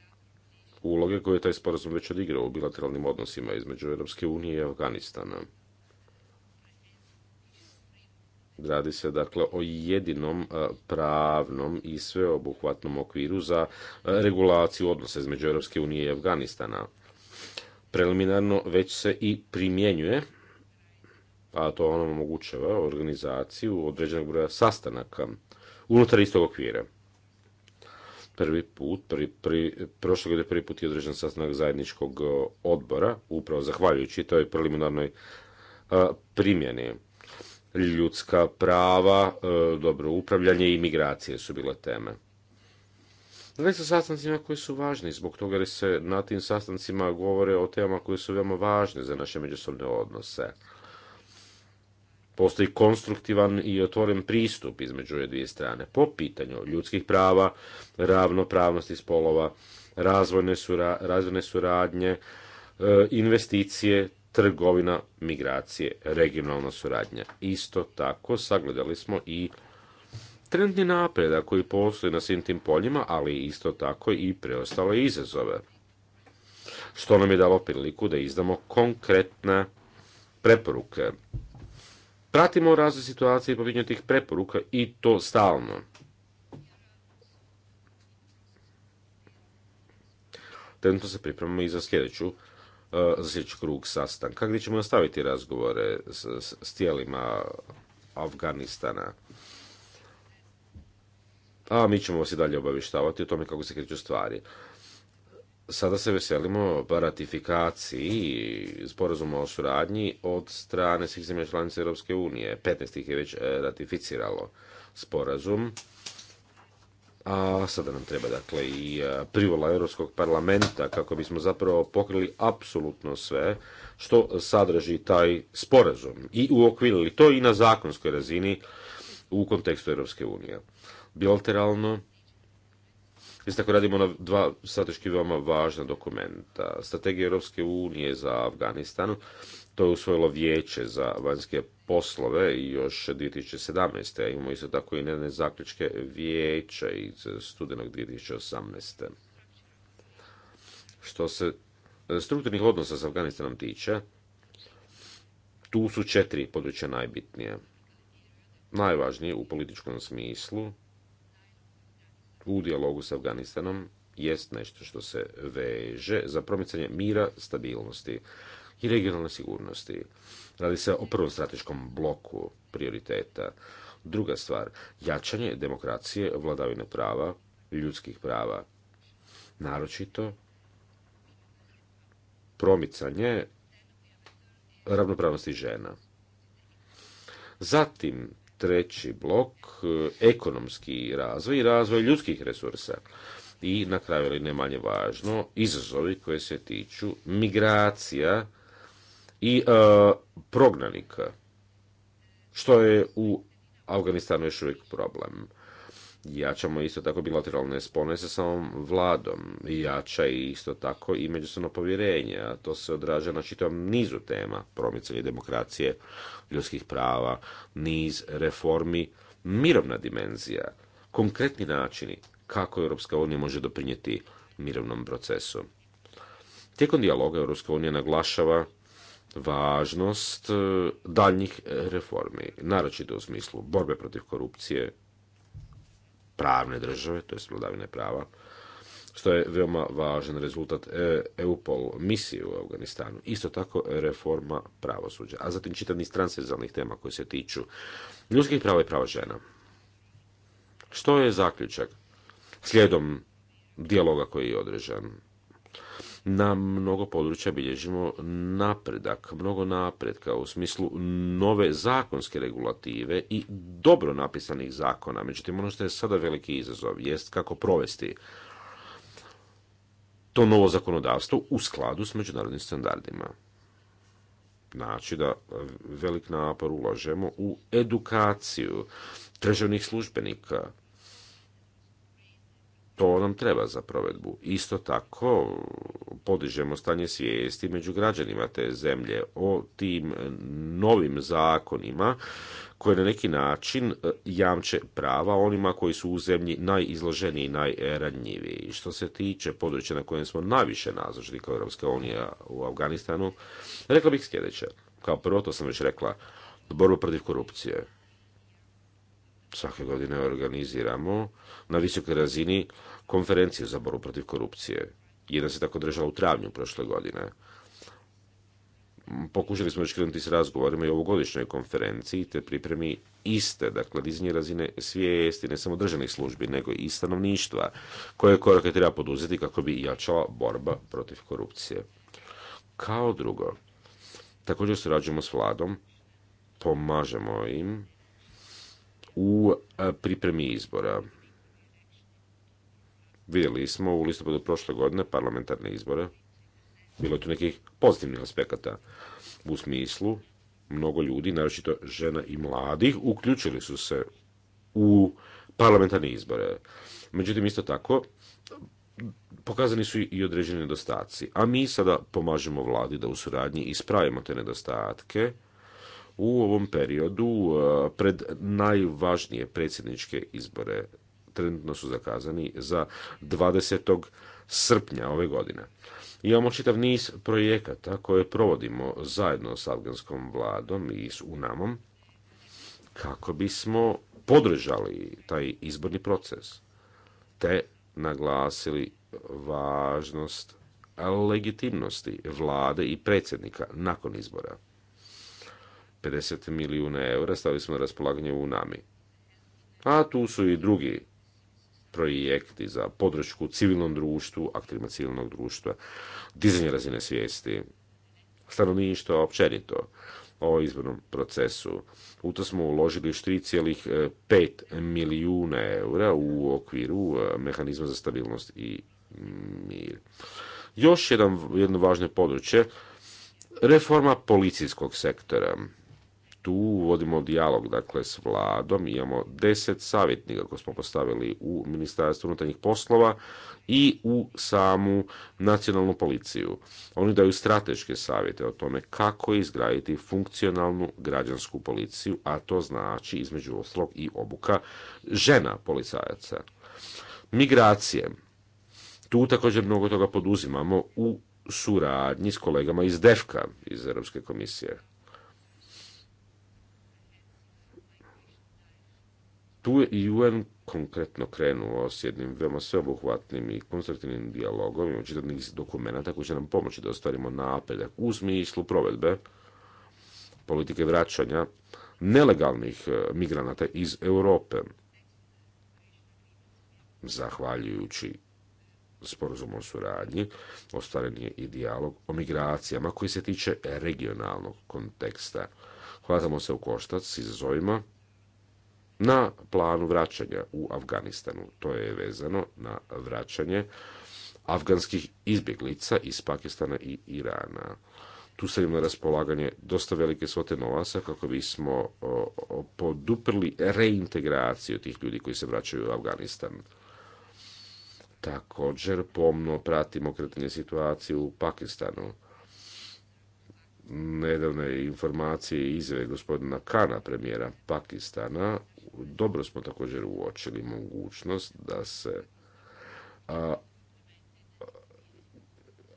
uloge koju je taj sporazum već odigrao u bilateralnim odnosima između Europske unije i Afganistana. Radi se dakle o jedinom e, pravnom i sveobuhvatnom okviru za e, regulaciju odnosa između Europske unije i Afganistana. Preliminarno već se i primjenjuje, a to ono omogućava organizaciju određenog broja sastanaka unutar istog okvira. Prvi put, prvi, prošle godine prvi put je određen sastanak zajedničkog e, odbora, upravo zahvaljujući toj preliminarnoj primjeni ljudska prava, e, dobro upravljanje i migracije su bile teme. Radi sa sastancima koji su važni, zbog toga jer se na tim sastancima govore o temama koje su veoma važne za naše međusobne odnose. Postoji konstruktivan i otvoren pristup između ove dvije strane po pitanju ljudskih prava, ravnopravnosti spolova, razvojne, razvojne suradnje, e, investicije trgovina, migracije, regionalna suradnja. Isto tako sagledali smo i trendni napredak koji postoji na svim tim poljima, ali isto tako i preostale izazove. Što nam je dalo priliku da izdamo konkretne preporuke. Pratimo razvoj situacije i tih preporuka i to stalno. Trenutno se pripremamo i za sljedeću sljedeći krug sastanka gdje ćemo nastaviti razgovore s, tijelima Afganistana. A mi ćemo vas i dalje obavještavati o tome kako se kreću stvari. Sada se veselimo ratifikaciji sporazuma o suradnji od strane svih zemlja članica Europske unije. 15 ih je već e, ratificiralo sporazum a sada nam treba dakle i e, privola Europskog parlamenta kako bismo zapravo pokrili apsolutno sve što sadrži taj sporazum i uokvirili to i na zakonskoj razini u kontekstu Europske unije. Bilateralno, Isto tako radimo na dva strateški veoma važna dokumenta. Strategija Europske unije za Afganistan to je usvojilo vijeće za vanjske poslove još 2017. Imamo isto tako i nene zaključke vijeća iz studenog 2018. Što se strukturnih odnosa s Afganistanom tiče, tu su četiri područja najbitnije. Najvažnije u političkom smislu u dijalogu s Afganistanom jest nešto što se veže za promicanje mira, stabilnosti, i regionalne sigurnosti. Radi se o prvom strateškom bloku prioriteta. Druga stvar, jačanje demokracije, vladavine prava, ljudskih prava. Naročito promicanje ravnopravnosti žena. Zatim, treći blok, ekonomski razvoj i razvoj ljudskih resursa. I na kraju, ali ne manje važno, izazovi koje se tiču migracija i e, prognanika, što je u Afganistanu još uvijek problem. Jačamo isto tako bilateralne spone sa samom vladom. Jača isto tako i međusobno povjerenje. A to se odraža na čitavom nizu tema. Promicanje demokracije, ljudskih prava, niz reformi, mirovna dimenzija, konkretni načini kako Europska unija može doprinijeti mirovnom procesu. Tijekom dijaloga Europska unija naglašava važnost e, daljnjih e, reformi, naročito u smislu borbe protiv korupcije, pravne države, to je vladavine prava, što je veoma važan rezultat e, EUPOL misije u Afganistanu. Isto tako reforma pravosuđa, a zatim čitav niz transverzalnih tema koje se tiču ljudskih prava i prava žena. Što je zaključak? Slijedom dijaloga koji je određen na mnogo područja bilježimo napredak, mnogo napretka u smislu nove zakonske regulative i dobro napisanih zakona. Međutim, ono što je sada veliki izazov jest kako provesti to novo zakonodavstvo u skladu s međunarodnim standardima. Znači da velik napor ulažemo u edukaciju državnih službenika, to nam treba za provedbu. Isto tako podižemo stanje svijesti među građanima te zemlje o tim novim zakonima koje na neki način e, jamče prava onima koji su u zemlji najizloženiji i najranjiviji. Što se tiče područja na kojem smo najviše nazočni kao Europska unija u Afganistanu, rekla bih sljedeće. Kao prvo, to sam već rekla, borba protiv korupcije. Svake godine organiziramo na visokoj razini konferencije za boru protiv korupcije. Jedna se tako držala u travnju prošle godine. Pokušali smo krenuti s razgovorima i ovogodišnjoj konferenciji te pripremi iste, dakle, dizanje razine svijesti ne samo državnih službi, nego i stanovništva, koje korake treba poduzeti kako bi jačala borba protiv korupcije. Kao drugo, također surađujemo s vladom, pomažemo im u e, pripremi izbora. Vidjeli smo u listopadu prošle godine parlamentarne izbore. Bilo je tu nekih pozitivnih aspekata u smislu mnogo ljudi, naročito žena i mladih, uključili su se u parlamentarne izbore. Međutim, isto tako, pokazani su i određeni nedostaci. A mi sada pomažemo vladi da u suradnji ispravimo te nedostatke u ovom periodu eh, pred najvažnije predsjedničke izbore trenutno su zakazani za 20. srpnja ove godine. Imamo čitav niz projekata koje provodimo zajedno s afganskom vladom i s UNAMom kako bismo podržali taj izborni proces te naglasili važnost legitimnosti vlade i predsjednika nakon izbora. 50 milijuna eura stavili smo na raspolaganje u nami A tu su i drugi projekti za podršku civilnom društvu, aktivima civilnog društva, dizanje razine svijesti, stanovništva općenito o izbornom procesu. U to smo uložili 3,5 milijuna eura u okviru e, mehanizma za stabilnost i mir. Još jedan, jedno važno područje, reforma policijskog sektora tu vodimo dijalog dakle s vladom, imamo deset savjetnika koje smo postavili u Ministarstvu unutarnjih poslova i u samu nacionalnu policiju. Oni daju strateške savjete o tome kako izgraditi funkcionalnu građansku policiju, a to znači između ostalog i obuka žena policajaca. Migracije. Tu također mnogo toga poduzimamo u suradnji s kolegama iz DEFKA, iz Europske komisije. Tu je i UN konkretno krenuo s jednim veoma sveobuhvatnim i konstruktivnim dijalogom. i čitav niz dokumenta koji će nam pomoći da ostvarimo napredak u smislu provedbe politike vraćanja nelegalnih e, migranata iz Europe. Zahvaljujući sporazumu o suradnji, ostvaren je i dijalog o migracijama koji se tiče regionalnog konteksta. Hvatamo se u koštac s izazovima na planu vraćanja u Afganistanu. To je vezano na vraćanje afganskih izbjeglica iz Pakistana i Irana. Tu sam im raspolaganje dosta velike svote novasa kako bismo poduprli reintegraciju tih ljudi koji se vraćaju u Afganistan. Također pomno pratimo kretanje situacije u Pakistanu. Nedavne informacije izve gospodina Kana, premijera Pakistana, dobro smo također uočili mogućnost da se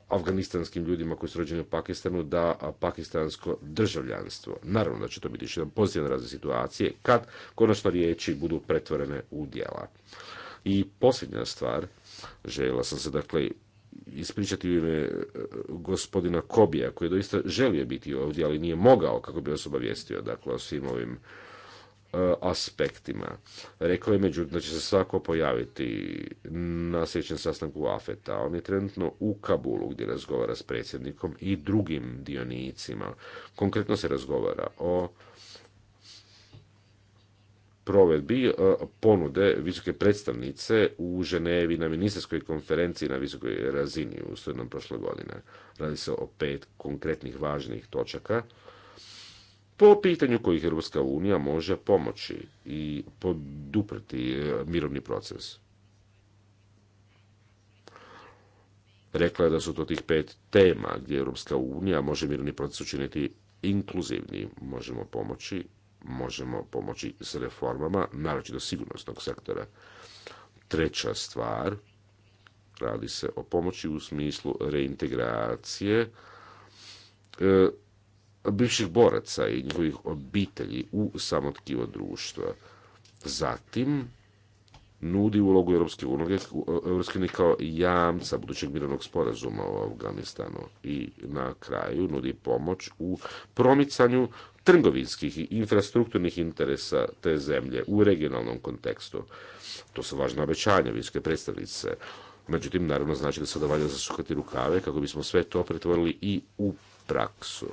afganistanskim ljudima koji su rođeni u Pakistanu da pakistansko državljanstvo. Naravno da će to biti još jedan pozitivan razvoj situacije kad konačno riječi budu pretvorene u djela. I posljednja stvar, željela sam se dakle ispričati u ime e, gospodina Kobija, koji je doista želio biti ovdje, ali nije mogao kako bi osoba vijestio dakle, o svim ovim E, aspektima. Rekao je međutim da će se svako pojaviti na sljedećem sastanku AFETA. On je trenutno u Kabulu gdje razgovara s predsjednikom i drugim dionicima. Konkretno se razgovara o provedbi e, ponude visoke predstavnice u Ženevi na ministarskoj konferenciji na visokoj razini u studenom prošle godine. Radi se o pet konkretnih važnih točaka po pitanju kojih Europska unija može pomoći i poduprati e, mirovni proces. Rekla je da su to tih pet tema gdje Europska unija može mirovni proces učiniti inkluzivni. Možemo pomoći, možemo pomoći s reformama, naročito sigurnosnog sektora. Treća stvar, radi se o pomoći u smislu reintegracije e, bivših boraca i njihovih obitelji u samotkivo društva. Zatim, nudi ulogu Europske unije, kao jamca budućeg mirovnog sporazuma u Afganistanu i na kraju nudi pomoć u promicanju trgovinskih i infrastrukturnih interesa te zemlje u regionalnom kontekstu. To su važna obećanja visoke predstavnice. Međutim, naravno znači da se valja zasukati rukave kako bismo sve to pretvorili i u praksu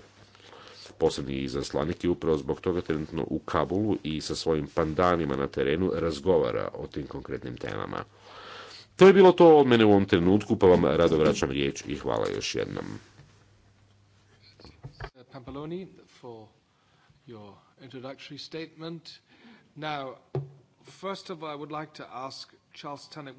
posebni izaslanik je upravo zbog toga trenutno u Kabulu i sa svojim pandanima na terenu razgovara o tim konkretnim temama. To je bilo to od mene u ovom trenutku, pa vam rado vraćam riječ i hvala još jednom. Uh, Pampaloni for your introductory statement. Now, first of all, I would like to ask Charles Tannock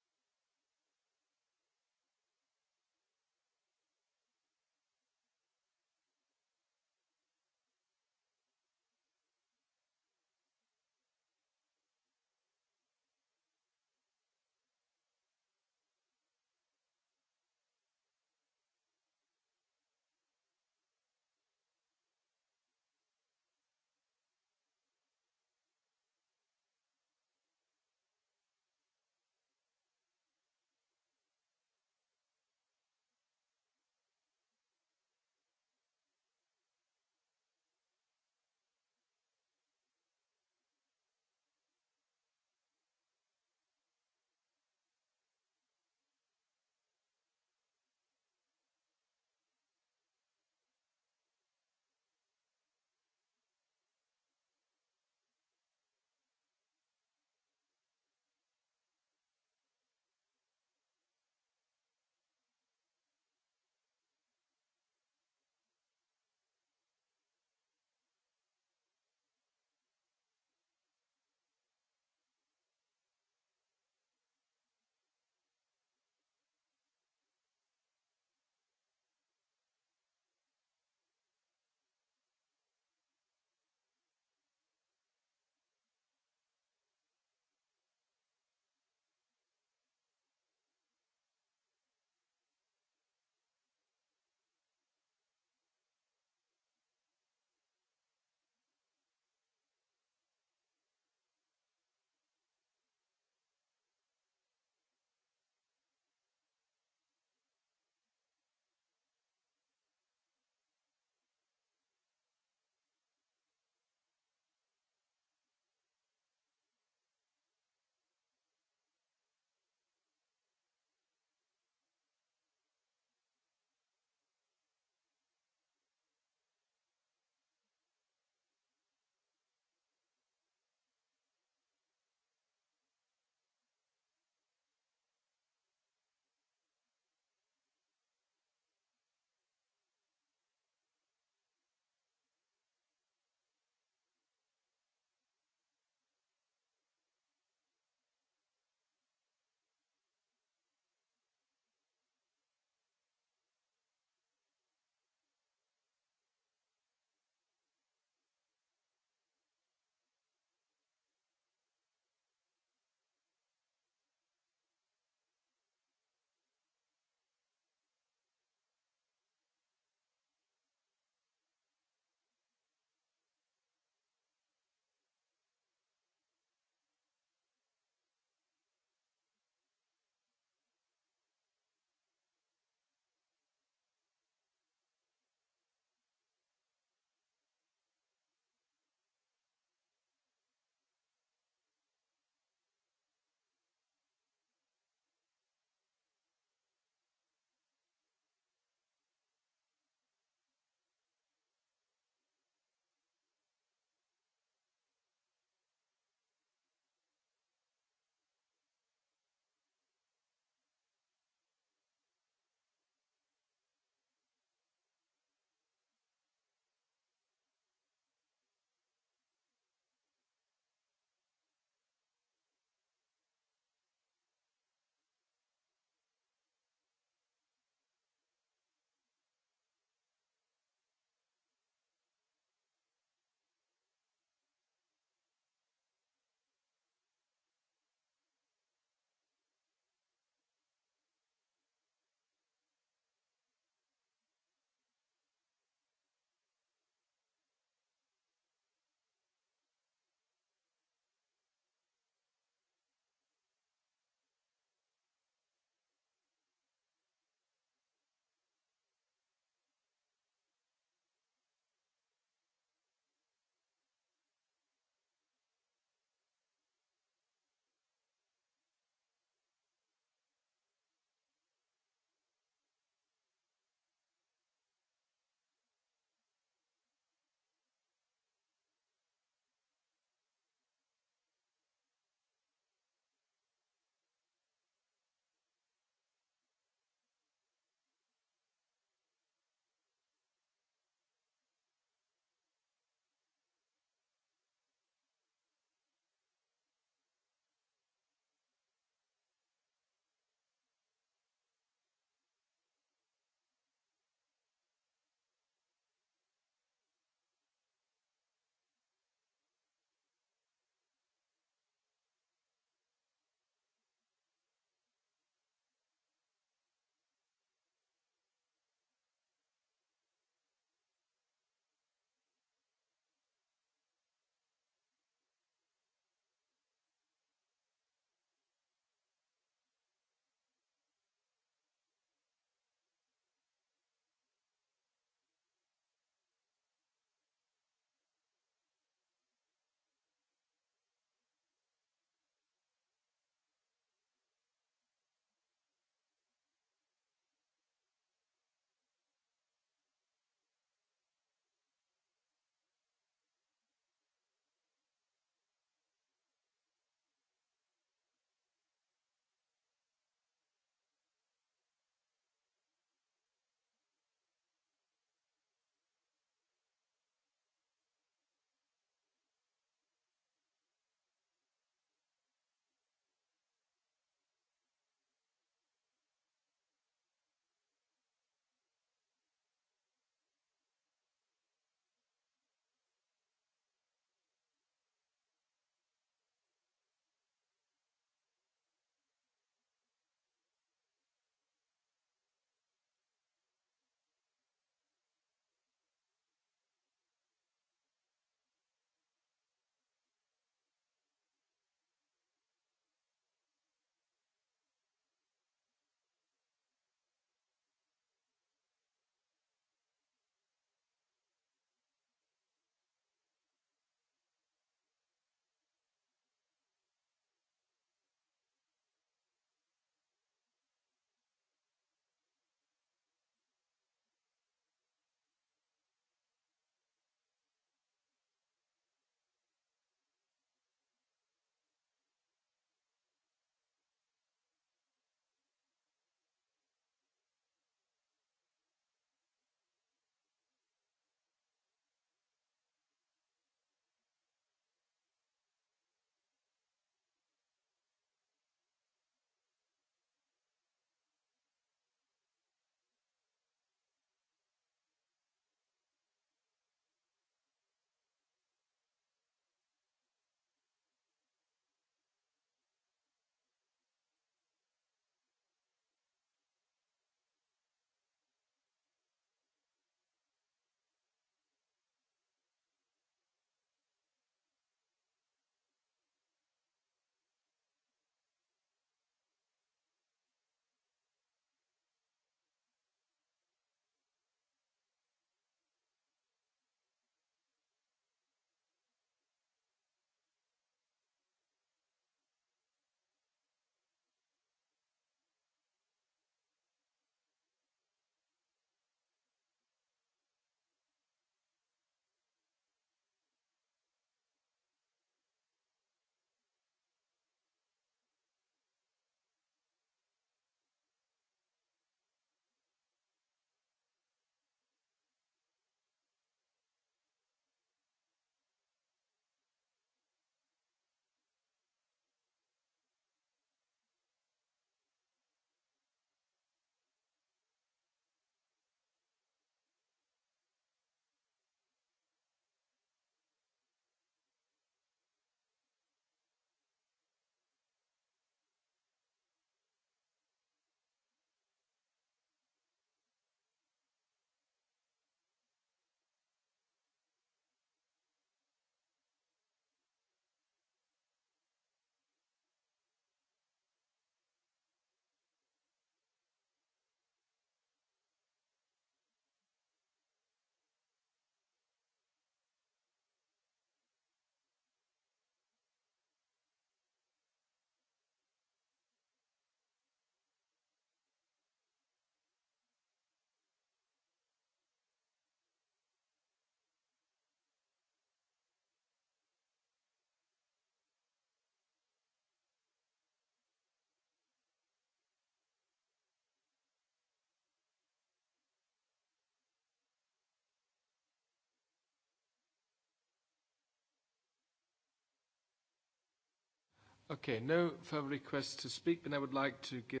Okay, no further requests to speak, but I would like to give...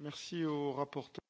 Merci au rapporteur.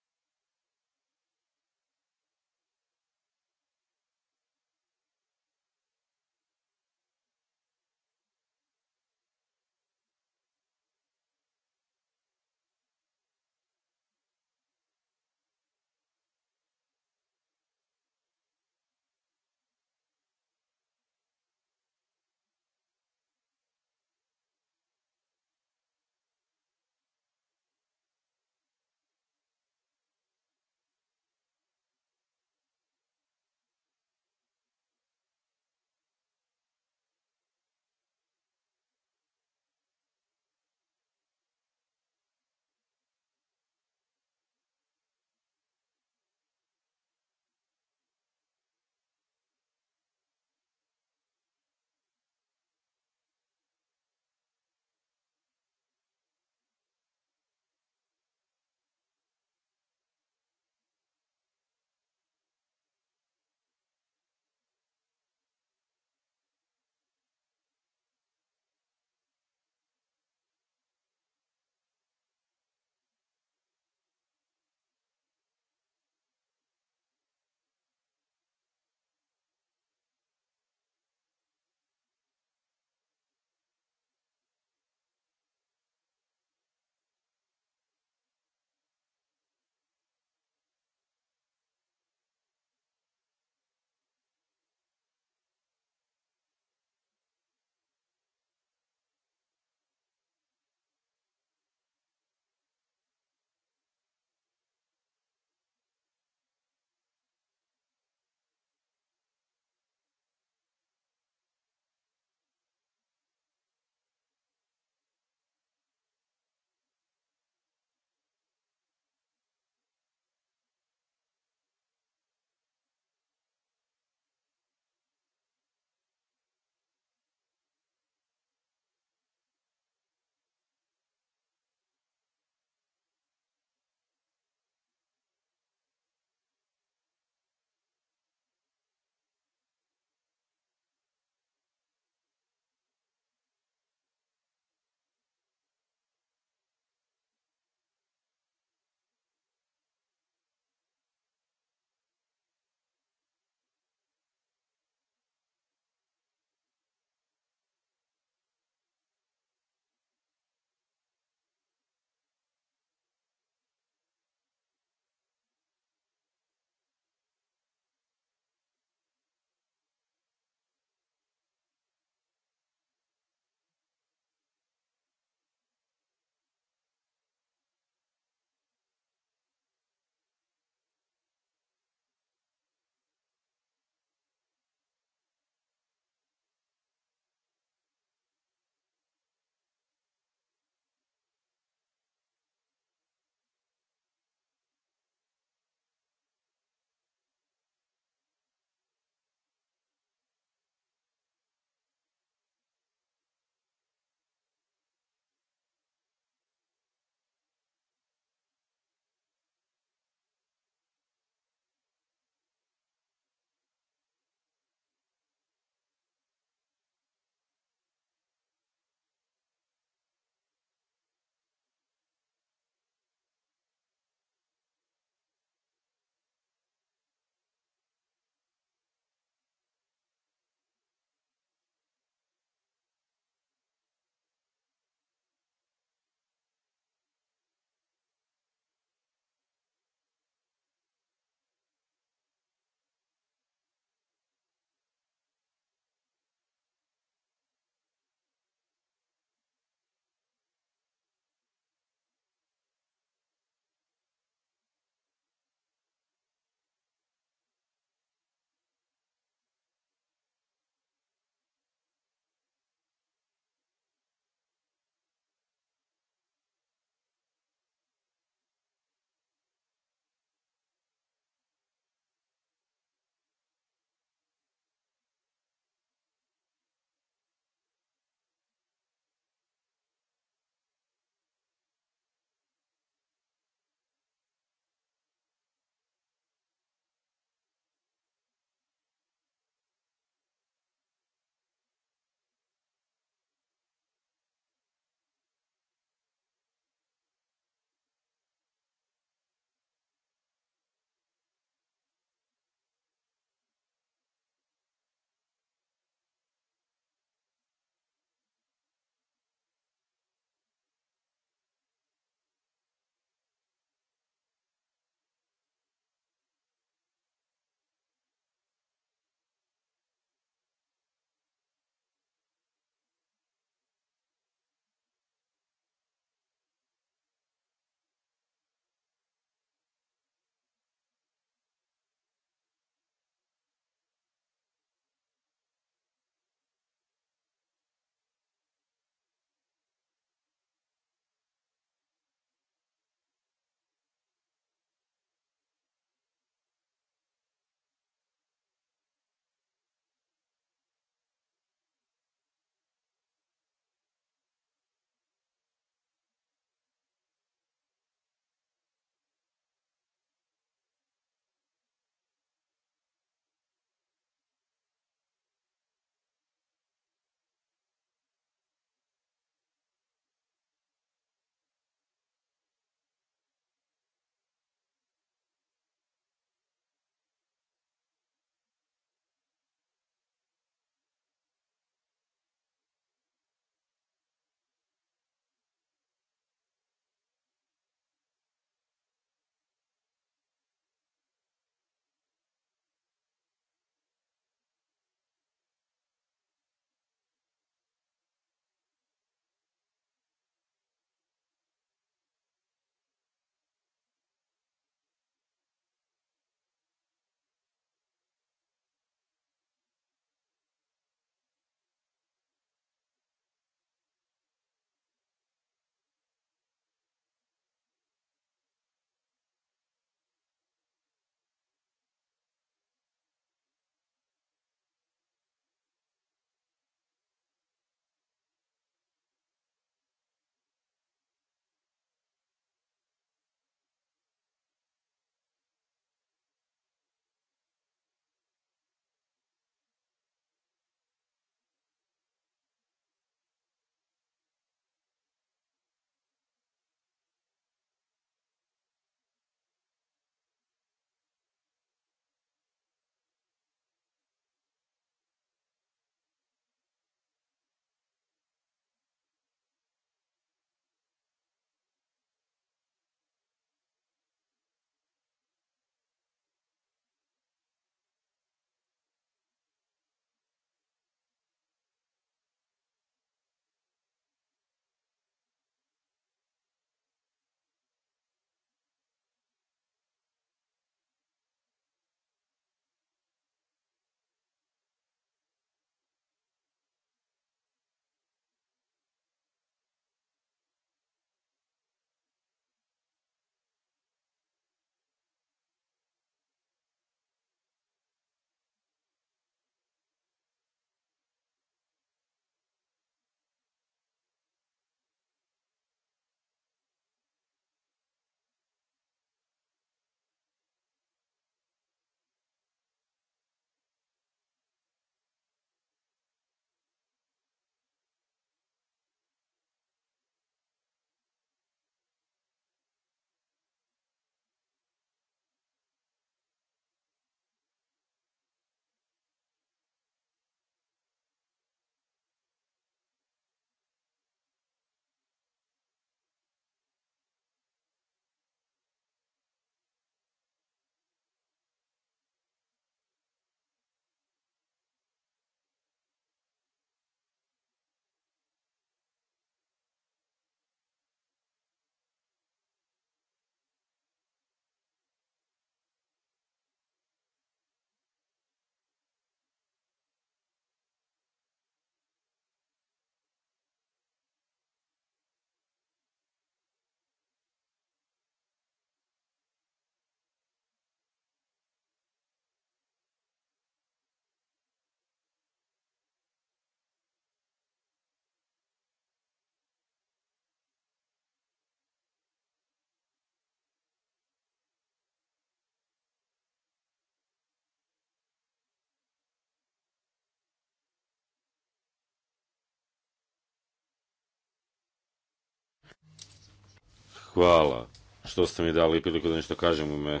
Hvala što ste mi dali priliku da nešto kažem u ime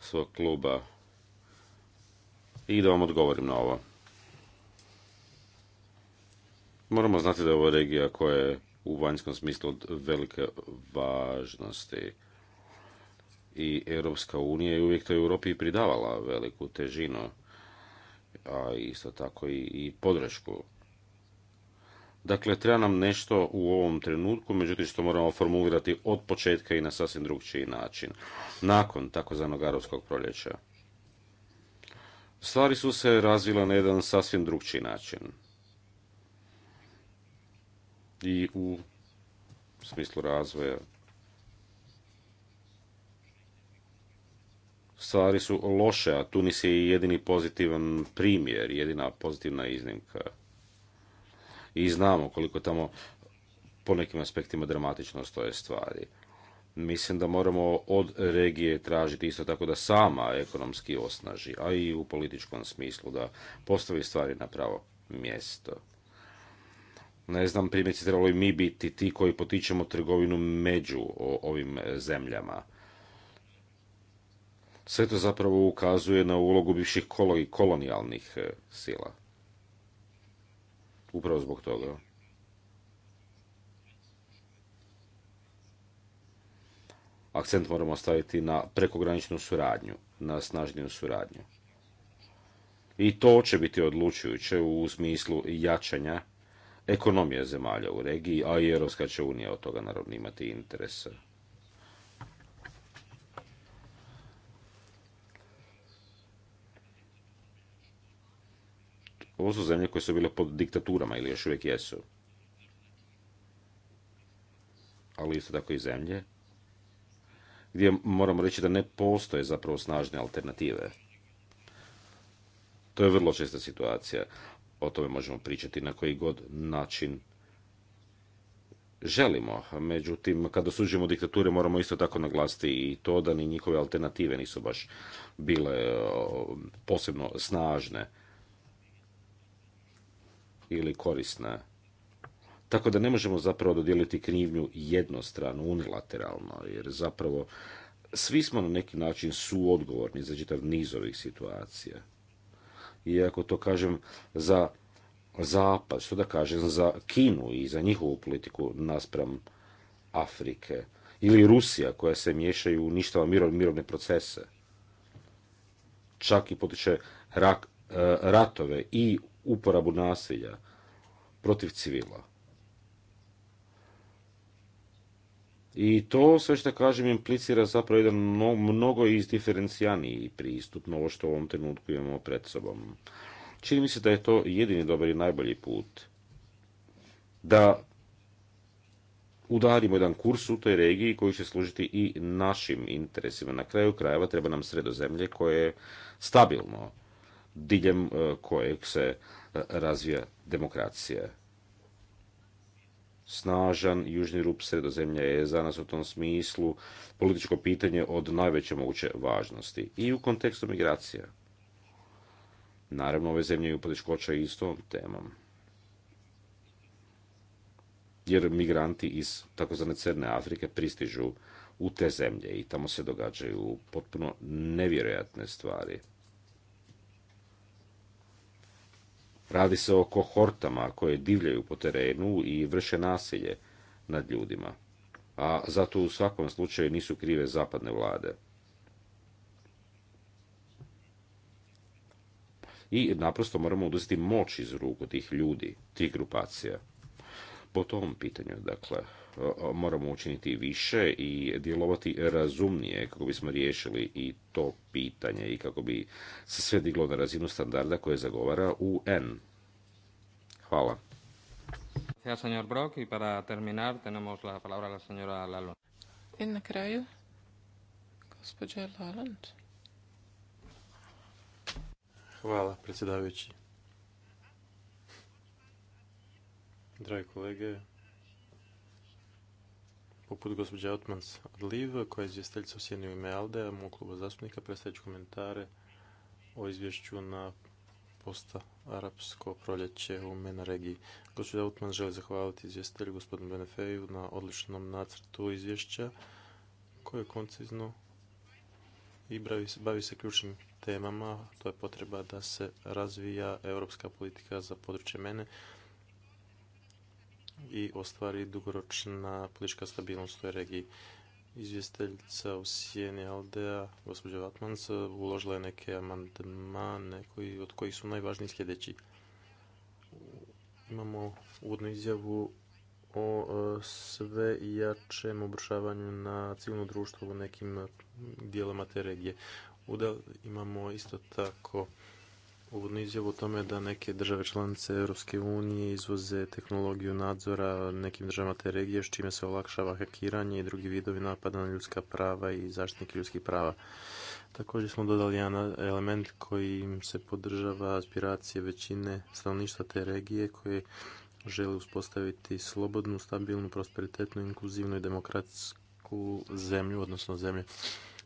svog kluba i da vam odgovorim na ovo. Moramo znati da je ovo regija koja je u vanjskom smislu od velike važnosti i Europska unija je uvijek toj Europi pridavala veliku težinu, a isto tako i podršku Dakle, treba nam nešto u ovom trenutku, međutim što moramo formulirati od početka i na sasvim drugčiji način. Nakon takozvanog Arovskog proljeća. Stvari su se razvile na jedan sasvim drugčiji način. I u smislu razvoja. Stvari su loše, a Tunis je jedini pozitivan primjer, jedina pozitivna iznimka i znamo koliko tamo po nekim aspektima dramatično stoje stvari. Mislim da moramo od regije tražiti isto tako da sama ekonomski osnaži, a i u političkom smislu da postavi stvari na pravo mjesto. Ne znam, primjerice trebalo i mi biti ti koji potičemo trgovinu među ovim zemljama. Sve to zapravo ukazuje na ulogu bivših kolonijalnih e, sila upravo zbog toga. Akcent moramo staviti na prekograničnu suradnju, na snažniju suradnju. I to će biti odlučujuće u smislu jačanja ekonomije zemalja u regiji, a i Europska će unija od toga naravno imati interesa. Ovo su zemlje koje su bile pod diktaturama ili još uvijek jesu. Ali isto tako i zemlje gdje moramo reći da ne postoje zapravo snažne alternative. To je vrlo česta situacija. O tome možemo pričati na koji god način želimo. Međutim, kada osuđujemo diktature moramo isto tako naglasiti i to da ni njihove alternative nisu baš bile posebno snažne ili korisna. Tako da ne možemo zapravo dodijeliti krivnju jednostrano, unilateralno, jer zapravo svi smo na neki način suodgovorni za čitav niz ovih situacija. Iako to kažem za zapad, što da kažem za Kinu i za njihovu politiku naspram Afrike, ili Rusija koja se miješaju u ništava mirovne procese. Čak i potiče e, ratove i uporabu nasilja protiv civila. I to sve što kažem implicira zapravo jedan mnogo izdiferencijaniji pristup na ovo što u ovom trenutku imamo pred sobom. Čini mi se da je to jedini dobar i najbolji put. Da udarimo jedan kurs u toj regiji koji će služiti i našim interesima. Na kraju krajeva treba nam sredozemlje koje je stabilno diljem e, kojeg se e, razvija demokracija. Snažan južni rup sredozemlja je za nas u tom smislu političko pitanje od najveće moguće važnosti i u kontekstu migracija. Naravno, ove zemlje i poteškoća i s temom. Jer migranti iz takozvane Crne Afrike pristižu u te zemlje i tamo se događaju potpuno nevjerojatne stvari. Radi se o kohortama koje divljaju po terenu i vrše nasilje nad ljudima. A zato u svakom slučaju nisu krive zapadne vlade. I naprosto moramo oduzeti moć iz ruku tih ljudi, tih grupacija po tom pitanju. Dakle, moramo učiniti više i djelovati razumnije kako bismo riješili i to pitanje i kako bi se sve diglo na razinu standarda koje zagovara UN. Hvala. I na kraju, Hvala, predsjedavajući. drage kolege, poput gospođa Otmans Adliv, koja je izvjesteljica u sjeni u ime Aldeja mog kluba zastupnika, predstavit ću komentare o izvješću na posta arapsko proljeće u MENA regiji. Gospođa Otmans želi zahvaliti izvjestitelju gospodinu Benefeju na odličnom nacrtu izvješća koje je koncizno i bavi se ključnim temama. To je potreba da se razvija europska politika za područje mene i ostvari dugoročna politička stabilnost u regiji. Izvjesteljica u Sijeni Aldea, gospođa Vatmans, uložila je neke amandmane koji, od kojih su najvažniji sljedeći. Imamo uvodnu izjavu o e, sve jačem obrušavanju na civilno društvo u nekim dijelama te regije. imamo isto tako uvodnu izjavu o tome da neke države članice Europske unije izvoze tehnologiju nadzora nekim državama te regije, s čime se olakšava hakiranje i drugi vidovi napada na ljudska prava i zaštitnike ljudskih prava. Također smo dodali jedan element kojim se podržava aspiracije većine stanovništva te regije koje žele uspostaviti slobodnu, stabilnu, prosperitetnu, inkluzivnu i demokratsku zemlju, odnosno zemlje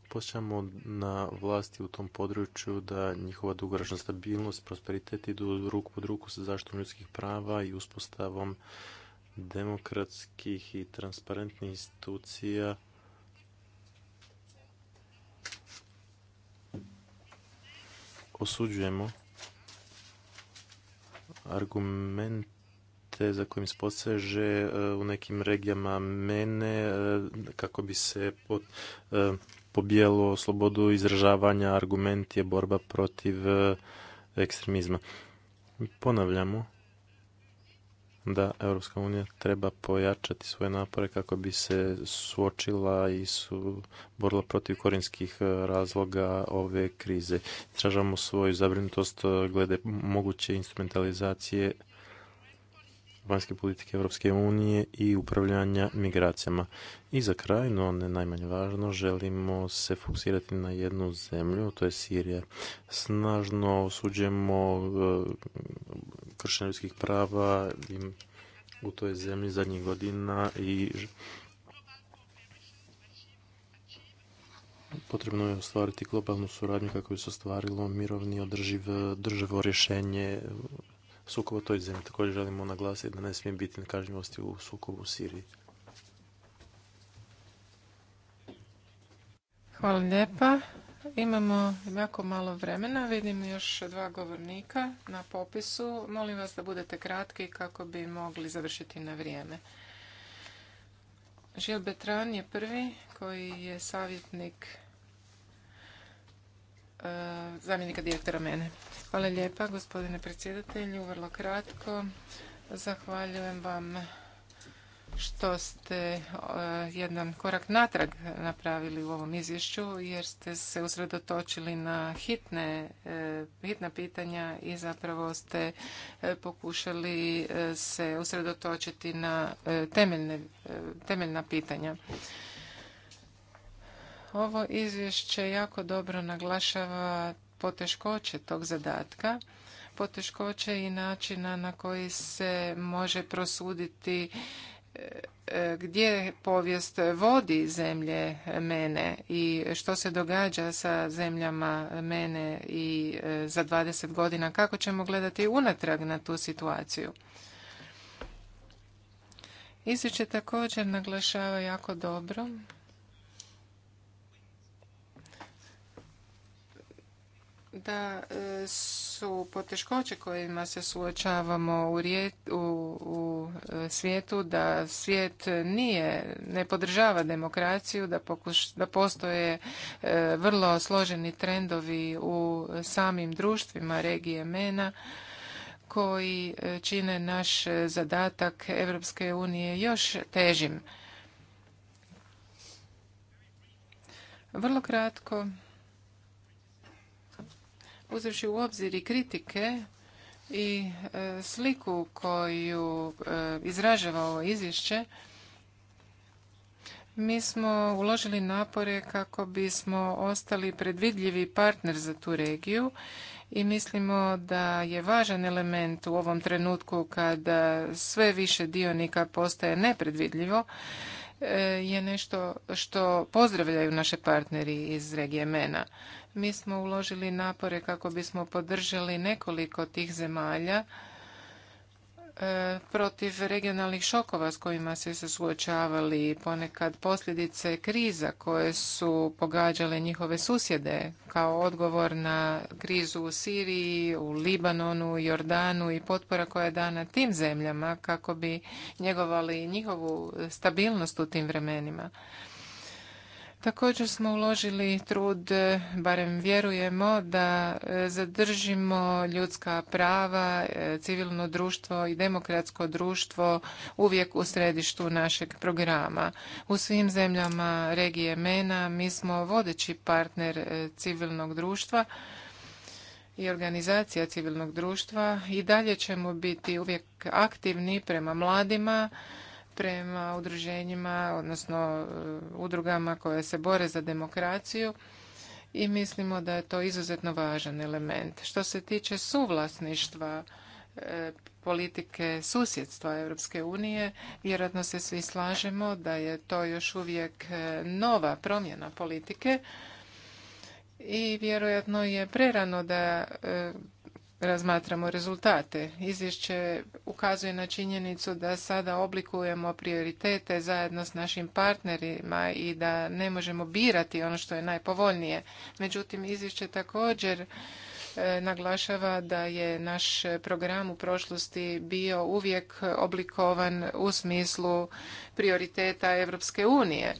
posjećamo na vlasti u tom području da njihova dugoročna stabilnost, prosperitet idu ruku pod ruku sa zaštitom ljudskih prava i uspostavom demokratskih i transparentnih institucija osuđujemo argumente za kojim se poseže e, u nekim regijama mene e, kako bi se pod, e, pobijelo slobodu izražavanja, argument je borba protiv e, ekstremizma. Ponavljamo da Europska unija treba pojačati svoje napore kako bi se suočila i su borila protiv korinskih e, razloga ove krize. Tražamo svoju zabrinutost e, glede moguće instrumentalizacije vanjske politike Europske unije i upravljanja migracijama. I za kraj, no ne najmanje važno, želimo se fokusirati na jednu zemlju, to je Sirija. Snažno osuđujemo e, kršenje ljudskih prava u toj zemlji zadnjih godina i potrebno je ostvariti globalnu suradnju kako bi se ostvarilo mirovni održiv e, državo rješenje sukoba toj zemlji. Također želimo naglasiti da ne smije biti nekažnjivosti u sukobu u Siriji. Hvala lijepa. Imamo jako malo vremena. Vidim još dva govornika na popisu. Molim vas da budete kratki kako bi mogli završiti na vrijeme. Žil Betran je prvi koji je savjetnik E, zamjenika direktora mene. Hvala lijepa gospodine predsjedatelju, vrlo kratko. Zahvaljujem vam što ste e, jedan korak natrag napravili u ovom izvješću jer ste se usredotočili na hitne, e, hitna pitanja i zapravo ste pokušali se usredotočiti na temeljne, temeljna pitanja. Ovo izvješće jako dobro naglašava poteškoće tog zadatka, poteškoće i načina na koji se može prosuditi e, e, gdje povijest vodi zemlje mene i što se događa sa zemljama mene i e, za 20 godina, kako ćemo gledati unatrag na tu situaciju. Izvješće također naglašava jako dobro da e, su poteškoće kojima se suočavamo u, u, e, svijetu, da svijet nije, ne podržava demokraciju, da, da postoje e, vrlo složeni trendovi u samim društvima regije MENA koji čine naš zadatak Europske unije još težim. Vrlo kratko Uzevši u obzir i kritike i e, sliku koju e, izražava ovo izvješće, mi smo uložili napore kako bismo ostali predvidljivi partner za tu regiju i mislimo da je važan element u ovom trenutku kada sve više dionika postaje nepredvidljivo E, je nešto što pozdravljaju naše partneri iz regije MENA. Mi smo uložili napore kako bismo podržali nekoliko tih zemalja E, protiv regionalnih šokova s kojima se suočavali ponekad posljedice kriza koje su pogađale njihove susjede kao odgovor na krizu u Siriji, u Libanonu, Jordanu i potpora koja je dana tim zemljama kako bi njegovali njihovu stabilnost u tim vremenima. Također smo uložili trud, e, barem vjerujemo, da e, zadržimo ljudska prava, e, civilno društvo i demokratsko društvo uvijek u središtu našeg programa. U svim zemljama regije MENA mi smo vodeći partner civilnog društva i organizacija civilnog društva i dalje ćemo biti uvijek aktivni prema mladima, prema udruženjima, odnosno e, udrugama koje se bore za demokraciju i mislimo da je to izuzetno važan element. Što se tiče suvlasništva e, politike susjedstva Europske unije, vjerojatno se svi slažemo da je to još uvijek e, nova promjena politike i vjerojatno je prerano da razmatramo rezultate. Izvješće ukazuje na činjenicu da sada oblikujemo prioritete zajedno s našim partnerima i da ne možemo birati ono što je najpovoljnije. Međutim, izvješće također e, naglašava da je naš program u prošlosti bio uvijek oblikovan u smislu prioriteta Europske unije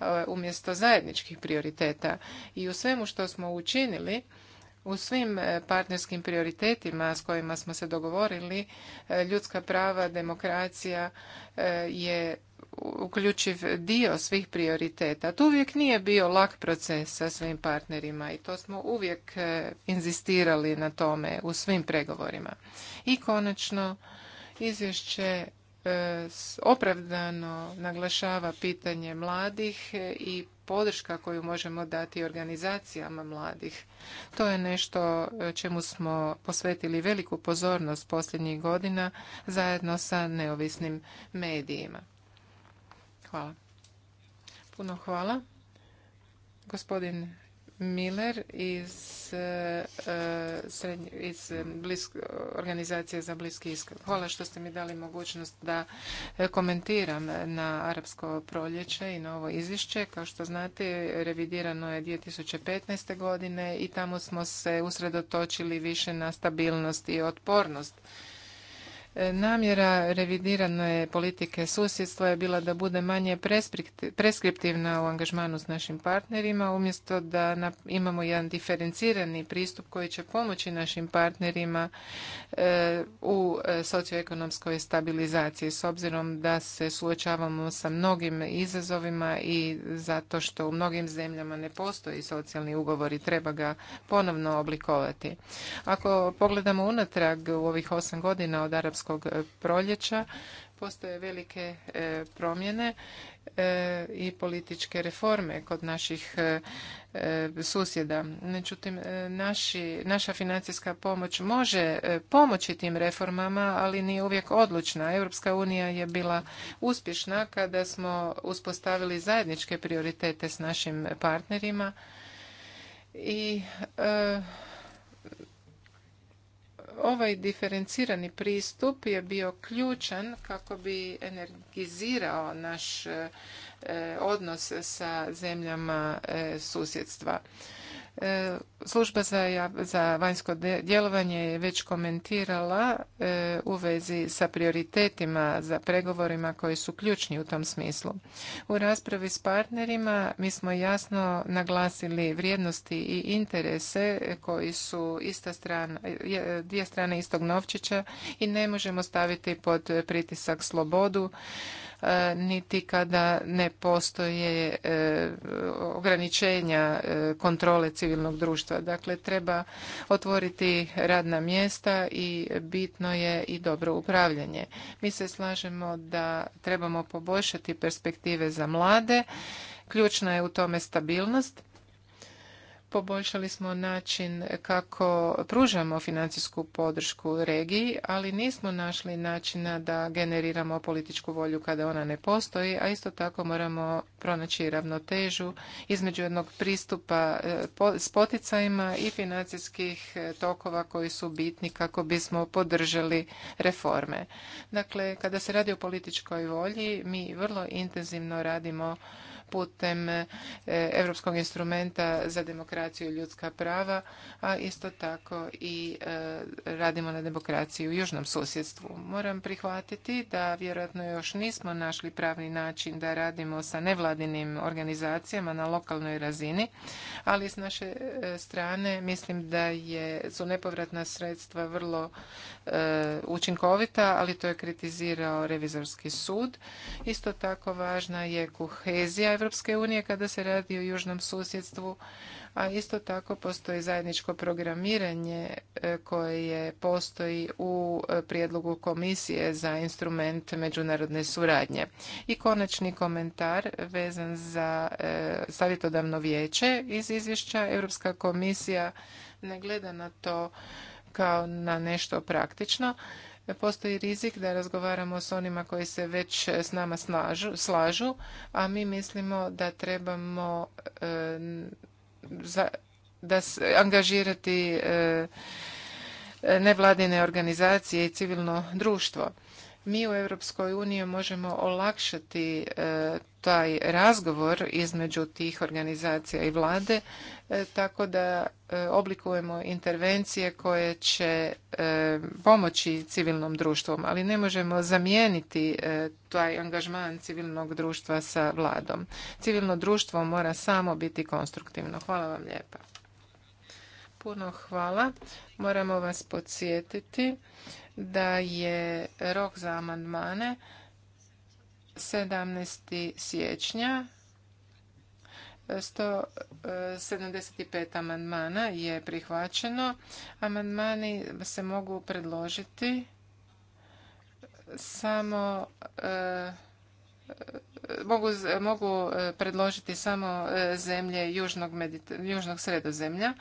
e, umjesto zajedničkih prioriteta. I u svemu što smo učinili u svim e, partnerskim prioritetima s kojima smo se dogovorili, e, ljudska prava, demokracija e, je uključiv dio svih prioriteta. To uvijek nije bio lak proces sa svim partnerima i to smo uvijek inzistirali na tome u svim pregovorima. I konačno, izvješće opravdano naglašava pitanje mladih i podrška koju možemo dati organizacijama mladih. To je nešto e, čemu smo posvetili veliku pozornost posljednjih godina zajedno sa neovisnim medijima. Hvala. Puno hvala. Gospodin Miller iz, eh, eh, srednje, iz eh, organizacije za bliski iskak. Hvala što ste mi dali mogućnost da komentiram na arapsko proljeće i na ovo izvješće. Kao što znate, revidirano je 2015. godine i tamo smo se usredotočili više na stabilnost i otpornost E, namjera revidirane politike susjedstva je bila da bude manje preskriptivna u angažmanu s našim partnerima, umjesto da imamo jedan diferencirani pristup koji će pomoći našim partnerima e, u e, socioekonomskoj stabilizaciji, s obzirom da se suočavamo sa mnogim izazovima i zato što u mnogim zemljama ne postoji socijalni ugovor i treba ga ponovno oblikovati. Ako pogledamo unatrag u ovih osam godina od arapskog E, proljeća postoje velike e, promjene e, i političke reforme kod naših susjeda. Međutim, naši, naša financijska pomoć može pomoći tim reformama, ali nije uvijek odlučna. Europska unija je bila uspješna kada smo uspostavili zajedničke prioritete s našim partnerima i ovaj diferencirani pristup je bio ključan kako bi energizirao naš eh, odnos sa zemljama eh, susjedstva. E, služba za, vanjsko djelovanje je već komentirala e, u vezi sa prioritetima za pregovorima koji su ključni u tom smislu. U raspravi s partnerima mi smo jasno naglasili vrijednosti i interese koji su ista strana, dvije strane istog novčića i ne možemo staviti pod pritisak slobodu E, niti kada ne postoje e, ograničenja e, kontrole civilnog društva. Dakle, treba otvoriti radna mjesta i bitno je i dobro upravljanje. Mi se slažemo da trebamo poboljšati perspektive za mlade. Ključna je u tome stabilnost Poboljšali smo način kako pružamo financijsku podršku regiji, ali nismo našli načina da generiramo političku volju kada ona ne postoji, a isto tako moramo pronaći ravnotežu između jednog pristupa e, s poticajima i financijskih e, tokova koji su bitni kako bismo podržali reforme. Dakle, kada se radi o političkoj volji, mi vrlo intenzivno radimo putem Europskog instrumenta za demokraciju i ljudska prava, a isto tako i e, radimo na demokraciji u južnom susjedstvu. Moram prihvatiti da vjerojatno još nismo našli pravni način da radimo sa nevladinim organizacijama na lokalnoj razini, ali s naše e, strane mislim da je, su nepovratna sredstva vrlo e, učinkovita, ali to je kritizirao revizorski sud. Isto tako važna je kohezija Evropske unije kada se radi o južnom susjedstvu, a isto tako postoji zajedničko programiranje e, koje postoji u e, prijedlogu komisije za instrument međunarodne suradnje. I konačni komentar vezan za e, savjetodavno vijeće iz izvješća Europska komisija ne gleda na to kao na nešto praktično E, postoji rizik da razgovaramo s onima koji se već s nama slažu, a mi mislimo da trebamo e, da se angažirati e, nevladine organizacije i civilno društvo mi u Europskoj uniji možemo olakšati e, taj razgovor između tih organizacija i vlade e, tako da e, oblikujemo intervencije koje će pomoći civilnom društvu, ali ne možemo zamijeniti taj angažman civilnog društva sa vladom. Civilno društvo mora samo biti konstruktivno. Hvala vam lijepa. Puno hvala. Moramo vas podsjetiti da je rok za amandmane 17. siječnja 175 e, amandmana je prihvaćeno. Amandmani se mogu predložiti samo e, mogu, mogu e, predložiti samo e, zemlje južnog, južnog sredozemlja.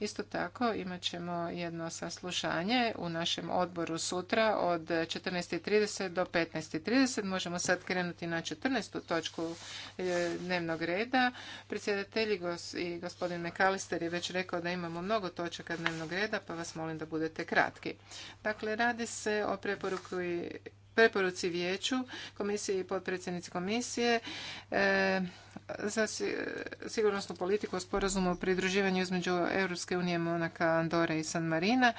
Isto tako imat ćemo jedno saslušanje u našem odboru sutra od 14.30 do 15.30. Možemo sad krenuti na 14. točku e, dnevnog reda. Predsjedatelji i gospodin Mekalister je već rekao da imamo mnogo točaka dnevnog reda, pa vas molim da budete kratki. Dakle, radi se o preporuku preporuci vijeću komisije i potpredsjednici komisije e, za sigurnosnu politiku o sporazumu o pridruživanju između Europske unije, Monaka, Andore i San Marina.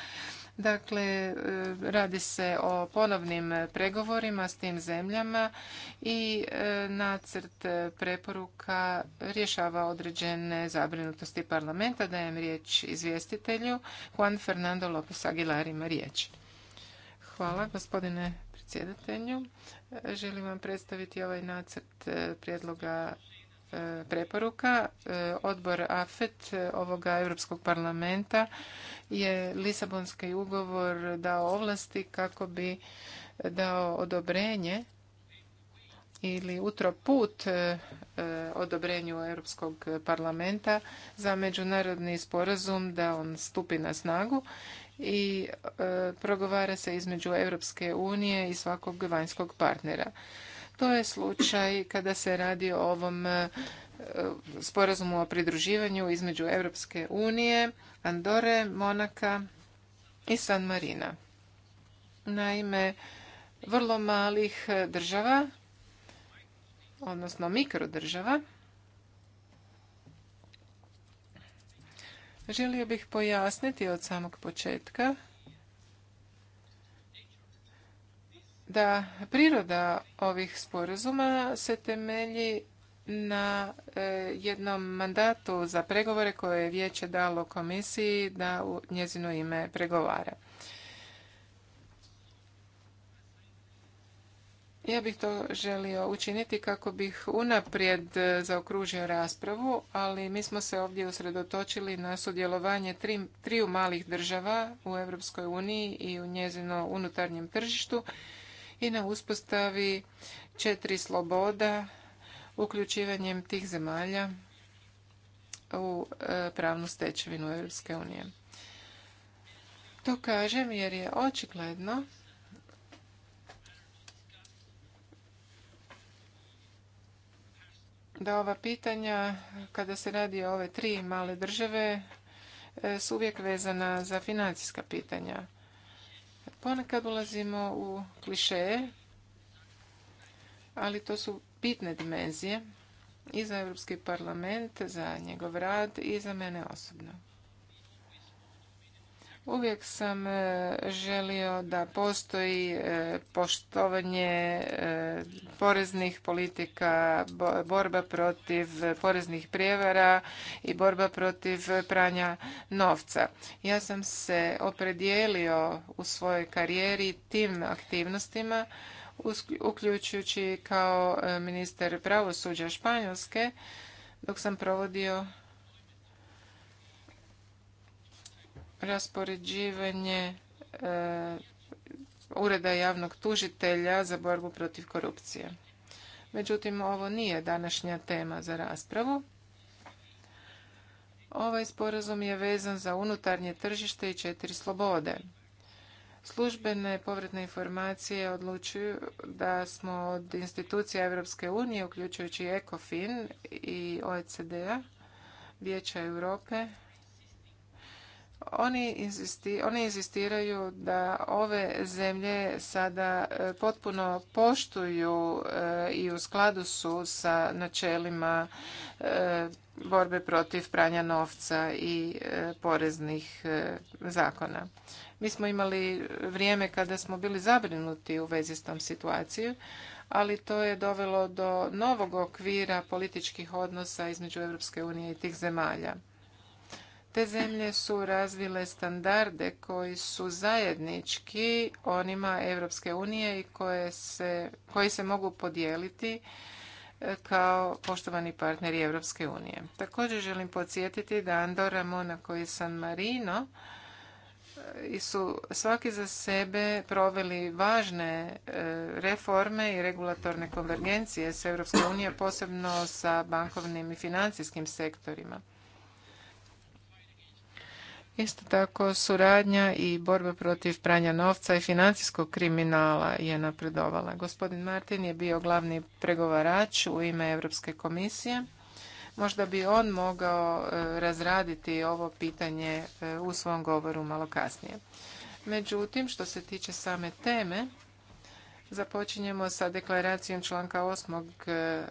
Dakle, e, radi se o ponovnim pregovorima s tim zemljama i e, nacrt preporuka rješava određene zabrinutosti parlamenta. Dajem riječ izvjestitelju Juan Fernando López Aguilar ima riječ. Hvala, gospodine predsjedatelju. Želim vam predstaviti ovaj nacrt e, prijedloga e, preporuka. E, odbor AFET ovoga Europskog parlamenta je Lisabonski ugovor dao ovlasti kako bi dao odobrenje ili utroput odobrenju Europskog parlamenta za međunarodni sporazum da on stupi na snagu i e, progovara se između Europske unije i svakog vanjskog partnera. To je slučaj kada se radi o ovom e, sporazumu o pridruživanju između Europske unije, Andore, Monaka i San Marina. Naime, vrlo malih država, odnosno mikrodržava, Želio bih pojasniti od samog početka da priroda ovih sporazuma se temelji na e, jednom mandatu za pregovore koje je vijeće dalo komisiji da u njezino ime pregovara. Ja bih to želio učiniti kako bih unaprijed e, zaokružio raspravu, ali mi smo se ovdje usredotočili na sudjelovanje tri, triju malih država u Europskoj uniji i u njezino unutarnjem tržištu i na uspostavi četiri sloboda uključivanjem tih zemalja u e, pravnu stečevinu Europske unije. To kažem jer je očigledno da ova pitanja, kada se radi o ove tri male države, e, su uvijek vezana za financijska pitanja. Ponekad ulazimo u kliše, ali to su bitne dimenzije i za Europski parlament, za njegov rad i za mene osobno. Uvijek sam e, želio da postoji e, poštovanje e, poreznih politika, borba protiv poreznih prijevara i borba protiv pranja novca. Ja sam se opredijelio u svojoj karijeri tim aktivnostima, uključujući kao ministar pravosuđa Španjolske, dok sam provodio raspoređivanje e, Ureda javnog tužitelja za borbu protiv korupcije. Međutim, ovo nije današnja tema za raspravu. Ovaj sporazum je vezan za unutarnje tržište i četiri slobode. Službene povratne informacije odlučuju da smo od institucija Europske unije, uključujući ECOFIN i OECD-a, Vijeća Europe, oni, inzistiraju da ove zemlje sada e, potpuno poštuju e, i u skladu su sa načelima e, borbe protiv pranja novca i poreznih zakona. Mi smo imali vrijeme kada smo bili zabrinuti u vezi s tom situacijom, ali to je dovelo do novog okvira političkih odnosa između Europske unije i tih zemalja. Te zemlje su razvile standarde koji su zajednički onima Evropske unije i koje se, koji se mogu podijeliti e, kao poštovani partneri Evropske unije. Također želim podsjetiti da Andorra Monaco i San Marino e, su svaki za sebe proveli važne e, reforme i regulatorne konvergencije s Evropske unije, posebno sa bankovnim i financijskim sektorima. Isto tako suradnja i borba protiv pranja novca i financijskog kriminala je napredovala. Gospodin Martin je bio glavni pregovarač u ime Europske komisije. Možda bi on mogao e, razraditi ovo pitanje e, u svom govoru malo kasnije. Međutim, što se tiče same teme, započinjemo sa deklaracijom članka 8.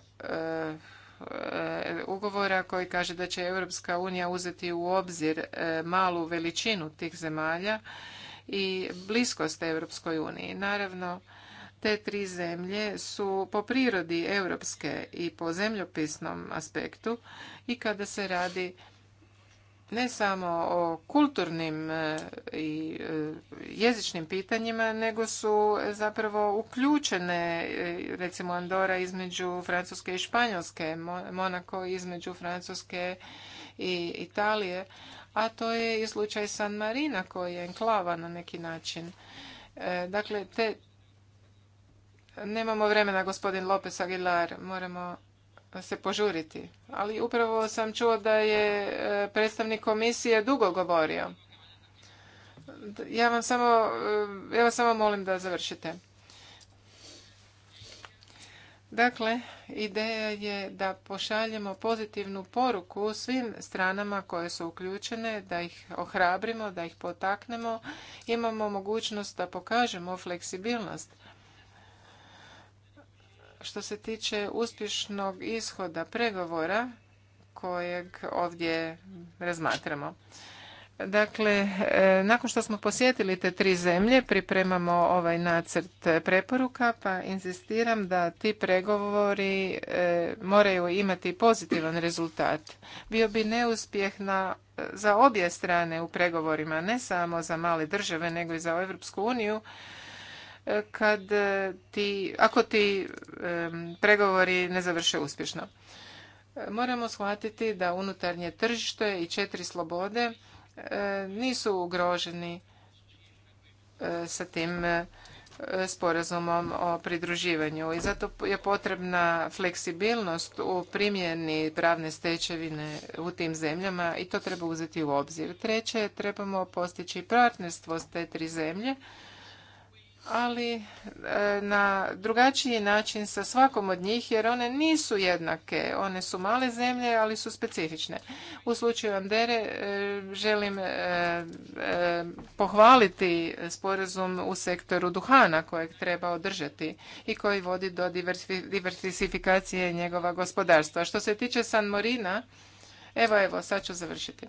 E, ugovora koji kaže da će Europska unija uzeti u obzir e, malu veličinu tih zemalja i bliskost Europskoj uniji. Naravno, te tri zemlje su po prirodi europske i po zemljopisnom aspektu i kada se radi ne samo o kulturnim e, i e, jezičnim pitanjima, nego su zapravo uključene, e, recimo Andora između Francuske i Španjolske, Monako između Francuske i Italije, a to je i slučaj San Marina koji je enklava na neki način. Dakle, te Nemamo vremena, gospodin Lopez Aguilar. Moramo se požuriti. Ali upravo sam čuo da je e, predstavnik komisije dugo govorio. Ja vam samo, e, ja vas samo molim da završite. Dakle, ideja je da pošaljemo pozitivnu poruku svim stranama koje su uključene, da ih ohrabrimo, da ih potaknemo. Imamo mogućnost da pokažemo fleksibilnost što se tiče uspješnog ishoda pregovora kojeg ovdje razmatramo. Dakle, e, nakon što smo posjetili te tri zemlje, pripremamo ovaj nacrt preporuka, pa insistiram da ti pregovori e, moraju imati pozitivan rezultat. Bio bi neuspjeh na, za obje strane u pregovorima, ne samo za male države, nego i za Europsku uniju, kad eh, ti, ako ti pregovori ne završe uspješno. Moramo shvatiti da unutarnje tržište i četiri slobode eh, nisu ugroženi eh, sa tim sporazumom o pridruživanju i zato je potrebna fleksibilnost u primjeni pravne stečevine u tim zemljama i to treba uzeti u obzir. Treće, trebamo postići partnerstvo s te tri zemlje ali e, na drugačiji način sa svakom od njih jer one nisu jednake. One su male zemlje, ali su specifične. U slučaju Andere e, želim e, pohvaliti sporazum u sektoru duhana kojeg treba održati i koji vodi do diversifikacije njegova gospodarstva. Što se tiče San Morina, evo, evo, sad ću završiti.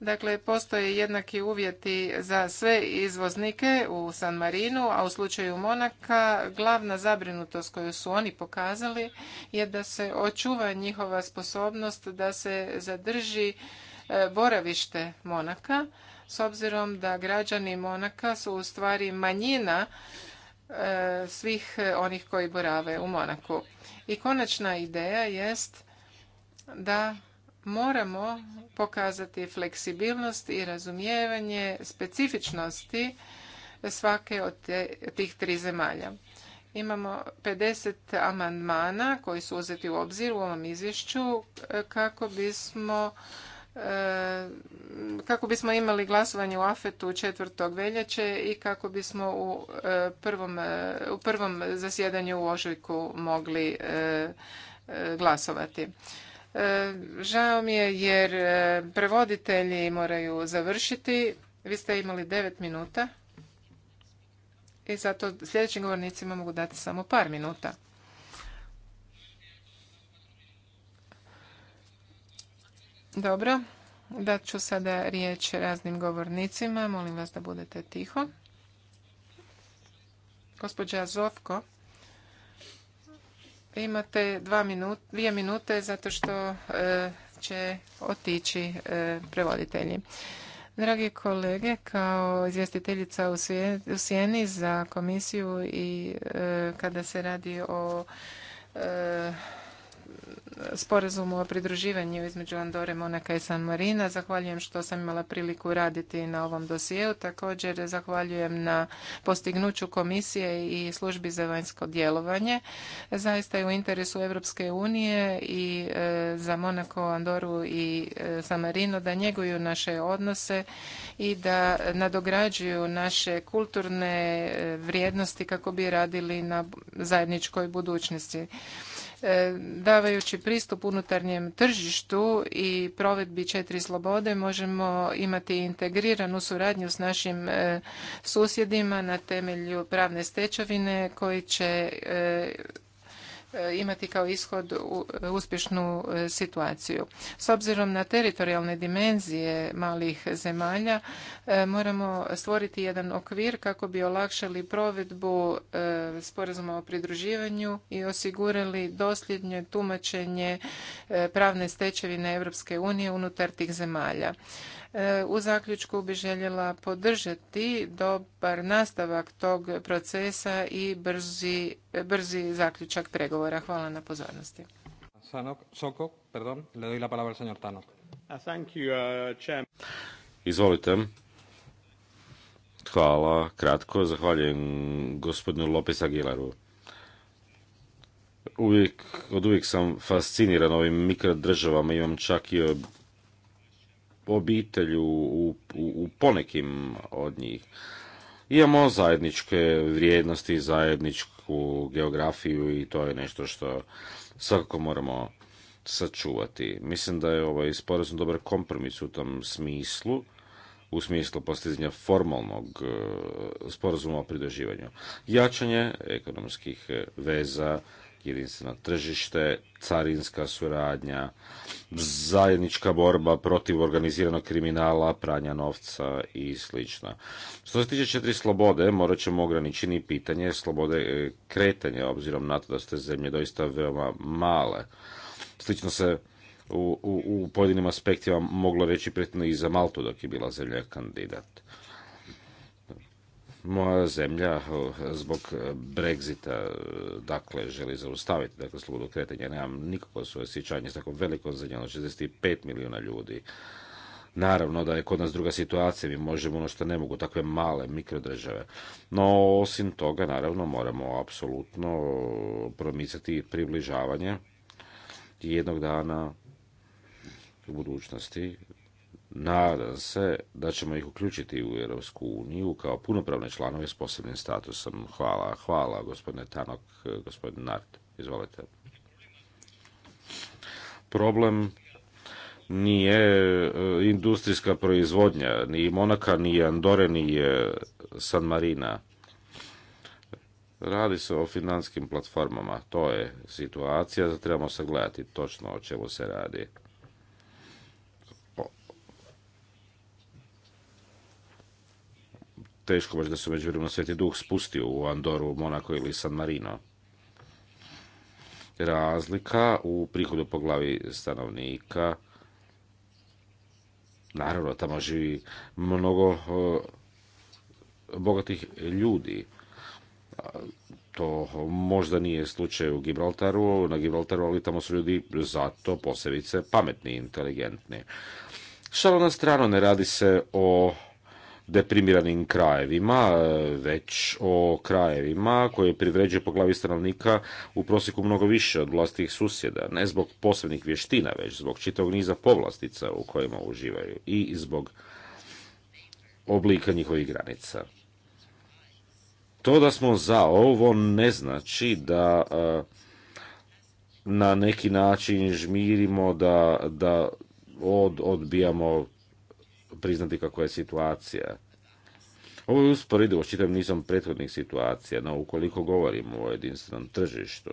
Dakle, postoje jednaki uvjeti za sve izvoznike u San Marinu, a u slučaju Monaka glavna zabrinutost koju su oni pokazali je da se očuva njihova sposobnost da se zadrži e, boravište Monaka, s obzirom da građani Monaka su u stvari manjina e, svih onih koji borave u Monaku. I konačna ideja jest da moramo pokazati fleksibilnost i razumijevanje specifičnosti svake od tih tri zemalja. Imamo 50 amandmana koji su uzeti u obzir u ovom izvješću e, kako bismo e, kako bismo imali glasovanje u afetu 4. veljače i kako bismo u e, prvom, u prvom zasjedanju u ožujku mogli glasovati. E, žao mi je jer e, prevoditelji moraju završiti. Vi ste imali devet minuta i zato sljedećim govornicima mogu dati samo par minuta. Dobro, dat ću sada riječ raznim govornicima. Molim vas da budete tiho. Gospođa Zovko Imate dva dvije minute zato što e, će otići e, prevoditelji. Dragi kolege, kao izvjestiteljica u Sjeni za komisiju i e, kada se radi o sporazumu o pridruživanju između Andore, Monaka i San Marina. Zahvaljujem što sam imala priliku raditi na ovom dosijeu. Također zahvaljujem na postignuću komisije i službi za vanjsko djelovanje. Zaista je u interesu Europske unije i e, za Monako, Andoru i e, San Marino da njeguju naše odnose i da nadograđuju naše kulturne e, vrijednosti kako bi radili na zajedničkoj budućnosti. E, davajući pristup unutarnjem tržištu i provedbi četiri slobode možemo imati integriranu suradnju s našim e, susjedima na temelju pravne stečevine koji će e, E, imati kao ishod uspješnu e, situaciju. S obzirom na teritorijalne dimenzije malih zemalja e, moramo stvoriti jedan okvir kako bi olakšali provedbu sporazuma o pridruživanju i osigurali dosljednje tumačenje pravne stečevine Europske unije unutar tih zemalja. E, u zaključku bi željela podržati dobar nastavak tog procesa i brzi, brzi zaključak pregovora. Hvala na pozornosti. Soko, perdón, le doy la palabra al señor Tanok. Uh, thank you, uh, Izvolite. Hvala, kratko. Zahvaljujem gospodinu Lopez Aguilaru. Uvijek, od uvijek sam fasciniran ovim mikrodržavama, imam čak i obitelju u, u ponekim od njih. Imamo zajedničke vrijednosti, zajedničku geografiju i to je nešto što svakako moramo sačuvati. Mislim da je ovaj sporazum dobar kompromis u tom smislu, u smislu postizanja formalnog e, sporazuma o pridruživanju. Jačanje ekonomskih e, veza jedinstveno tržište, carinska suradnja, zajednička borba protiv organiziranog kriminala, pranja novca i sl. Što se tiče četiri slobode, morat ćemo ograničiti pitanje slobode e, kretanja, obzirom na to da ste zemlje doista veoma male. Slično se u, pojedinim aspektima moglo reći pretno i za Maltu dok je bila zemlja kandidat moja zemlja eh, zbog eh, Brexita eh, dakle želi zaustaviti dakle slobodu kretanja. Nemam nikakvo suosjećanje s tako velikom zemljom, 65 znači milijuna ljudi. Naravno da je kod nas druga situacija, mi možemo ono što ne mogu, takve male mikrodržave. No, osim toga, naravno, moramo apsolutno promicati približavanje jednog dana u budućnosti Nadam se da ćemo ih uključiti u Europsku uniju kao punopravne članove s posebnim statusom. Hvala, hvala gospodine Tanok, gospodine Nart. Izvolite. Problem nije eh, industrijska proizvodnja, ni Monaka, ni Andore, ni eh, San Marina. Radi se o finanskim platformama. To je situacija, trebamo sagledati točno o čemu se radi. teško baš da se međuvremenu Sveti Duh spustio u Andoru, Monako ili San Marino. Razlika u prihodu po glavi stanovnika Naravno, tamo živi mnogo eh, bogatih ljudi. To možda nije slučaj u Gibraltaru, na Gibraltaru, ali tamo su ljudi zato posebice pametni, i inteligentni. Šalo na strano, ne radi se o deprimiranim krajevima, e, već o krajevima koje privređuje po glavi stanovnika u prosjeku mnogo više od vlastih susjeda, ne zbog posebnih vještina, već zbog čitavog niza povlastica u kojima uživaju i zbog oblika njihovih granica. To da smo za ovo ne znači da e, na neki način žmirimo da, odbijamo priznati kako je situacija. Ovo je usporedivo s čitavim nizom prethodnih situacija, no ukoliko govorimo o jedinstvenom tržištu,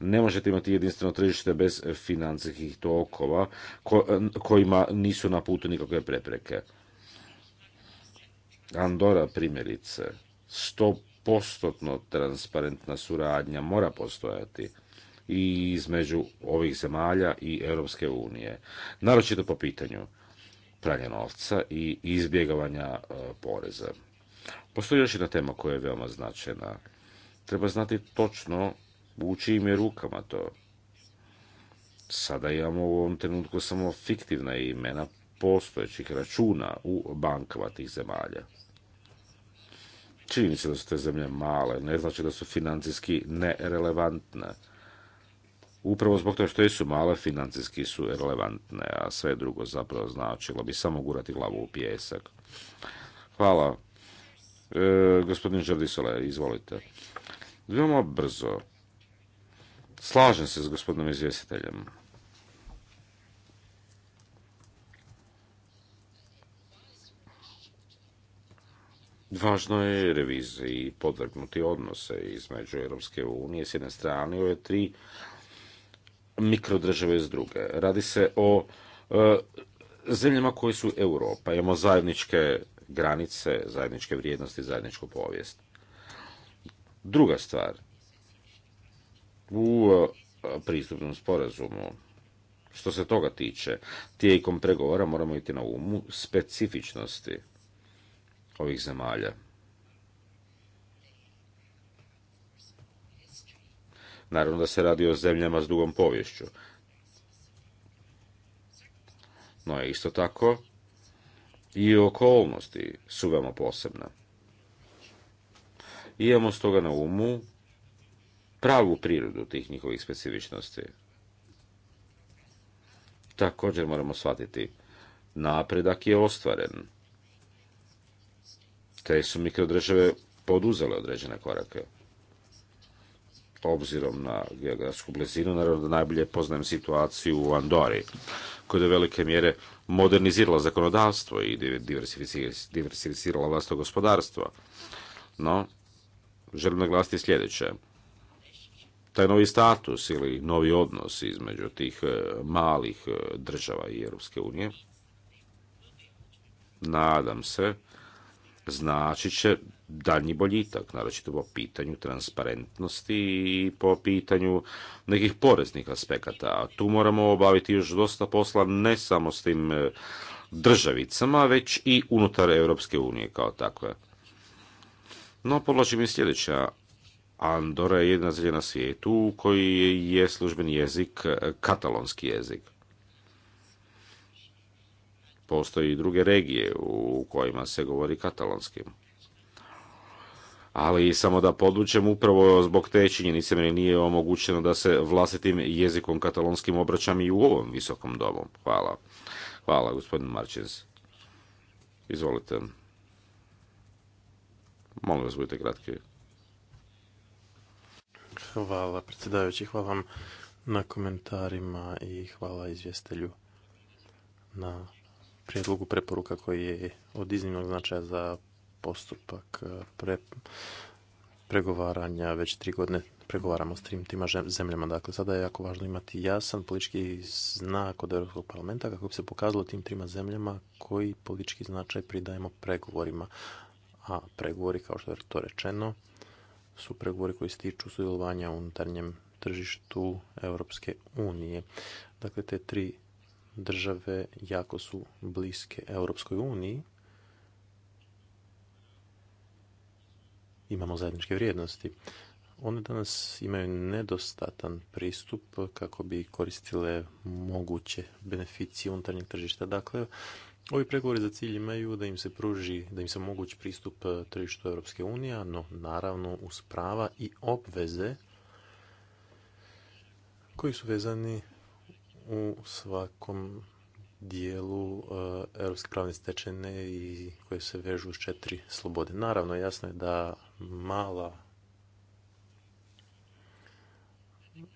ne možete imati jedinstveno tržište bez financijskih tokova kojima nisu na putu nikakve prepreke. Andora primjerice, postotno transparentna suradnja mora postojati i između ovih zemalja i Europske unije, naročito po pitanju pranje novca i izbjegavanja e, poreza. Postoji još jedna tema koja je veoma značajna. Treba znati točno u čijim je rukama to. Sada imamo u ovom trenutku samo fiktivna imena postojećih računa u bankama tih zemalja. Čini se da su te zemlje male, ne znači da su financijski nerelevantne upravo zbog toga što jesu male, financijski su relevantne, a sve drugo zapravo značilo bi samo gurati glavu u pijesak. Hvala. E, gospodin izvolite. Vrlo brzo. Slažem se s gospodinom izvjestiteljem. Važno je reviziji podvrgnuti odnose između Europske unije s jedne strane ove tri mikrodržave iz druge. Radi se o e, zemljama koje su Europa. Imamo zajedničke granice, zajedničke vrijednosti, zajedničku povijest. Druga stvar, u e, pristupnom sporazumu, što se toga tiče, tijekom pregovora moramo iti na umu specifičnosti ovih zemalja. Naravno da se radi o zemljama s dugom poviješću. No je isto tako i okolnosti su veoma posebne. Imamo stoga na umu pravu prirodu tih njihovih specifičnosti. Također moramo shvatiti, napredak je ostvaren. Te su mikrodržave poduzele određene korake obzirom na geografsku blizinu, naravno da najbolje poznajem situaciju u Andori, koja je velike mjere modernizirala zakonodavstvo i diversificirala vlastno gospodarstvo. No, želim naglasiti sljedeće. Taj novi status ili novi odnos između tih e, malih e, država i Europske unije, nadam se, znači će daljnji boljitak, naročito po pitanju transparentnosti i po pitanju nekih poreznih aspekata. A tu moramo obaviti još dosta posla ne samo s tim e, državicama, već i unutar Europske unije kao takve. No, podlačim i sljedeća. Andora je jedna zemlja na svijetu koji je službeni jezik e, katalonski jezik. Postoji i druge regije u kojima se govori katalonskim ali samo da podvučem upravo zbog te činjenice meni nije omogućeno da se vlastitim jezikom katalonskim obraćam i u ovom visokom domu. Hvala. Hvala, gospodin Marčez. Izvolite. Molim vas, budite kratki. Hvala, predsjedavajući. Hvala vam na komentarima i hvala izvjestelju na prijedlogu preporuka koji je od iznimnog značaja za postupak e, pre, pregovaranja već tri godine pregovaramo s trim tima zemljama. Dakle, sada je jako važno imati jasan politički znak od Europskog parlamenta kako bi se pokazalo tim trima zemljama koji politički značaj pridajemo pregovorima. A pregovori, kao što je to rečeno, su pregovori koji se tiču sudjelovanja u unutarnjem tržištu Europske unije. Dakle, te tri države jako su bliske Europskoj uniji imamo zajedničke vrijednosti. One danas imaju nedostatan pristup kako bi koristile moguće beneficije unutarnjeg tržišta. Dakle, Ovi pregovori za cilj imaju da im se pruži, da im se mogući pristup tržištu Europske unije, no naravno uz prava i obveze koji su vezani u svakom dijelu eh, europske pravne stečene i koje se vežu uz četiri slobode. Naravno, jasno je da mala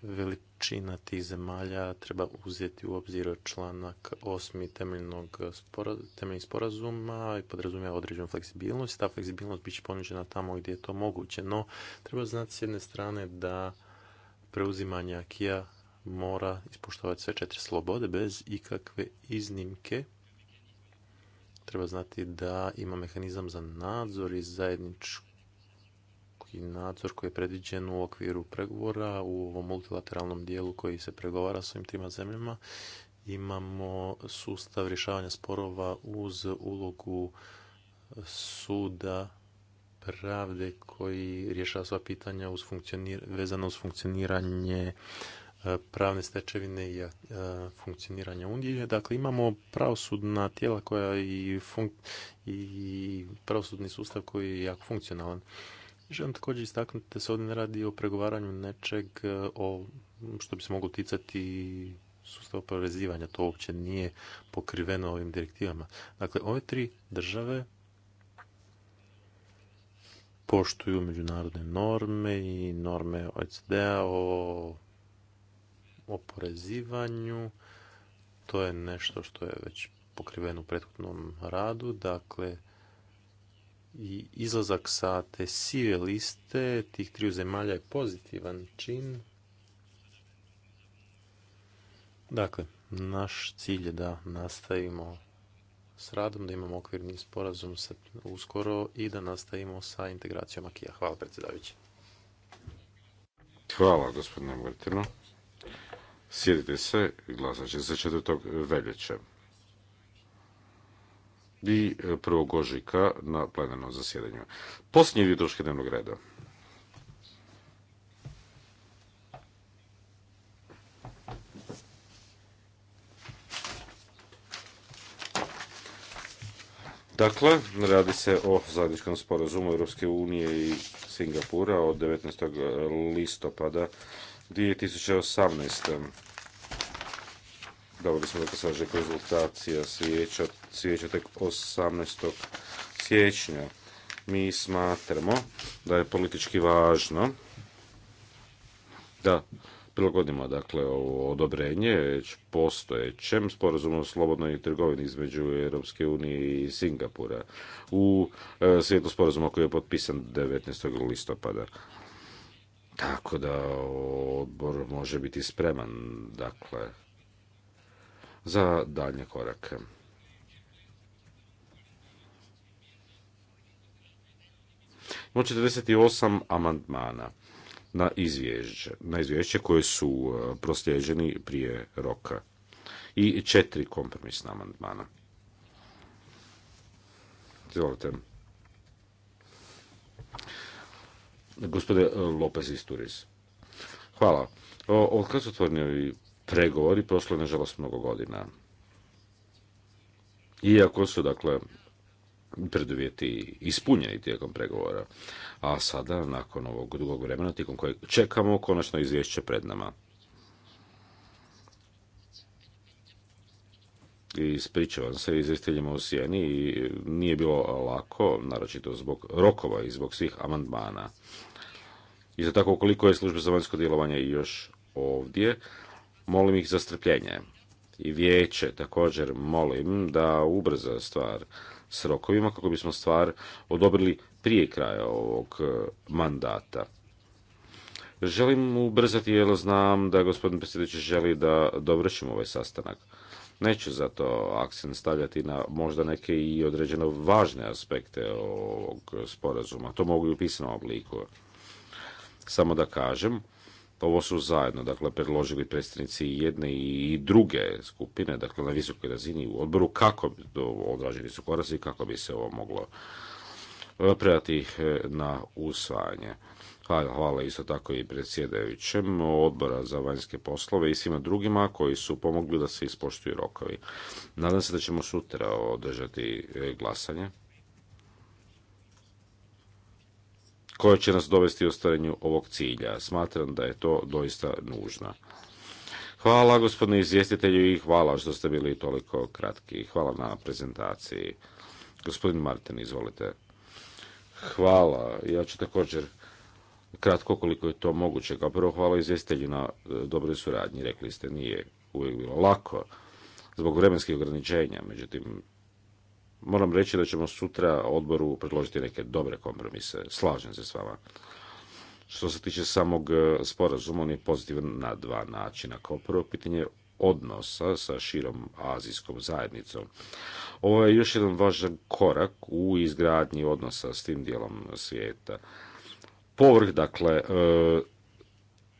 veličina tih zemalja treba uzeti u obzir članak 8. temeljnog temeljnih sporazuma i podrazumijeva određenu fleksibilnost. Ta fleksibilnost bit će ponuđena tamo gdje je to moguće, no treba znati s jedne strane da preuzimanje akija mora ispoštovati sve četiri slobode bez ikakve iznimke. Treba znati da ima mehanizam za nadzor i zajedničku i nadzor koji je predviđen u okviru pregovora u ovom multilateralnom dijelu koji se pregovara s ovim trima zemljama. Imamo sustav rješavanja sporova uz ulogu suda pravde koji rješava sva pitanja uz vezano uz funkcioniranje e, pravne stečevine i e, funkcioniranja Undije. Dakle, imamo pravosudna tijela koja i, i pravosudni sustav koji je jako funkcionalan. Želim također istaknuti da se ovdje ne radi o pregovaranju nečeg e, o što bi se moglo ticati sustav oporezivanja. To uopće nije pokriveno ovim direktivama. Dakle, ove tri države poštuju međunarodne norme i norme OECD-a o oporezivanju. To je nešto što je već pokriveno u prethodnom radu. Dakle, i izlazak sa te sive liste tih triju zemalja je pozitivan čin. Dakle, naš cilj je da nastavimo s radom, da imamo okvirni sporazum uskoro i da nastavimo sa integracijom Akija. Hvala predsjedavajući. Hvala gospodine Sjedite se, glasat će za četvrtog veljeća i e, prvog ožujka na plenarnom zasjedanju. Posljednje dvije točke dnevnog reda. Dakle, radi se o zajedničkom sporazumu Europske unije i Singapura od 19. listopada 2018. Dobro bismo rekao konzultacija svijeća, tek 18. siječnja. Mi smatramo da je politički važno da prilagodimo dakle ovo odobrenje već postojećem sporazumu o slobodnoj trgovini između Europske unije i Singapura u e, svijetu sporazuma koji je potpisan 19. listopada. Tako da odbor može biti spreman, dakle, za daljnje korake. Imamo 48 amandmana na izvješće, na izvješće koje su e, proslijeđeni prije roka i četiri kompromisna amandmana. Izvolite. Gospode e, Lopez Isturiz. Hvala. Od kad su pregovori, prošlo nažalost mnogo godina. Iako su, dakle, preduvjeti ispunjeni tijekom pregovora. A sada, nakon ovog dugog vremena, tijekom kojeg čekamo, konačno izvješće pred nama. ispričavam se izvjestiteljima u Sjeni i nije bilo lako, naročito zbog rokova i zbog svih amandmana. za tako, koliko je služba za vanjsko djelovanje još ovdje, molim ih za strpljenje. I vijeće također molim da ubrza stvar s rokovima kako bismo stvar odobrili prije kraja ovog e, mandata. Želim ubrzati jer znam da gospodin predsjedniče želi da dovršimo ovaj sastanak. Neću zato akcent stavljati na možda neke i određeno važne aspekte ovog sporazuma. To mogu i u pisanom obliku. Samo da kažem pa ovo su zajedno dakle, predložili predstavnici jedne i druge skupine, dakle na visokoj razini u odboru, kako bi odrađeni su korasi, kako bi se ovo moglo e, predati e, na usvajanje. Hvala, hvala isto tako i predsjedajućem odbora za vanjske poslove i svima drugima koji su pomogli da se ispoštuju rokovi. Nadam se da ćemo sutra održati e, glasanje. koja će nas dovesti u ostvarenju ovog cilja. Smatram da je to doista nužno. Hvala gospodine izvjestitelju i hvala što ste bili toliko kratki. Hvala na prezentaciji. Gospodin Martin, izvolite. Hvala. Ja ću također kratko koliko je to moguće. Kao prvo hvala izvjestitelju na e, dobroj suradnji. Rekli ste nije uvijek bilo lako zbog vremenskih ograničenja. Međutim, moram reći da ćemo sutra odboru predložiti neke dobre kompromise. Slažem se s vama. Što se tiče samog e, sporazuma, on je pozitivan na dva načina. Kao prvo pitanje odnosa sa širom azijskom zajednicom. Ovo je još jedan važan korak u izgradnji odnosa s tim dijelom svijeta. Povrh, dakle, e,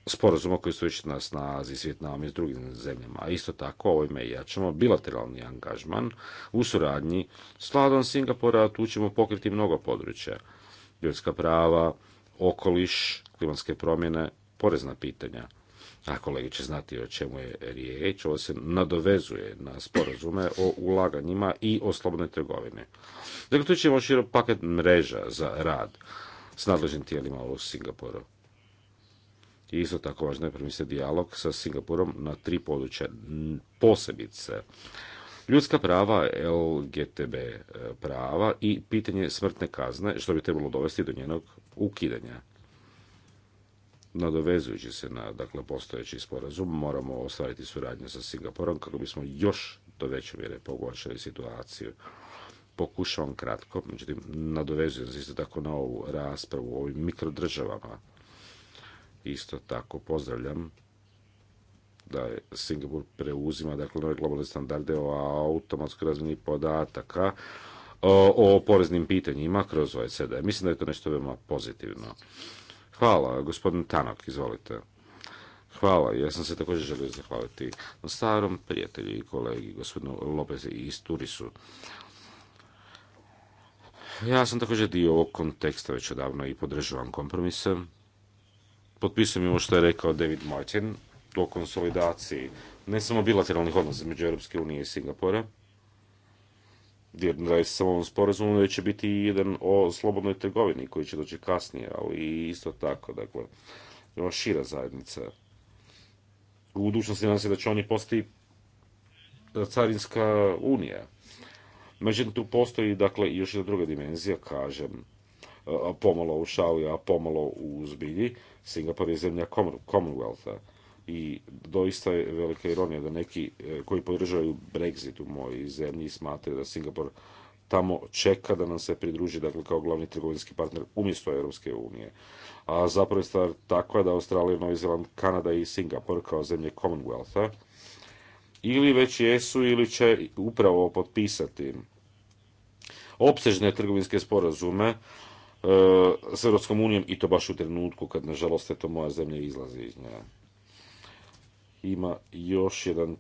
sporazuma koji su već na snazi s Vjetnamom i s drugim zemljama. A isto tako ovime jačamo bilateralni angažman u suradnji s vladom Singapura, tu ćemo pokriti mnogo područja. Ljudska prava, okoliš, klimatske promjene, porezna pitanja. A kolege će znati o čemu je riječ. Ovo se nadovezuje na sporazume o ulaganjima i o slobodnoj trgovini. Dakle, tu ćemo širo paket mreža za rad s nadležnim tijelima u Singapuru. I isto tako važno je promisliti dijalog sa Singapurom na tri područja posebice. Ljudska prava, LGTB e, prava i pitanje smrtne kazne, što bi trebalo dovesti do njenog ukidanja. Nadovezujući se na dakle, postojeći sporazum, moramo ostvariti suradnju sa Singapurom kako bismo još do veće mjere pogoršali situaciju pokušavam kratko, međutim nadovezujem se isto tako na ovu raspravu o ovim mikrodržavama. Isto tako pozdravljam da Singapur preuzima dakle, nove globalne standarde o automatskoj razmjeni podataka o, poreznim pitanjima kroz OECD. Mislim da je to nešto veoma pozitivno. Hvala, gospodin Tanak, izvolite. Hvala, ja sam se također želio zahvaliti na starom prijatelju i kolegi, gospodinu Lopez i Isturisu. Ja sam također dio ovog konteksta već odavno i podržavam kompromise potpisujem ovo što je rekao David Martin o konsolidaciji ne samo bilateralnih odnosa između Europske unije i Singapura, jer da je samo ovom sporazumu, da će biti jedan o slobodnoj trgovini koji će doći kasnije, ali isto tako, dakle, ima šira zajednica. U budućnosti nam se da će oni postati carinska unija. Međutim, tu postoji, dakle, još jedna druga dimenzija, kažem, pomalo u Šauju, a pomalo u Zbilji. Singapur je zemlja Commonwealtha i doista je velika ironija da neki e, koji podržavaju Brexit u mojoj zemlji smatraju da Singapur tamo čeka da nam se pridruži dakle, kao glavni trgovinski partner umjesto Europske unije. A zapravo je stvar takva da Australija, Novi Zeland, Kanada i Singapur kao zemlje Commonwealtha ili već jesu ili će upravo potpisati opsežne trgovinske sporazume s Europskom unijom i to baš u trenutku kad, nažalost, eto moja zemlja izlazi iz nje. Ima još jedan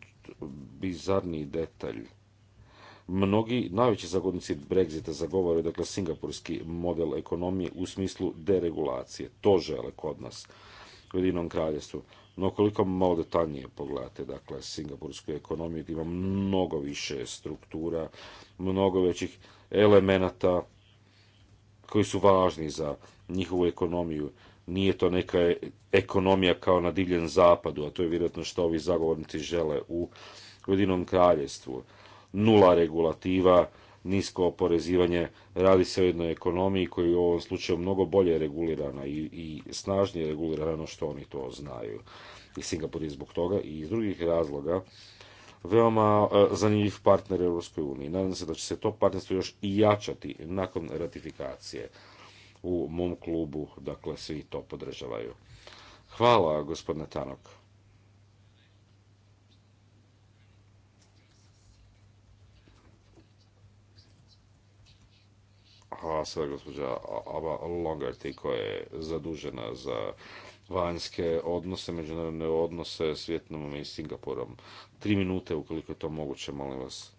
bizarni detalj. Mnogi najveći zagodnici Brexita zagovaraju dakle singapurski model ekonomije u smislu deregulacije. To žele kod nas u Jedinom kraljestvu. No koliko malo detaljnije pogledate, dakle, singapursku ekonomiju, ima mnogo više struktura, mnogo većih elemenata, koji su važni za njihovu ekonomiju. Nije to neka ekonomija kao na divljen zapadu, a to je vjerojatno što ovi zagovornici žele u Ujedinom kraljevstvu. Nula regulativa, nisko oporezivanje, radi se o jednoj ekonomiji koja je u ovom slučaju mnogo bolje regulirana i, i snažnije regulirana no što oni to znaju. I Singapur je zbog toga i iz drugih razloga veoma e, zanimljiv partner Europskoj uniji. Nadam se da će se to partnerstvo još i jačati nakon ratifikacije. U mom klubu, dakle, svi to podržavaju. Hvala, gospodine Tanok. Hvala sada gospođa Ava Longarty koja je zadužena za vanjske odnose, međunarodne odnose s i Singapurom. Tri minute, ukoliko je to moguće, molim vas.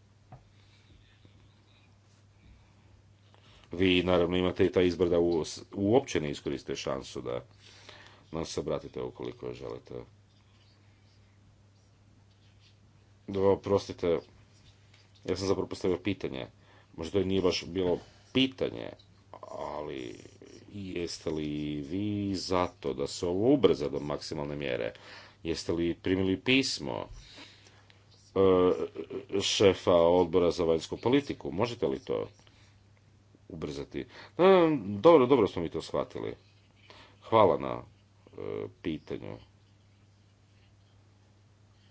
Vi, naravno, imate i taj izbor da uopće ne iskoriste šansu da nam se obratite ukoliko želite. Dobro, prostite, ja sam zapravo postavio pitanje. Možda to nije baš bilo pitanje, ali jeste li vi za to da se ovo ubrza do maksimalne mjere? Jeste li primili pismo e, šefa odbora za vanjsku politiku? Možete li to ubrzati? E, dobro, dobro smo mi to shvatili. Hvala na e, pitanju.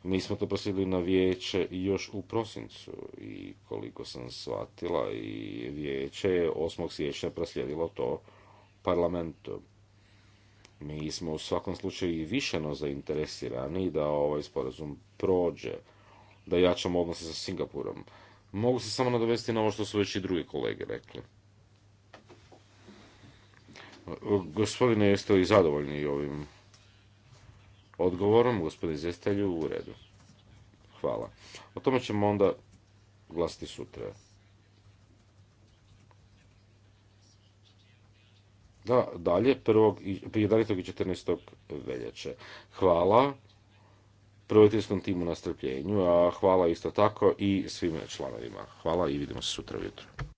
Mi smo to proslijedili na vijeće još u prosincu i koliko sam shvatila i vijeće je 8. siječnja proslijedilo to parlamentu. Mi smo u svakom slučaju i višeno zainteresirani da ovaj sporazum prođe, da jačamo odnose sa Singapurom. Mogu se samo nadovesti na ovo što su već i drugi kolege rekli. Gospodine, jeste li zadovoljni ovim odgovorom? Gospodine Zestelju, u redu. Hvala. O tome ćemo onda glasiti sutra. Da, dalje, 1. i i 14. veljače. Hvala provoditeljskom timu na strpljenju, a hvala isto tako i svim članovima. Hvala i vidimo se sutra ujutro.